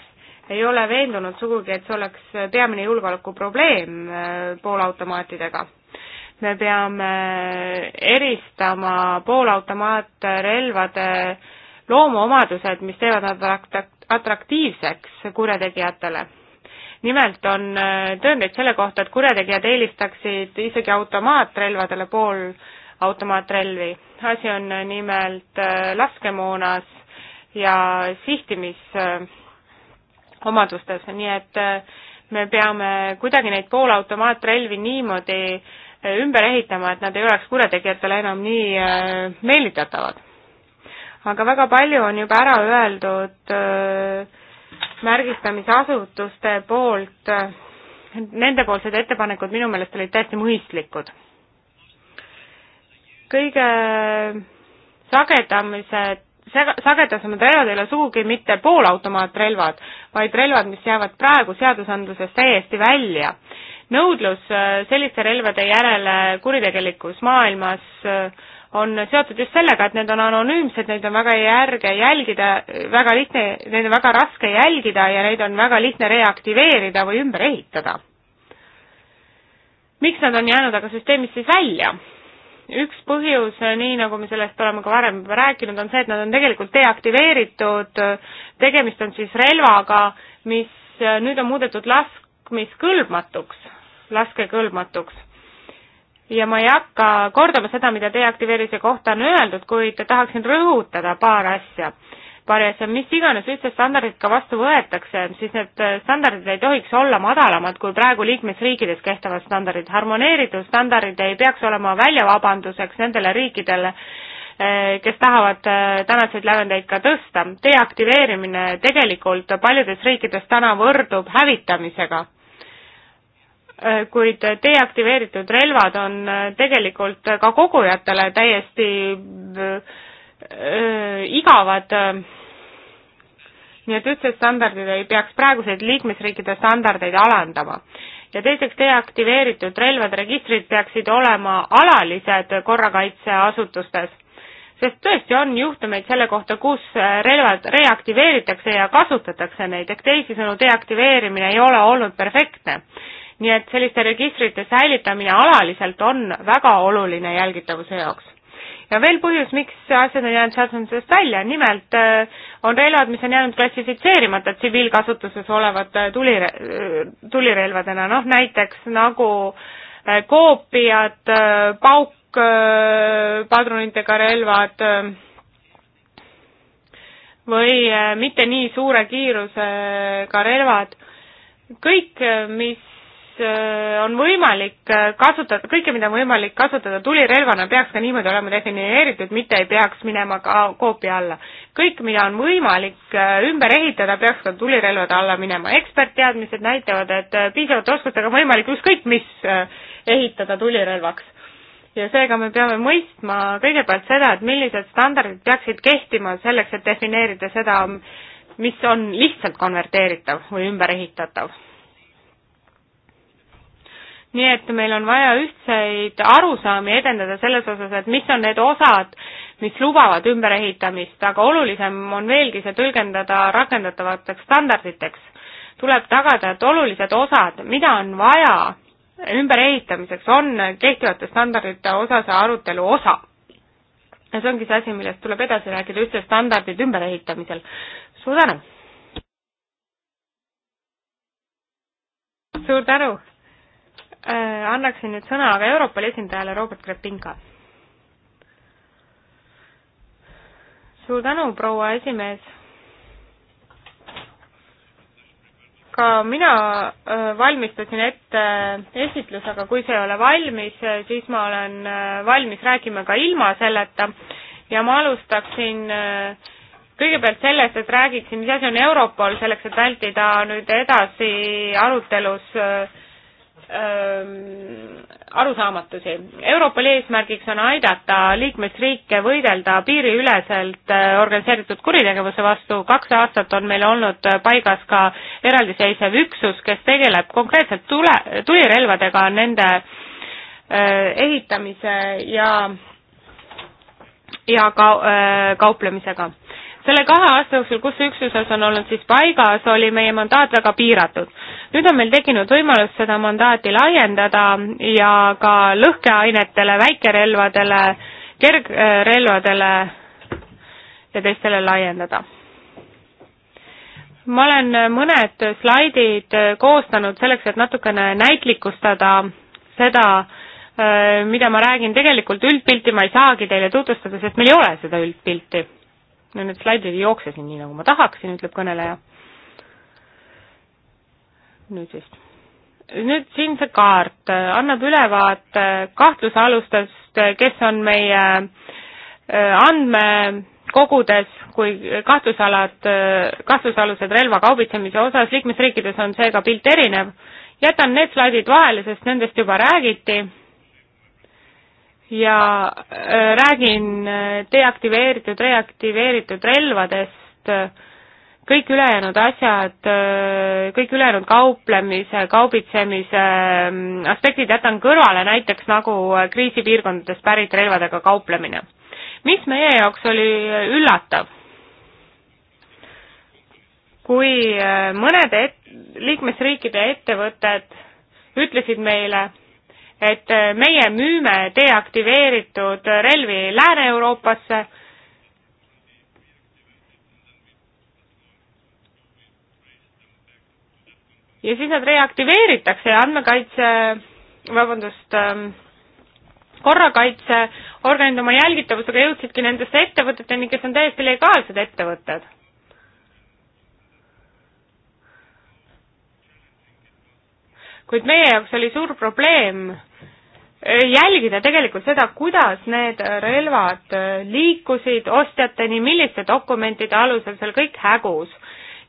S3: ei ole veendunud sugugi, et see oleks peamine julgeolekuprobleem äh, poolautomaatidega. me peame eristama poolautomaatrelvade loomuomadused, mis teevad nad atraktiivseks kurjategijatele nimelt on äh, tõendeid selle kohta, et kurjategijad eelistaksid isegi automaatrelvadele pool automaatrelvi. asi on äh, nimelt äh, laskemoonas ja sihtimisomadustes, nii et me peame kuidagi neid poolautomaatrelvi niimoodi ümber ehitama, et nad ei oleks kurjategijatele enam nii meelitatavad. aga väga palju on juba ära öeldud äh, märgistamisasutuste poolt, nendepoolsed ettepanekud minu meelest olid täiesti mõistlikud. kõige sagedamised sagedasemad relvad ei ole sugugi mitte poolautomaatrelvad, vaid relvad, mis jäävad praegu seadusandlusest täiesti välja. nõudlus äh, selliste relvade järele kuritegelikus maailmas äh, on seotud just sellega, et need on anonüümsed, neid on väga järge jälgida, väga lihtne, neid on väga raske jälgida ja neid on väga lihtne reaktiveerida või ümber ehitada. miks nad on jäänud aga süsteemist siis välja? üks põhjus, nii nagu me sellest oleme ka varem rääkinud, on see, et nad on tegelikult deaktiveeritud, tegemist on siis relvaga, mis nüüd on muudetud laskmiskõlbmatuks, laskekõlbmatuks ja ma ei hakka kordama seda, mida deaktiveerimise kohta on öeldud, kuid tahaksin rõhutada paar asja. paari asja, mis iganes üldse standardid ka vastu võetakse, siis need standardid ei tohiks olla madalamad kui praegu liikmesriikides kehtivad standardid. harmoneeritud standardid ei peaks olema väljavabanduseks nendele riikidele, eh, kes tahavad eh, tänaseid lävendeid ka tõsta. deaktiveerimine tegelikult paljudes riikides täna võrdub hävitamisega Äh, kuid deaktiveeritud relvad on äh, tegelikult ka kogujatele täiesti äh, igavad. nii et üldse standardid ei peaks praeguseid liikmesriikide standardeid alandama. ja teiseks, deaktiveeritud relvade registrid peaksid olema alalised korrakaitseasutustes, sest tõesti on juhtumeid selle kohta, kus relvad reaktiveeritakse ja kasutatakse neid, ehk teisisõnu, deaktiveerimine ei ole olnud perfektne nii et selliste registrite säilitamine alaliselt on väga oluline jälgitavuse jaoks. ja veel põhjus, miks asjad on jäänud seadusandlusest välja, nimelt äh, on relvad, mis on jäänud klassifitseerimata tsiviilkasutuses olevad äh, tuli, äh, tulirelvadena, noh näiteks nagu koopiad, pauk, padrunitega relvad või mitte nii suure kiirusega relvad kõik, mis Äh, on võimalik äh, kasutada, kõike, mida on võimalik kasutada tulirelvana, peaks ka niimoodi olema defineeritud, mitte ei peaks minema ka koopi alla. kõik, mida on võimalik äh, ümber ehitada, peaks ka tulirelvade alla minema. ekspertteadmised näitavad, et piisavate oskustega on võimalik ükskõik mis ehitada tulirelvaks ja seega me peame mõistma kõigepealt seda, et millised standardid peaksid kehtima selleks, et defineerida seda, mis on lihtsalt konverteeritav või ümberehitatav nii et meil on vaja ühtseid arusaami edendada selles osas, et mis on need osad, mis lubavad ümberehitamist, aga olulisem on veelgi see tõlgendada rakendatavateks standarditeks. tuleb tagada, et olulised osad, mida on vaja ümberehitamiseks, on kehtivate standardite osas arutelu osa. ja see ongi see asi, millest tuleb edasi rääkida, üldse standardid ümberehitamisel. suur tänu! suur tänu! Äh, annaksin nüüd sõna aga Europoli esindajale Robert Krepinka. suur tänu, proua esimees. ka mina äh, valmistasin ette äh, esitlus, aga kui see ei ole valmis, siis ma olen valmis rääkima ka ilma selleta ja ma alustaksin kõigepealt sellest, et räägiksin, mis asi on Europol, selleks et vältida nüüd edasi arutelus äh, Ähm, arusaamatusi. Euroopa Liidu eesmärgiks on aidata liikmesriike võidelda piiriüleselt äh, organiseeritud kuritegevuse vastu, kaks aastat on meil olnud paigas ka eraldiseisev üksus, kes tegeleb konkreetselt tule, tulirelvadega, nende äh, ehitamise ja, ja ka, äh, kauplemisega selle kahe aasta jooksul, kus üksuses on olnud siis paigas, oli meie mandaat väga piiratud nüüd on meil tekkinud võimalus seda mandaati laiendada ja ka lõhkeainetele, väikerelvadele, kergrelvadele ja teistele laiendada. ma olen mõned slaidid koostanud selleks, et natukene näitlikustada seda, äh, mida ma räägin, tegelikult üldpilti ma ei saagi teile tutvustada, sest meil ei ole seda üldpilti. no need slaidid ei jookse siin nii, nagu ma tahaksin, ütleb kõneleja nüüd vist. nüüd siin see kaart äh, annab ülevaate kahtlusalustest, äh, kes on meie äh, andmekogudes, kui kahtlusalad, kahtlusalused relva kaubitsemise osas, liikmesriikides on seega pilt erinev. jätan need slaidid vahele, sest nendest juba räägiti ja räägin deaktiveeritud, reaktiveeritud relvadest kõik ülejäänud asjad, kõik ülejäänud kauplemise, kaubitsemise mm, aspektid jätan kõrvale, näiteks nagu kriisipiirkondadest pärit relvadega kauplemine. mis meie jaoks oli üllatav? kui äh, mõnede et, liikmesriikide ettevõtted ütlesid meile, et äh, meie müüme deaktiveeritud relvi Lääne-Euroopasse ja siis nad reaktiveeritakse ja andmekaitse, vabandust, ähm, korrakaitseorganid oma jälgitavusega jõudsidki nendesse ettevõteteni, kes on täiesti legaalsed ettevõtted. kuid meie jaoks oli suur probleem äh, jälgida tegelikult seda, kuidas need relvad äh, liikusid ostjateni, milliste dokumentide alusel, see oli kõik hägus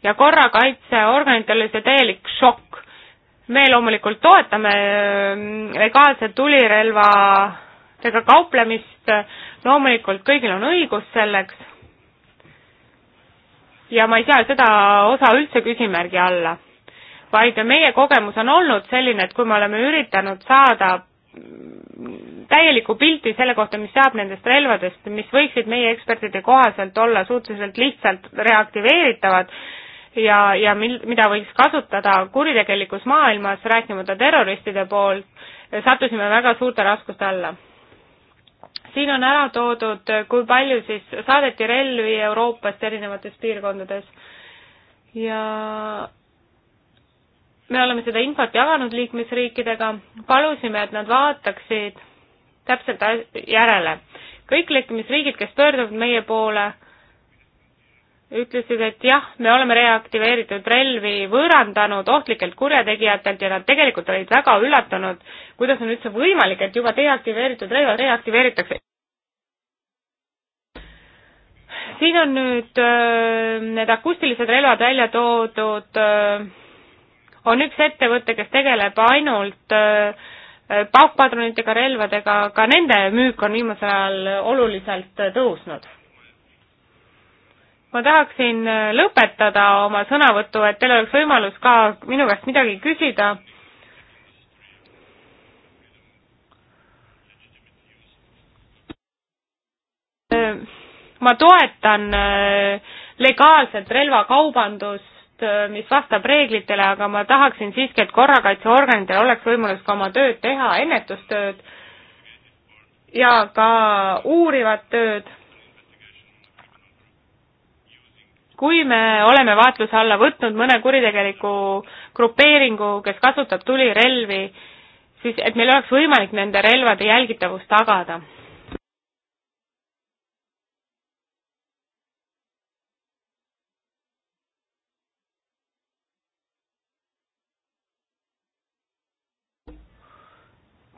S3: ja korrakaitseorganitele see täielik šokk. me loomulikult toetame äh, legaalse tulirelvadega kauplemist, loomulikult kõigil on õigus selleks, ja ma ei sea seda osa üldse küsimärgi alla, vaid meie kogemus on olnud selline, et kui me oleme üritanud saada täielikku pilti selle kohta, mis saab nendest relvadest, mis võiksid meie ekspertide kohaselt olla suhteliselt lihtsalt reaktiveeritavad, ja, ja mil-, mida võiks kasutada kuritegelikus maailmas, rääkimata terroristide poolt, sattusime väga suurte raskuste alla. siin on ära toodud, kui palju siis saadeti relvi Euroopast erinevates piirkondades ja me oleme seda infot jaganud liikmesriikidega, palusime, et nad vaataksid täpselt järele. kõik liikmesriigid, kes pöörduvad meie poole, ütlesid, et jah, me oleme reaktiveeritud relvi võõrandanud ohtlikelt kurjategijatelt ja nad tegelikult olid väga üllatunud, kuidas on üldse võimalik, et juba deaktiveeritud relvad reaktiveeritakse. siin on nüüd öö, äh, need akustilised relvad välja toodud, äh, on üks ettevõte, kes tegeleb ainult öö, äh, paukpadrunitega, relvadega, ka nende müük on viimasel ajal oluliselt tõusnud ma tahaksin äh, lõpetada oma sõnavõttu, et teil oleks võimalus ka minu käest midagi küsida. Äh, ma toetan äh, legaalset relvakaubandust, mis vastab reeglitele, aga ma tahaksin siiski, et korrakaitseorganitel oleks võimalus ka oma tööd teha, ennetustööd ja ka uurivat tööd kui me oleme vaatluse alla võtnud mõne kuritegeliku grupeeringu, kes kasutab tulirelvi, siis et meil oleks võimalik nende relvade jälgitavus tagada.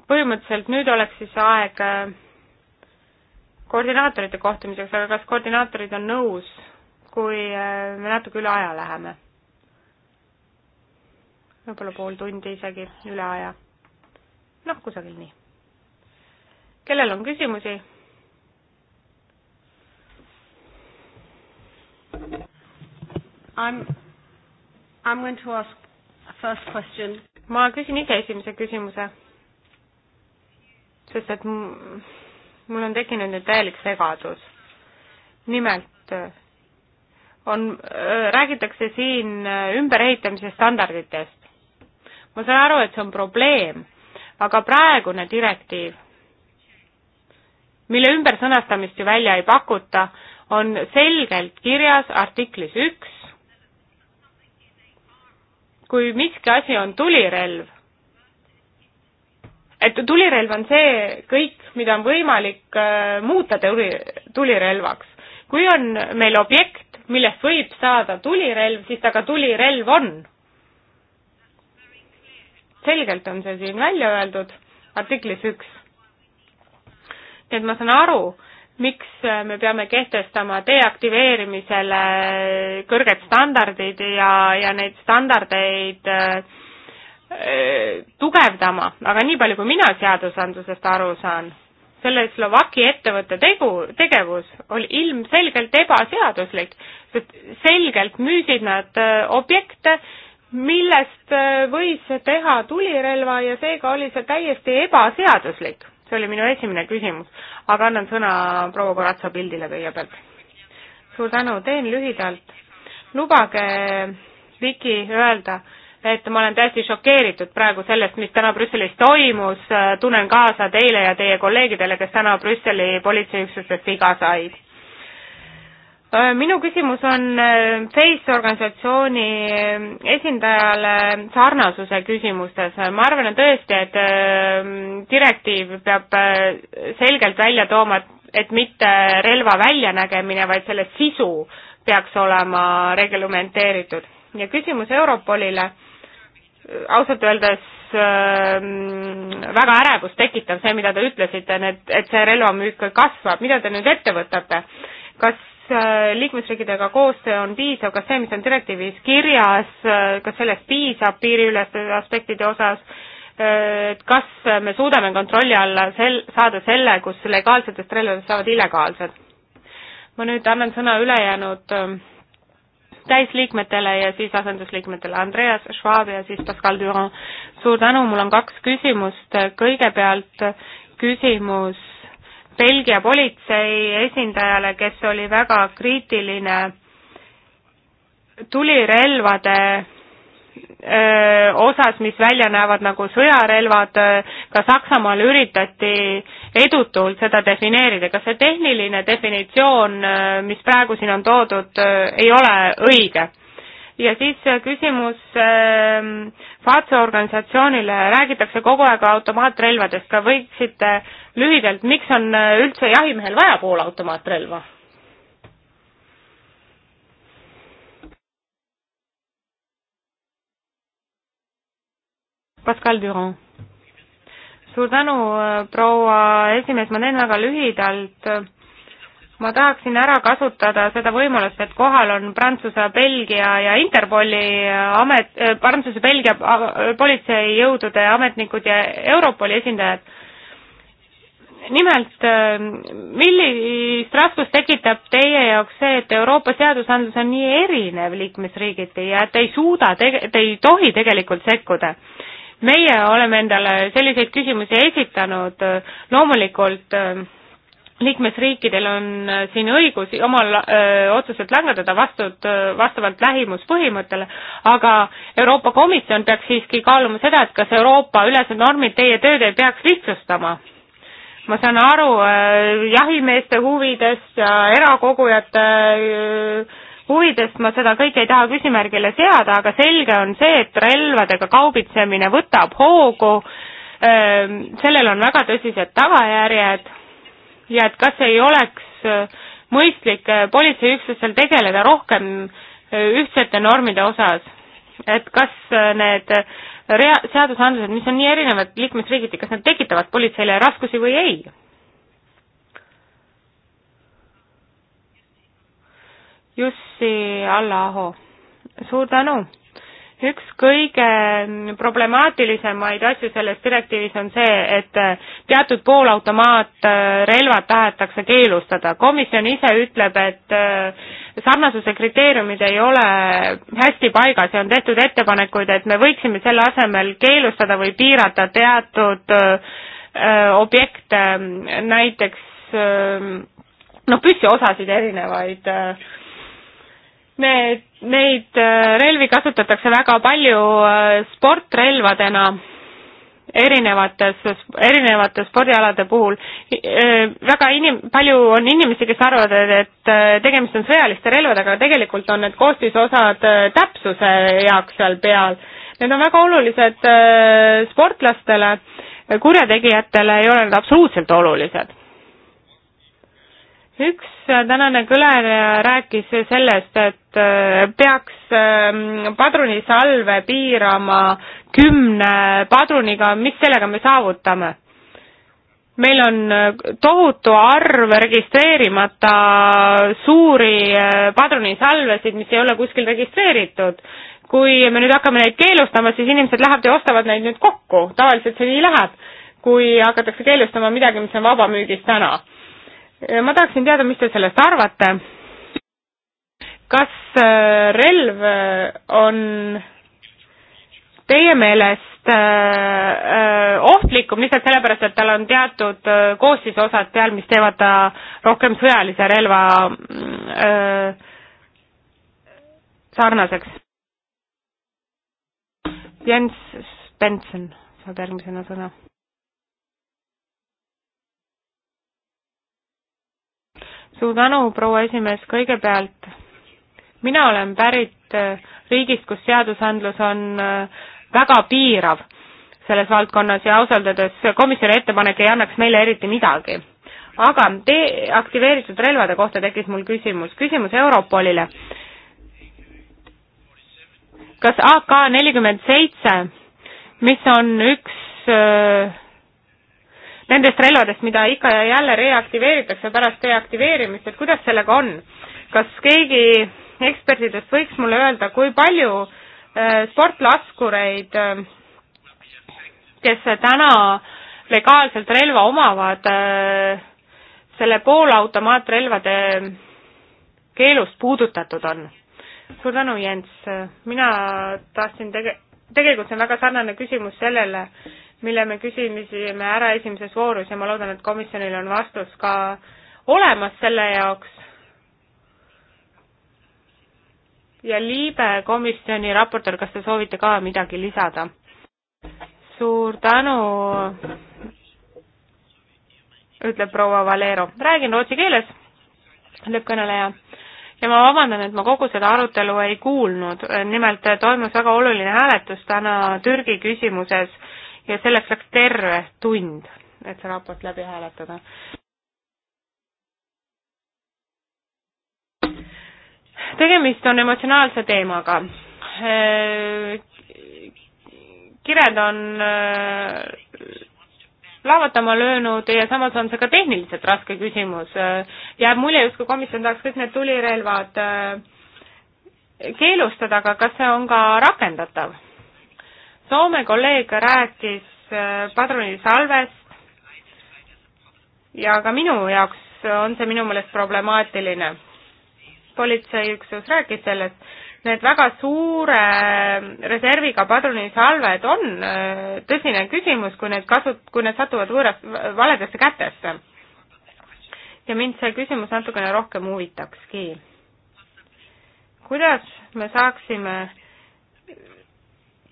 S3: põhimõtteliselt nüüd oleks siis aeg äh, koordinaatorite kohtumiseks, aga kas koordinaatorid on nõus kui äh, me natuke üle aja läheme. võib-olla pool tundi isegi üle aja. noh, kusagil nii. kellel on küsimusi?
S2: I'm, I'm going to ask first question. ma küsin
S3: ise esimese küsimuse. sest et mul on tekkinud nüüd täielik segadus. nimelt on, räägitakse siin ümberehitamise standarditest. ma saan aru, et see on probleem, aga praegune direktiiv, mille ümbersõnastamist ju välja ei pakuta, on selgelt kirjas artiklis üks, kui miski asi on tulirelv, et tulirelv on see kõik, mida on võimalik muuta tulirelvaks. kui on meil objekt, millest võib saada tulirelv, siis ta ka tulirelv on. selgelt on see siin välja öeldud artiklis üks. nii et ma saan aru, miks me peame kehtestama deaktiveerimisele kõrged standardid ja, ja neid standardeid äh, tugevdama, aga nii palju, kui mina seadusandlusest aru saan selle Slovaki ettevõtte tegu, tegevus oli ilmselgelt ebaseaduslik, sest selgelt müüsid nad äh, objekte, millest äh, võis teha tulirelva ja seega oli see täiesti ebaseaduslik. see oli minu esimene küsimus, aga annan sõna proua Koratsa pildile kõigepealt. suur tänu, teen lühidalt. lubage, Viki, öelda, et ma olen täiesti šokeeritud praegu sellest, mis täna Brüsselis toimus, tunnen kaasa teile ja teie kolleegidele, kes täna Brüsseli politseiüksustes viga said. minu küsimus on eh, FACE organisatsiooni eh, esindajale sarnasuse küsimustes. ma arvan tõesti, et eh, direktiiv peab selgelt välja tooma, et mitte relva väljanägemine, vaid selle sisu peaks olema reglementeeritud. ja küsimus Europolile ausalt öeldes ähm, väga ärevust tekitav, see, mida te ütlesite, need, et see relvamüük kasvab, mida te nüüd ette võtate? kas äh, liikmesriikidega koostöö on piisav, kas see, mis on direktiivis kirjas, äh, kas sellest piisab piiriüleste aspektide osas, äh, et kas me suudame kontrolli alla sel-, saada selle, kus legaalsetest relvadest saavad illegaalsed? ma nüüd annan sõna ülejäänud äh, täisliikmetele ja siis asendusliikmetele Andreas Schwab ja siis Pascal Durand. suur tänu, mul on kaks küsimust, kõigepealt küsimus Belgia politsei esindajale, kes oli väga kriitiline tulirelvade osas, mis välja näevad nagu sõjarelvad, ka Saksamaal üritati edutult seda defineerida, kas see tehniline definitsioon, mis praegu siin on toodud, ei ole õige? ja siis küsimus FATSO organisatsioonile, räägitakse kogu aeg automaatrelvadest, ka võiksite lühidalt, miks on üldse jahimehel vaja poolautomaatrelva? Pascal Düron. suur tänu, äh, proua esimees, ma teen väga lühidalt. ma tahaksin ära kasutada seda võimalust, et kohal on Prantsuse, Belgia ja Interpoli äh, amet, äh, Prantsuse, Belgia politseijõudude ametnikud ja Europoli esindajad nimelt, millist raskust tekitab teie jaoks see, et Euroopa seadusandlus on nii erinev liikmesriigiti ja et ei suuda, te ei tohi tegelikult sekkuda? meie oleme endale selliseid küsimusi esitanud, loomulikult äh, liikmesriikidel on äh, siin õigus omal öö, äh, otsused langetada vastud, vastavalt lähimuspõhimõttele, aga Euroopa Komisjon peaks siiski kaaluma seda, et kas Euroopa ülesed normid teie tööd ei peaks lihtsustama. ma saan aru öö, jahimeeste huvidest ja erakogujate öö, huvidest ma seda kõike ei taha küsimärgile seada, aga selge on see, et relvadega kaubitsemine võtab hoogu, ehm, sellel on väga tõsised tagajärjed ja et kas ei oleks eh, mõistlik eh, politseiüksusel tegeleda rohkem eh, ühtsete normide osas, et kas need rea-, seadusandlused, mis on nii erinevad liikmesriigiti, kas nad tekitavad politseile raskusi või ei? Jussi Alla-Aho. suur tänu! üks kõige problemaatilisemaid asju selles direktiivis on see, et teatud poolautomaatrelvad äh, tahetakse keelustada. komisjon ise ütleb, et äh, sarnasuse kriteeriumid ei ole hästi paigas ja on tehtud ettepanekuid, et me võiksime selle asemel keelustada või piirata teatud äh, objekte, näiteks noh, püssiosasid erinevaid öö, Need, neid äh, relvi kasutatakse väga palju äh, sportrelvadena erinevates, erinevate spordialade puhul. Äh, väga inim-, palju on inimesi, kes arvavad, et tegemist on sõjaliste relvadega, aga tegelikult on need koostisosad täpsuse jaoks seal peal. Need on väga olulised sportlastele, kurjategijatele ei ole nad absoluutselt olulised üks tänane kõneleja rääkis sellest, et äh, peaks ähm, padrunisalve piirama kümne padruniga, mis sellega me saavutame? meil on äh, tohutu arv registreerimata suuri äh, padrunisalvesid, mis ei ole kuskil registreeritud. kui me nüüd hakkame neid keelustama, siis inimesed lähevad ja ostavad neid nüüd kokku, tavaliselt see nii läheb, kui hakatakse keelustama midagi, mis on vabamüügis täna Äh, ma tahaksin teada, mis te sellest arvate. kas äh, relv äh, on teie meelest ohtlikum lihtsalt sellepärast, et tal on teatud koostisosad peal, mis teevad ta rohkem sõjalise relva öö, sarnaseks? Jens Benson saab järgmisena sõna suur tänu, proua esimees, kõigepealt mina olen pärit äh, riigist, kus seadusandlus on äh, väga piirav selles valdkonnas ja ausalt öeldes komisjoni ettepanek ei annaks meile eriti midagi. aga deaktiveeritud relvade kohta tekkis mul küsimus, küsimus Europolile. kas AK-47, mis on üks äh, nendest relvadest, mida ikka ja jälle reaktiveeritakse pärast deaktiveerimist, et kuidas sellega on? kas keegi ekspertidest võiks mulle öelda, kui palju äh, sportlaskureid, äh, kes täna legaalselt relva omavad, äh, selle poolautomaatrelvade keelust puudutatud on? suur tänu, Jens, mina tahtsin tege-, tegelikult see on väga sarnane küsimus sellele, mille me küsisime ära esimeses voorus ja ma loodan, et komisjonil on vastus ka olemas selle jaoks. ja Liibe komisjoni raportöör, kas te soovite ka midagi lisada? suur tänu, ütleb proua Valero. räägin rootsi keeles, ütleb kõneleja ja ma vabandan, et ma kogu seda arutelu ei kuulnud, nimelt toimus väga oluline hääletus täna Türgi küsimuses ja selleks läks terve tund, et see raport läbi hääletada. tegemist on emotsionaalse teemaga. kired on äh, lahvatama löönud ja samas on see ka tehniliselt raske küsimus. jääb mulje, justkui komisjon tahaks kõik need tulirelvad äh, keelustada, aga kas see on ka rakendatav? Soome kolleeg rääkis äh, padrunisalvest ja ka minu jaoks on see minu meelest problemaatiline. politseiüksus rääkis sellest, need väga suure äh, reserviga padrunisalved on äh, tõsine küsimus, kui need kasut-, kui need satuvad võõras, valedesse kätesse. ja mind see küsimus natukene rohkem huvitakski. kuidas me saaksime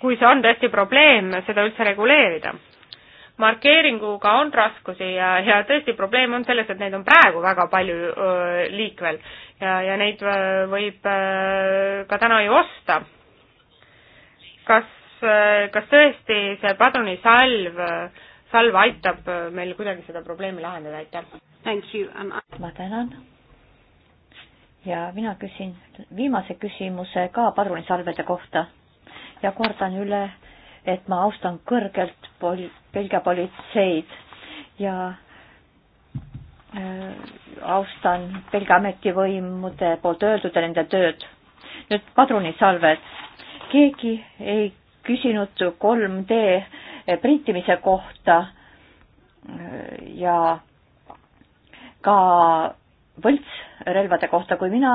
S3: kui see on tõesti probleem, seda üldse reguleerida. markeeringuga on raskusi ja, ja tõesti probleem on selles, et neid on praegu väga palju öö, liikvel ja, ja neid võib öö, ka täna ju osta. kas, kas tõesti see padrunisalv, salv aitab meil kuidagi seda probleemi lahendada, aitäh!
S1: ma tänan! ja mina küsin viimase küsimuse ka padrunisalvede kohta ja kordan üle, et ma austan kõrgelt pol-, Belgia politseid ja äh, austan Belgia ametivõimude poolt öeldud ja nende tööd. nüüd padrunisalved. keegi ei küsinud 3D printimise kohta äh, ja ka võltsrelvade kohta, kui mina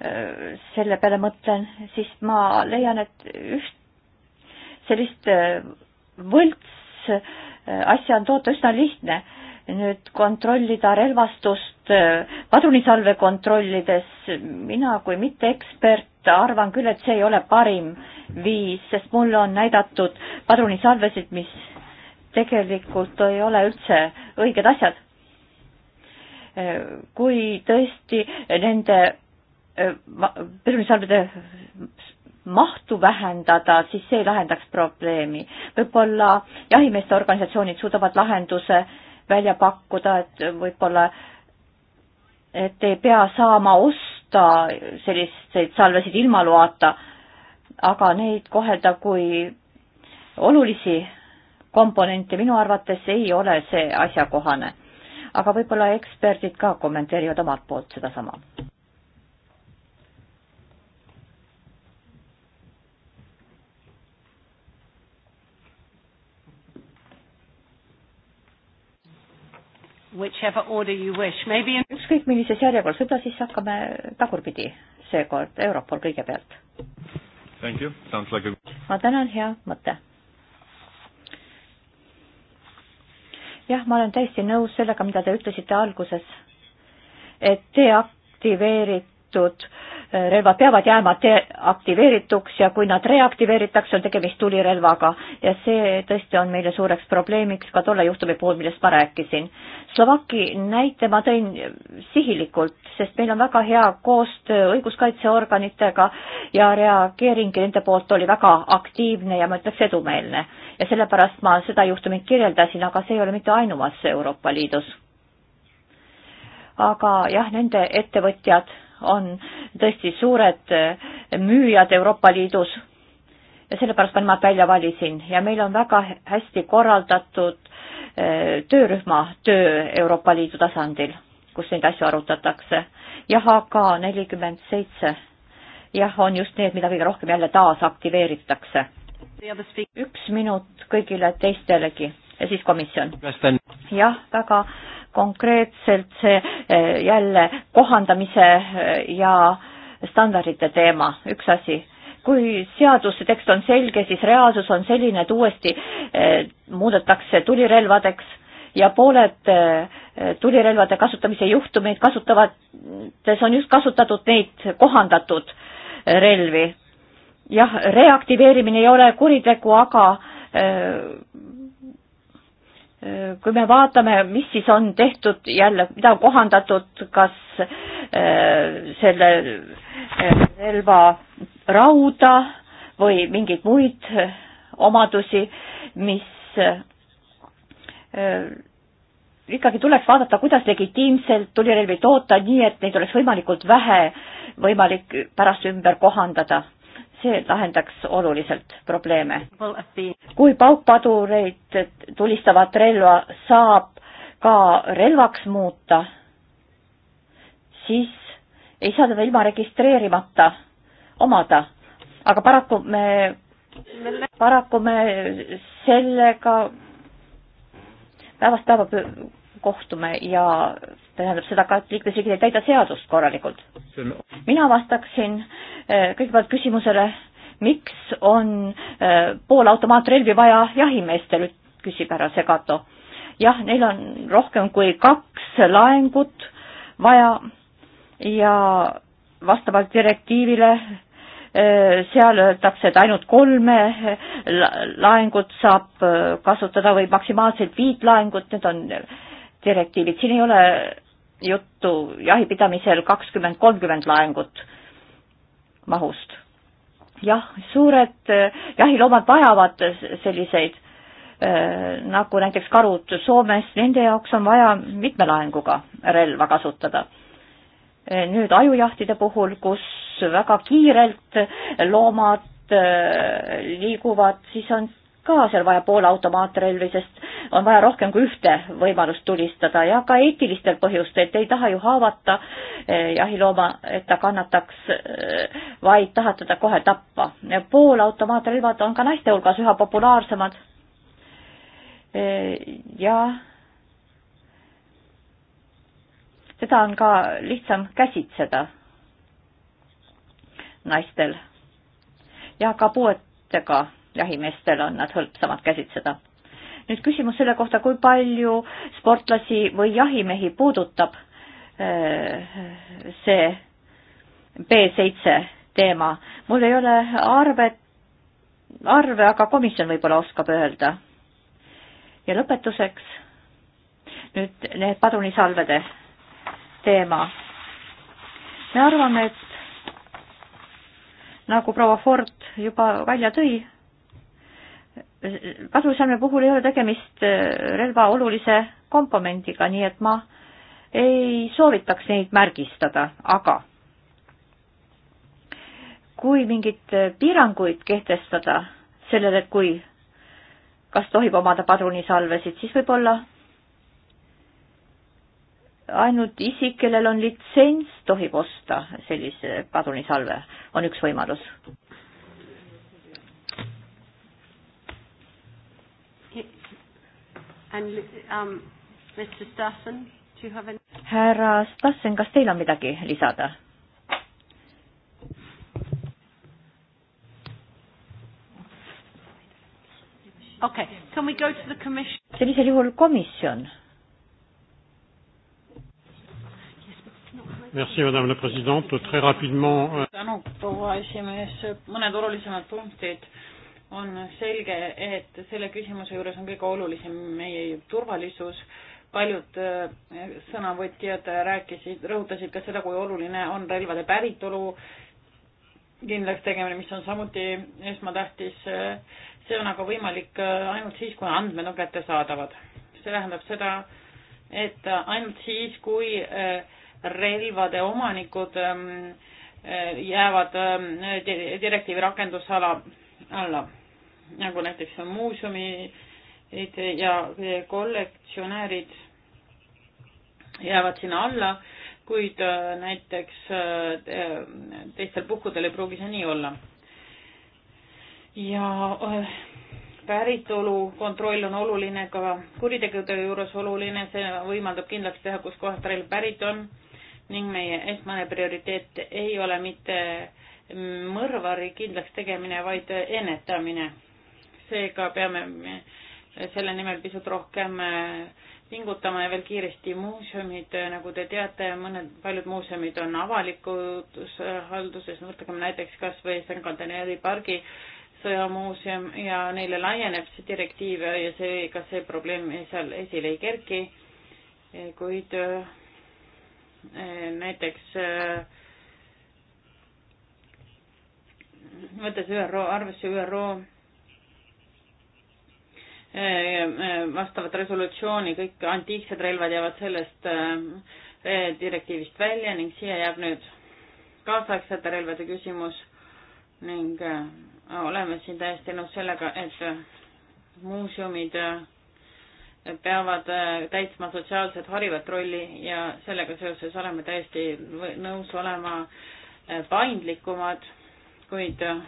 S1: äh, selle peale mõtlen, siis ma leian, et üht sellist äh, võlts äh, asja on toota üsna lihtne. nüüd kontrollida relvastust äh, padrunisalve kontrollides, mina kui mitteekspert arvan küll, et see ei ole parim viis, sest mulle on näidatud padrunisalvesid, mis tegelikult ei ole üldse õiged asjad. kui tõesti nende padrunisalvede mahtu vähendada, siis see lahendaks probleemi. võib-olla jahimeeste organisatsioonid suudavad lahenduse välja pakkuda, et võib-olla, et ei pea saama osta selliseid salvesid ilma loata, aga neid kohelda kui olulisi komponente minu arvates ei ole see asjakohane. aga võib-olla eksperdid ka kommenteerivad omalt poolt sedasama.
S2: whichever order you wish. Maybe
S1: in... ükskõik millises järjekorras, võib-olla siis hakkame tagurpidi seekord, Europol kõigepealt.
S2: Thank you, sounds like a
S1: ma tänan, hea mõte. jah, ma olen täiesti nõus sellega, mida te ütlesite alguses, et deaktiveeritud äh, relvad peavad jääma deaktiveerituks ja kui nad reaktiveeritakse, on tegemist tulirelvaga ja see tõesti on meile suureks probleemiks ka tolle juhtumi puhul, millest ma rääkisin. Slovaki näite ma tõin sihilikult, sest meil on väga hea koostöö õiguskaitseorganitega ja reageering nende poolt oli väga aktiivne ja ma ütleks edumeelne. ja sellepärast ma seda juhtumit kirjeldasin, aga see ei ole mitte ainumas Euroopa Liidus. aga jah, nende ettevõtjad on tõesti suured müüjad Euroopa Liidus ja sellepärast ma nemad välja valisin ja meil on väga hästi korraldatud eh, töörühma töö Euroopa Liidu tasandil, kus neid asju arutatakse. jah, AK nelikümmend seitse, jah, on just need, mida kõige rohkem jälle taasaktiveeritakse. üks minut kõigile teistelegi ja siis komisjon. jah, väga konkreetselt see eh, jälle kohandamise eh, ja standardite teema, üks asi. kui seaduse tekst on selge, siis reaalsus on selline, et uuesti eh, muudetakse tulirelvadeks ja pooled tulirelvade kasutamise juhtumeid kasutavad, on just kasutatud neid kohandatud relvi. jah, reaktiveerimine ei ole kuritegu, aga kui me vaatame, mis siis on tehtud jälle, mida on kohandatud, kas äh, selle äh, relva rauda või mingeid muid äh, omadusi, mis ikkagi tuleks vaadata, kuidas legitiimselt tulirelvi toota, nii et neid oleks võimalikult vähe võimalik pärast ümber kohandada see lahendaks oluliselt probleeme. kui paukpadureid tulistavat relva saab ka relvaks muuta, siis ei saa teda ilma registreerimata omada, aga paraku me, paraku me sellega päevast päeva kohtume ja tähendab seda ka, et liikmesriigid ei täida seadust korralikult. mina vastaksin äh, kõigepealt küsimusele, miks on äh, poolautomaatrelvi vaja jahimeestel, küsib härra Segato. jah, neil on rohkem kui kaks laengut vaja ja vastavalt direktiivile äh, seal öeldakse, et ainult kolme laengut saab kasutada või maksimaalselt viit laengut, need on direktiivid, siin ei ole juttu jahipidamisel kakskümmend, kolmkümmend laengut mahust. jah, suured eh, jahiloomad vajavad selliseid eh, nagu näiteks karud Soomes, nende jaoks on vaja mitme laenguga relva kasutada. Eh, nüüd ajujahtide puhul, kus väga kiirelt loomad liiguvad, siis on ka seal vaja poolautomaatrelvi, sest on vaja rohkem kui ühte võimalust tulistada ja ka eetilistel põhjustel, te ei taha ju haavata eh, jahilooma, et ta kannataks, eh, vaid tahate ta kohe tappa. poolautomaatrelvad on ka naiste hulgas üha populaarsemad. Eh, ja seda on ka lihtsam käsitseda naistel ja ka puuetega jahimeestel on nad hõlpsamad käsitseda. nüüd küsimus selle kohta, kui palju sportlasi või jahimehi puudutab äh, see B7 teema. mul ei ole arvet, arve, aga komisjon võib-olla oskab öelda. ja lõpetuseks nüüd need padrunisalvede teema. me arvame, et nagu proua Ford juba välja tõi, kadumisjärgne puhul ei ole tegemist äh, relva olulise komponendiga, nii et ma ei soovitaks neid märgistada, aga kui mingeid äh, piiranguid kehtestada sellele, et kui, kas tohib omada padrunisalvesid, siis võib-olla ainult isik, kellel on litsents, tohib osta sellise padrunisalve, on üks võimalus
S2: And um, Mr Stassen, do you have any?
S1: härra Stassen, kas teil on midagi lisada?
S2: Okay, can we go to the
S1: commission? sellisel juhul komisjon.
S2: Merci Madame la Présidente, très rapidement. Euh,
S4: tänu, proua esimees, mõned olulisemad punktid on selge, et selle küsimuse juures on kõige olulisem meie turvalisus. paljud äh, sõnavõtjad rääkisid, rõhutasid ka seda, kui oluline on relvade päritolu kindlaks tegemine, mis on samuti esmatähtis. see on aga võimalik äh, ainult siis, kui andmed on kättesaadavad. see tähendab seda, et ainult siis, kui äh, relvade omanikud ähm, jäävad ähm, direktiivi rakendusala alla, nagu näiteks on muuseumid ja kollektsionäärid jäävad sinna alla, kuid äh, näiteks äh, teistel puhkudel ei pruugi see nii olla. ja äh, päritolu kontroll on oluline ka kuritegude juures oluline, see võimaldab kindlaks teha, kuskohast relv pärit on ning meie esmane prioriteet ei ole mitte äh, mõrvari kindlaks tegemine, vaid ennetamine. seega peame selle nimel pisut rohkem äh, pingutama ja veel kiiresti muuseumid, nagu te teate, mõned, paljud muuseumid on avalikus äh, halduses, võtagem näiteks kas või Saint-Cantaneri pargi sõjamuuseum ja neile laieneb see direktiiv ja see, ka see probleem seal esile ei kerki, kuid äh, näiteks äh, võttes ÜRO, arvesse ÜRO äh, äh, vastavat resolutsiooni, kõik antiiksed relvad jäävad sellest äh, direktiivist välja ning siia jääb nüüd kaasaegsete relvade küsimus ning oleme siin täiesti nõus sellega, et muuseumid peavad täitma sotsiaalset harivat rolli ja sellega seoses oleme täiesti nõus olema paindlikumad kuid äh,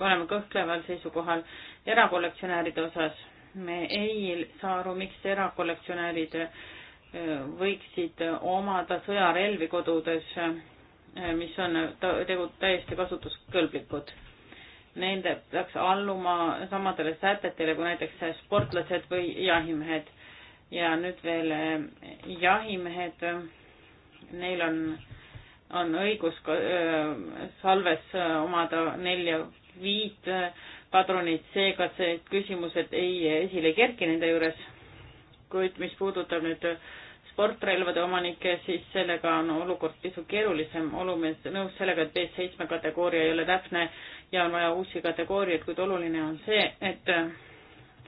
S4: oleme kõhkleval seisukohal erakollektsionääride osas. me ei saa aru, miks erakollektsionäärid äh, võiksid omada sõjarelvi kodudes, äh, mis on tegu täiesti kasutuskõlblikud. Nende peaks alluma samadele sätetele kui näiteks sportlased või jahimehed. ja nüüd veel jahimehed, neil on äh, on õigus salves omada nelja-viit padrunit, seega see küsimused ei, esile ei kerki nende juures. kuid mis puudutab nüüd sportrelvade omanikke, siis sellega on olukord pisut keerulisem, oleme nõus sellega, et B7 kategooria ei ole täpne ja on vaja uusi kategooriaid, kuid oluline on see, et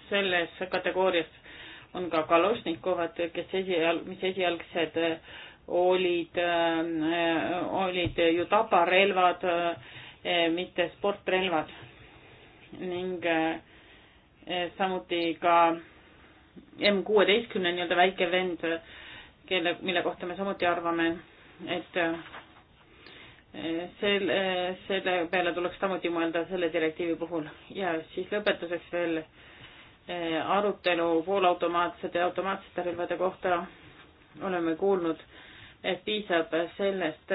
S4: selles kategoorias on ka Kalošnikovad, kes esialg, mis esialgsed äh, olid, äh, olid ju tabarelvad, äh, mitte sportrelvad ning äh, samuti ka M kuueteistkümne nii-öelda väike vend, kelle, mille kohta me samuti arvame, et selle, selle peale tuleks samuti mõelda selle direktiivi puhul ja siis lõpetuseks veel arutelu poolautomaatsete ja automaatsete relvade kohta oleme kuulnud, et piisab sellest,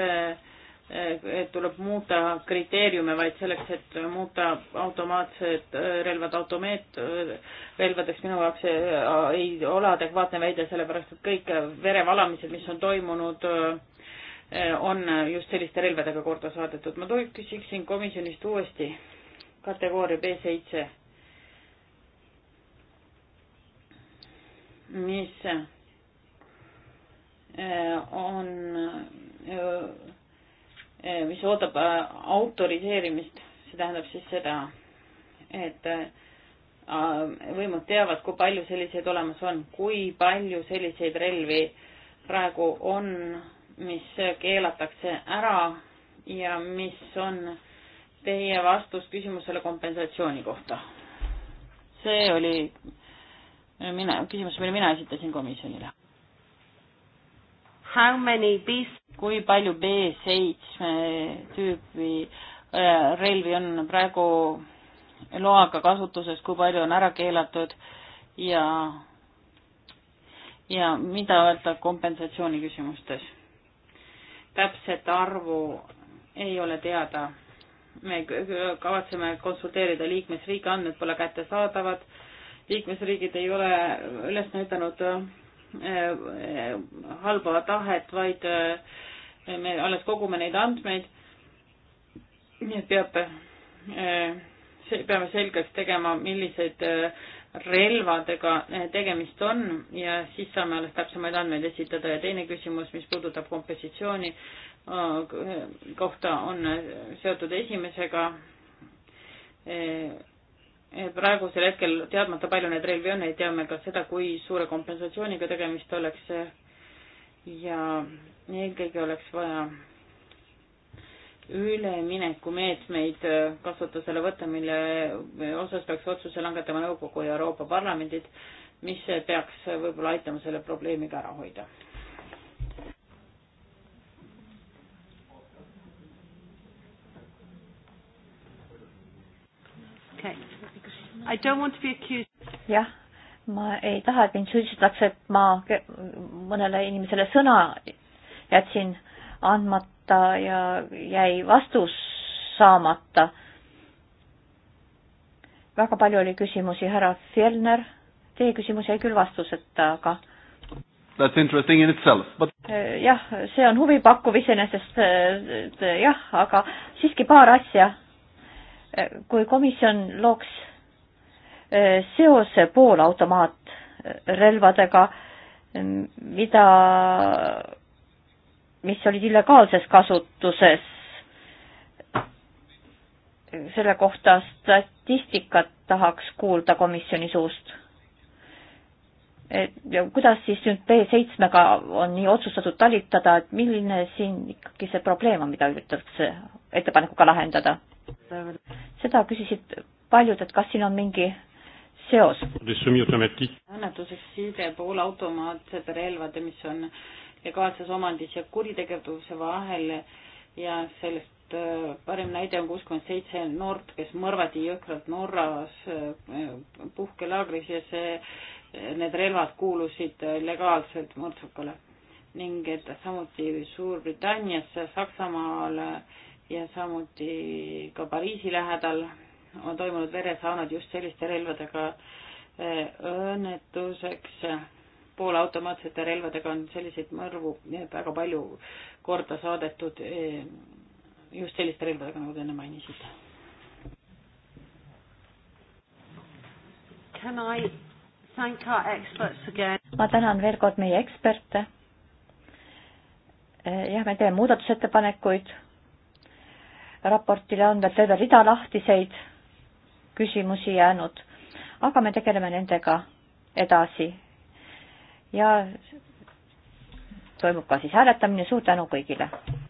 S4: et tuleb muuta kriteeriume, vaid selleks, et muuta automaatsed relvad automeet-, relvadeks minu jaoks äh, ei ole adekvaatne väide, sellepärast et kõik verevalamised, mis on toimunud, äh, on just selliste relvadega korda saadetud. ma tohib, küsiksin komisjonist uuesti kategooria B seitse, mis Äh, on, äh, äh, mis ootab autoriseerimist, see tähendab siis seda, et võimud teavad, kui palju selliseid olemas on, kui palju selliseid relvi praegu on, mis keelatakse ära ja mis on teie vastus küsimusele kompensatsiooni kohta? see oli mina, küsimus, mille mina esitasin komisjonile How many B kui palju B7 tüüpi äh, relvi on praegu loaga kasutuses, kui palju on ära keelatud ja, ja mida öelda kompensatsiooni küsimustes? täpset arvu ei ole teada. me kavatseme konsulteerida liikmesriigi andmed pole kättesaadavad, liikmesriigid ei ole üles näidanud Äh, halba tahet, vaid äh, me alles kogume neid andmeid. nii et peab, äh, peame selgeks tegema, millised relvadega tegemist on ja siis saame alles täpsemaid andmeid esitada ja teine küsimus, mis puudutab kompositsiooni kohta, on seotud esimesega praegusel hetkel, teadmata palju neid relvi on, ei tea me ka seda, kui suure kompensatsiooniga tegemist oleks ja eelkõige oleks vaja üleminekumeetmeid kasutusele võtta, mille osas peaks otsuse langetama Nõukogu ja Euroopa Parlamendid, mis peaks võib-olla aitama selle probleemiga ära hoida.
S1: okei okay jah, ma ei taha, et mind süüdistatakse, et ma mõnele inimesele sõna jätsin andmata ja jäi vastus saamata. väga palju oli küsimusi, härra Fjellner, teie küsimus jäi küll vastuseta, aga
S2: That's interesting in itself, but
S1: eh, jah, see on huvipakkuv iseenesest eh, eh, jah, aga siiski paar asja. kui komisjon looks seose poolautomaatrelvadega, mida, mis olid illegaalses kasutuses. selle kohta statistikat tahaks kuulda komisjoni suust. et ja kuidas siis nüüd B7-ga on nii otsustatud talitada, et milline siin ikkagi see probleem on, mida üritatakse ettepanekuga lahendada? seda küsisid paljud, et kas siin on mingi seos. annetuseks side
S4: poolautomaatsete relvade, mis on legaalses omandis ja kuritegevuse vahel ja sellest äh, parim näide on kuuskümmend seitse noort, kes mõrvati jõhkralt Norras äh, puhkelaagris ja see, äh, need relvad kuulusid legaalselt mõrtsukale ning et samuti Suurbritannias, Saksamaal ja samuti ka Pariisi lähedal on toimunud veresaunad just selliste relvadega eh, õnnetuseks. poolautomaatsete relvadega on selliseid mõrvu eh, väga palju korda saadetud eh, just selliste relvadega, nagu te enne mainisite.
S2: Can I thank our experts again?
S1: ma tänan veel kord meie eksperte. jah, me teeme muudatusettepanekuid raportile on veel terve rida lahtiseid küsimusi jäänud, aga me tegeleme nendega edasi. ja toimub ka siis hääletamine, suur tänu kõigile!